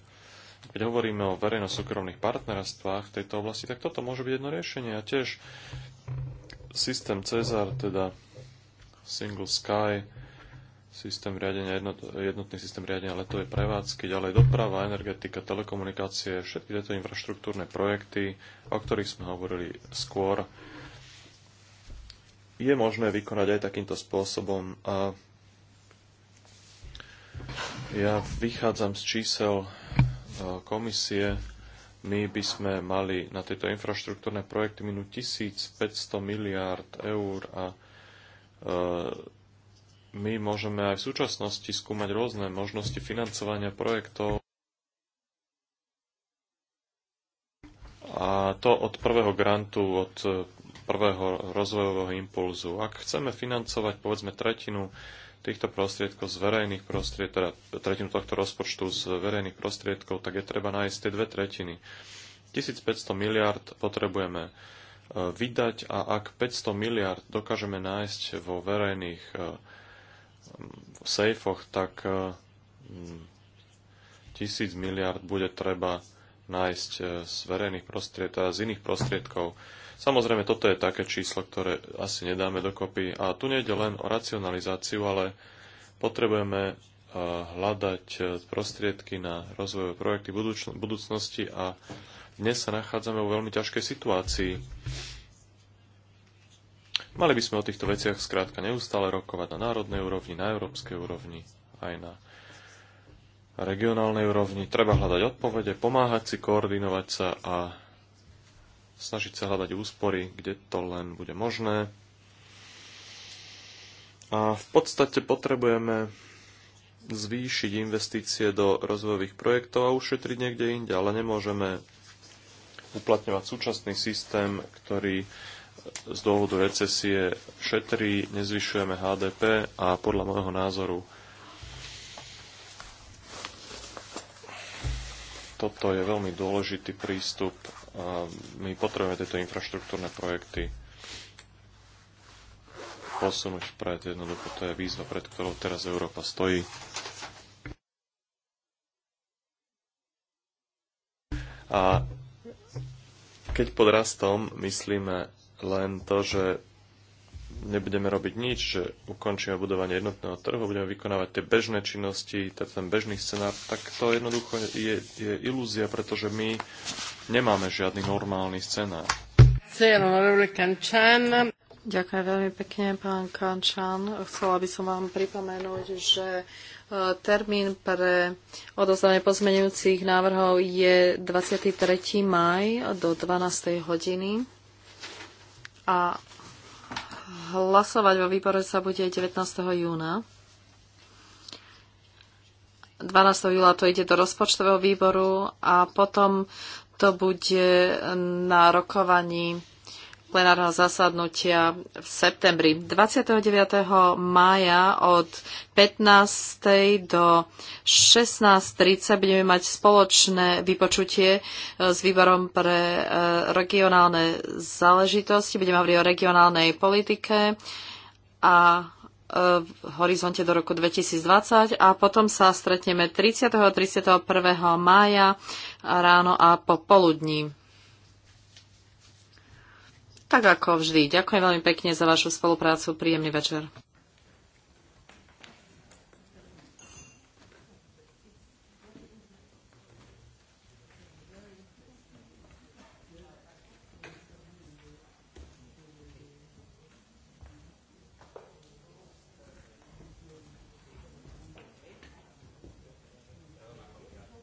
keď hovoríme o verejno-súkromných partnerstvách v tejto oblasti, tak toto môže byť jedno riešenie. A tiež systém Cezar, teda Single Sky, systém riadenia, jednot, jednotný systém riadenia letovej prevádzky, ďalej doprava, energetika, telekomunikácie, všetky tieto infraštruktúrne projekty, o ktorých sme hovorili skôr, je možné vykonať aj takýmto spôsobom. A ja vychádzam z čísel e, komisie. My by sme mali na tieto infraštruktúrne projekty minúť 1500 miliárd eur a E, my môžeme aj v súčasnosti skúmať rôzne možnosti financovania projektov a to od prvého grantu, od prvého rozvojového impulzu. Ak chceme financovať povedzme tretinu týchto prostriedkov z verejných prostriedkov, teda tretinu tohto rozpočtu z verejných prostriedkov, tak je treba nájsť tie dve tretiny. 1500 miliard potrebujeme vydať a ak 500 miliard dokážeme nájsť vo verejných eh, sejfoch, tak eh, tisíc miliard bude treba nájsť eh, z verejných prostriedkov a teda z iných prostriedkov. Samozrejme, toto je také číslo, ktoré asi nedáme dokopy. A tu nejde len o racionalizáciu, ale potrebujeme hľadať prostriedky na rozvojové projekty budúcnosti a dnes sa nachádzame vo veľmi ťažkej situácii. Mali by sme o týchto veciach skrátka neustále rokovať na národnej úrovni, na európskej úrovni, aj na regionálnej úrovni. Treba hľadať odpovede, pomáhať si, koordinovať sa a snažiť sa hľadať úspory, kde to len bude možné. A v podstate potrebujeme zvýšiť investície do rozvojových projektov a ušetriť niekde inde, ale nemôžeme uplatňovať súčasný systém, ktorý e, z dôvodu recesie šetrí, nezvyšujeme HDP a podľa môjho názoru toto je veľmi dôležitý prístup. A my potrebujeme tieto infraštruktúrne projekty posunúť vpred. Jednoducho to je výzva, pred ktorou teraz Európa stojí. A keď pod rastom myslíme len to, že nebudeme robiť nič, že ukončíme budovanie jednotného trhu, budeme vykonávať tie bežné činnosti, teda ten bežný scenár, tak to jednoducho je, je ilúzia, pretože my nemáme žiadny normálny scenár. Ďakujem veľmi pekne, pán Kančan. Chcela by som vám pripomenúť, že e, termín pre odozdanie pozmenujúcich návrhov je 23. maj do 12. hodiny a hlasovať vo výbore sa bude 19. júna. 12. júla to ide do rozpočtového výboru a potom to bude na rokovaní plenárneho zasadnutia v septembri. 29. mája od 15. do 16.30 budeme mať spoločné vypočutie e, s výborom pre e, regionálne záležitosti. Budeme hovoriť o regionálnej politike a e, v horizonte do roku 2020 a potom sa stretneme 30. a 31. mája ráno a popoludní. Tak ako vždy. Ďakujem veľmi pekne za vašu spoluprácu. Príjemný večer.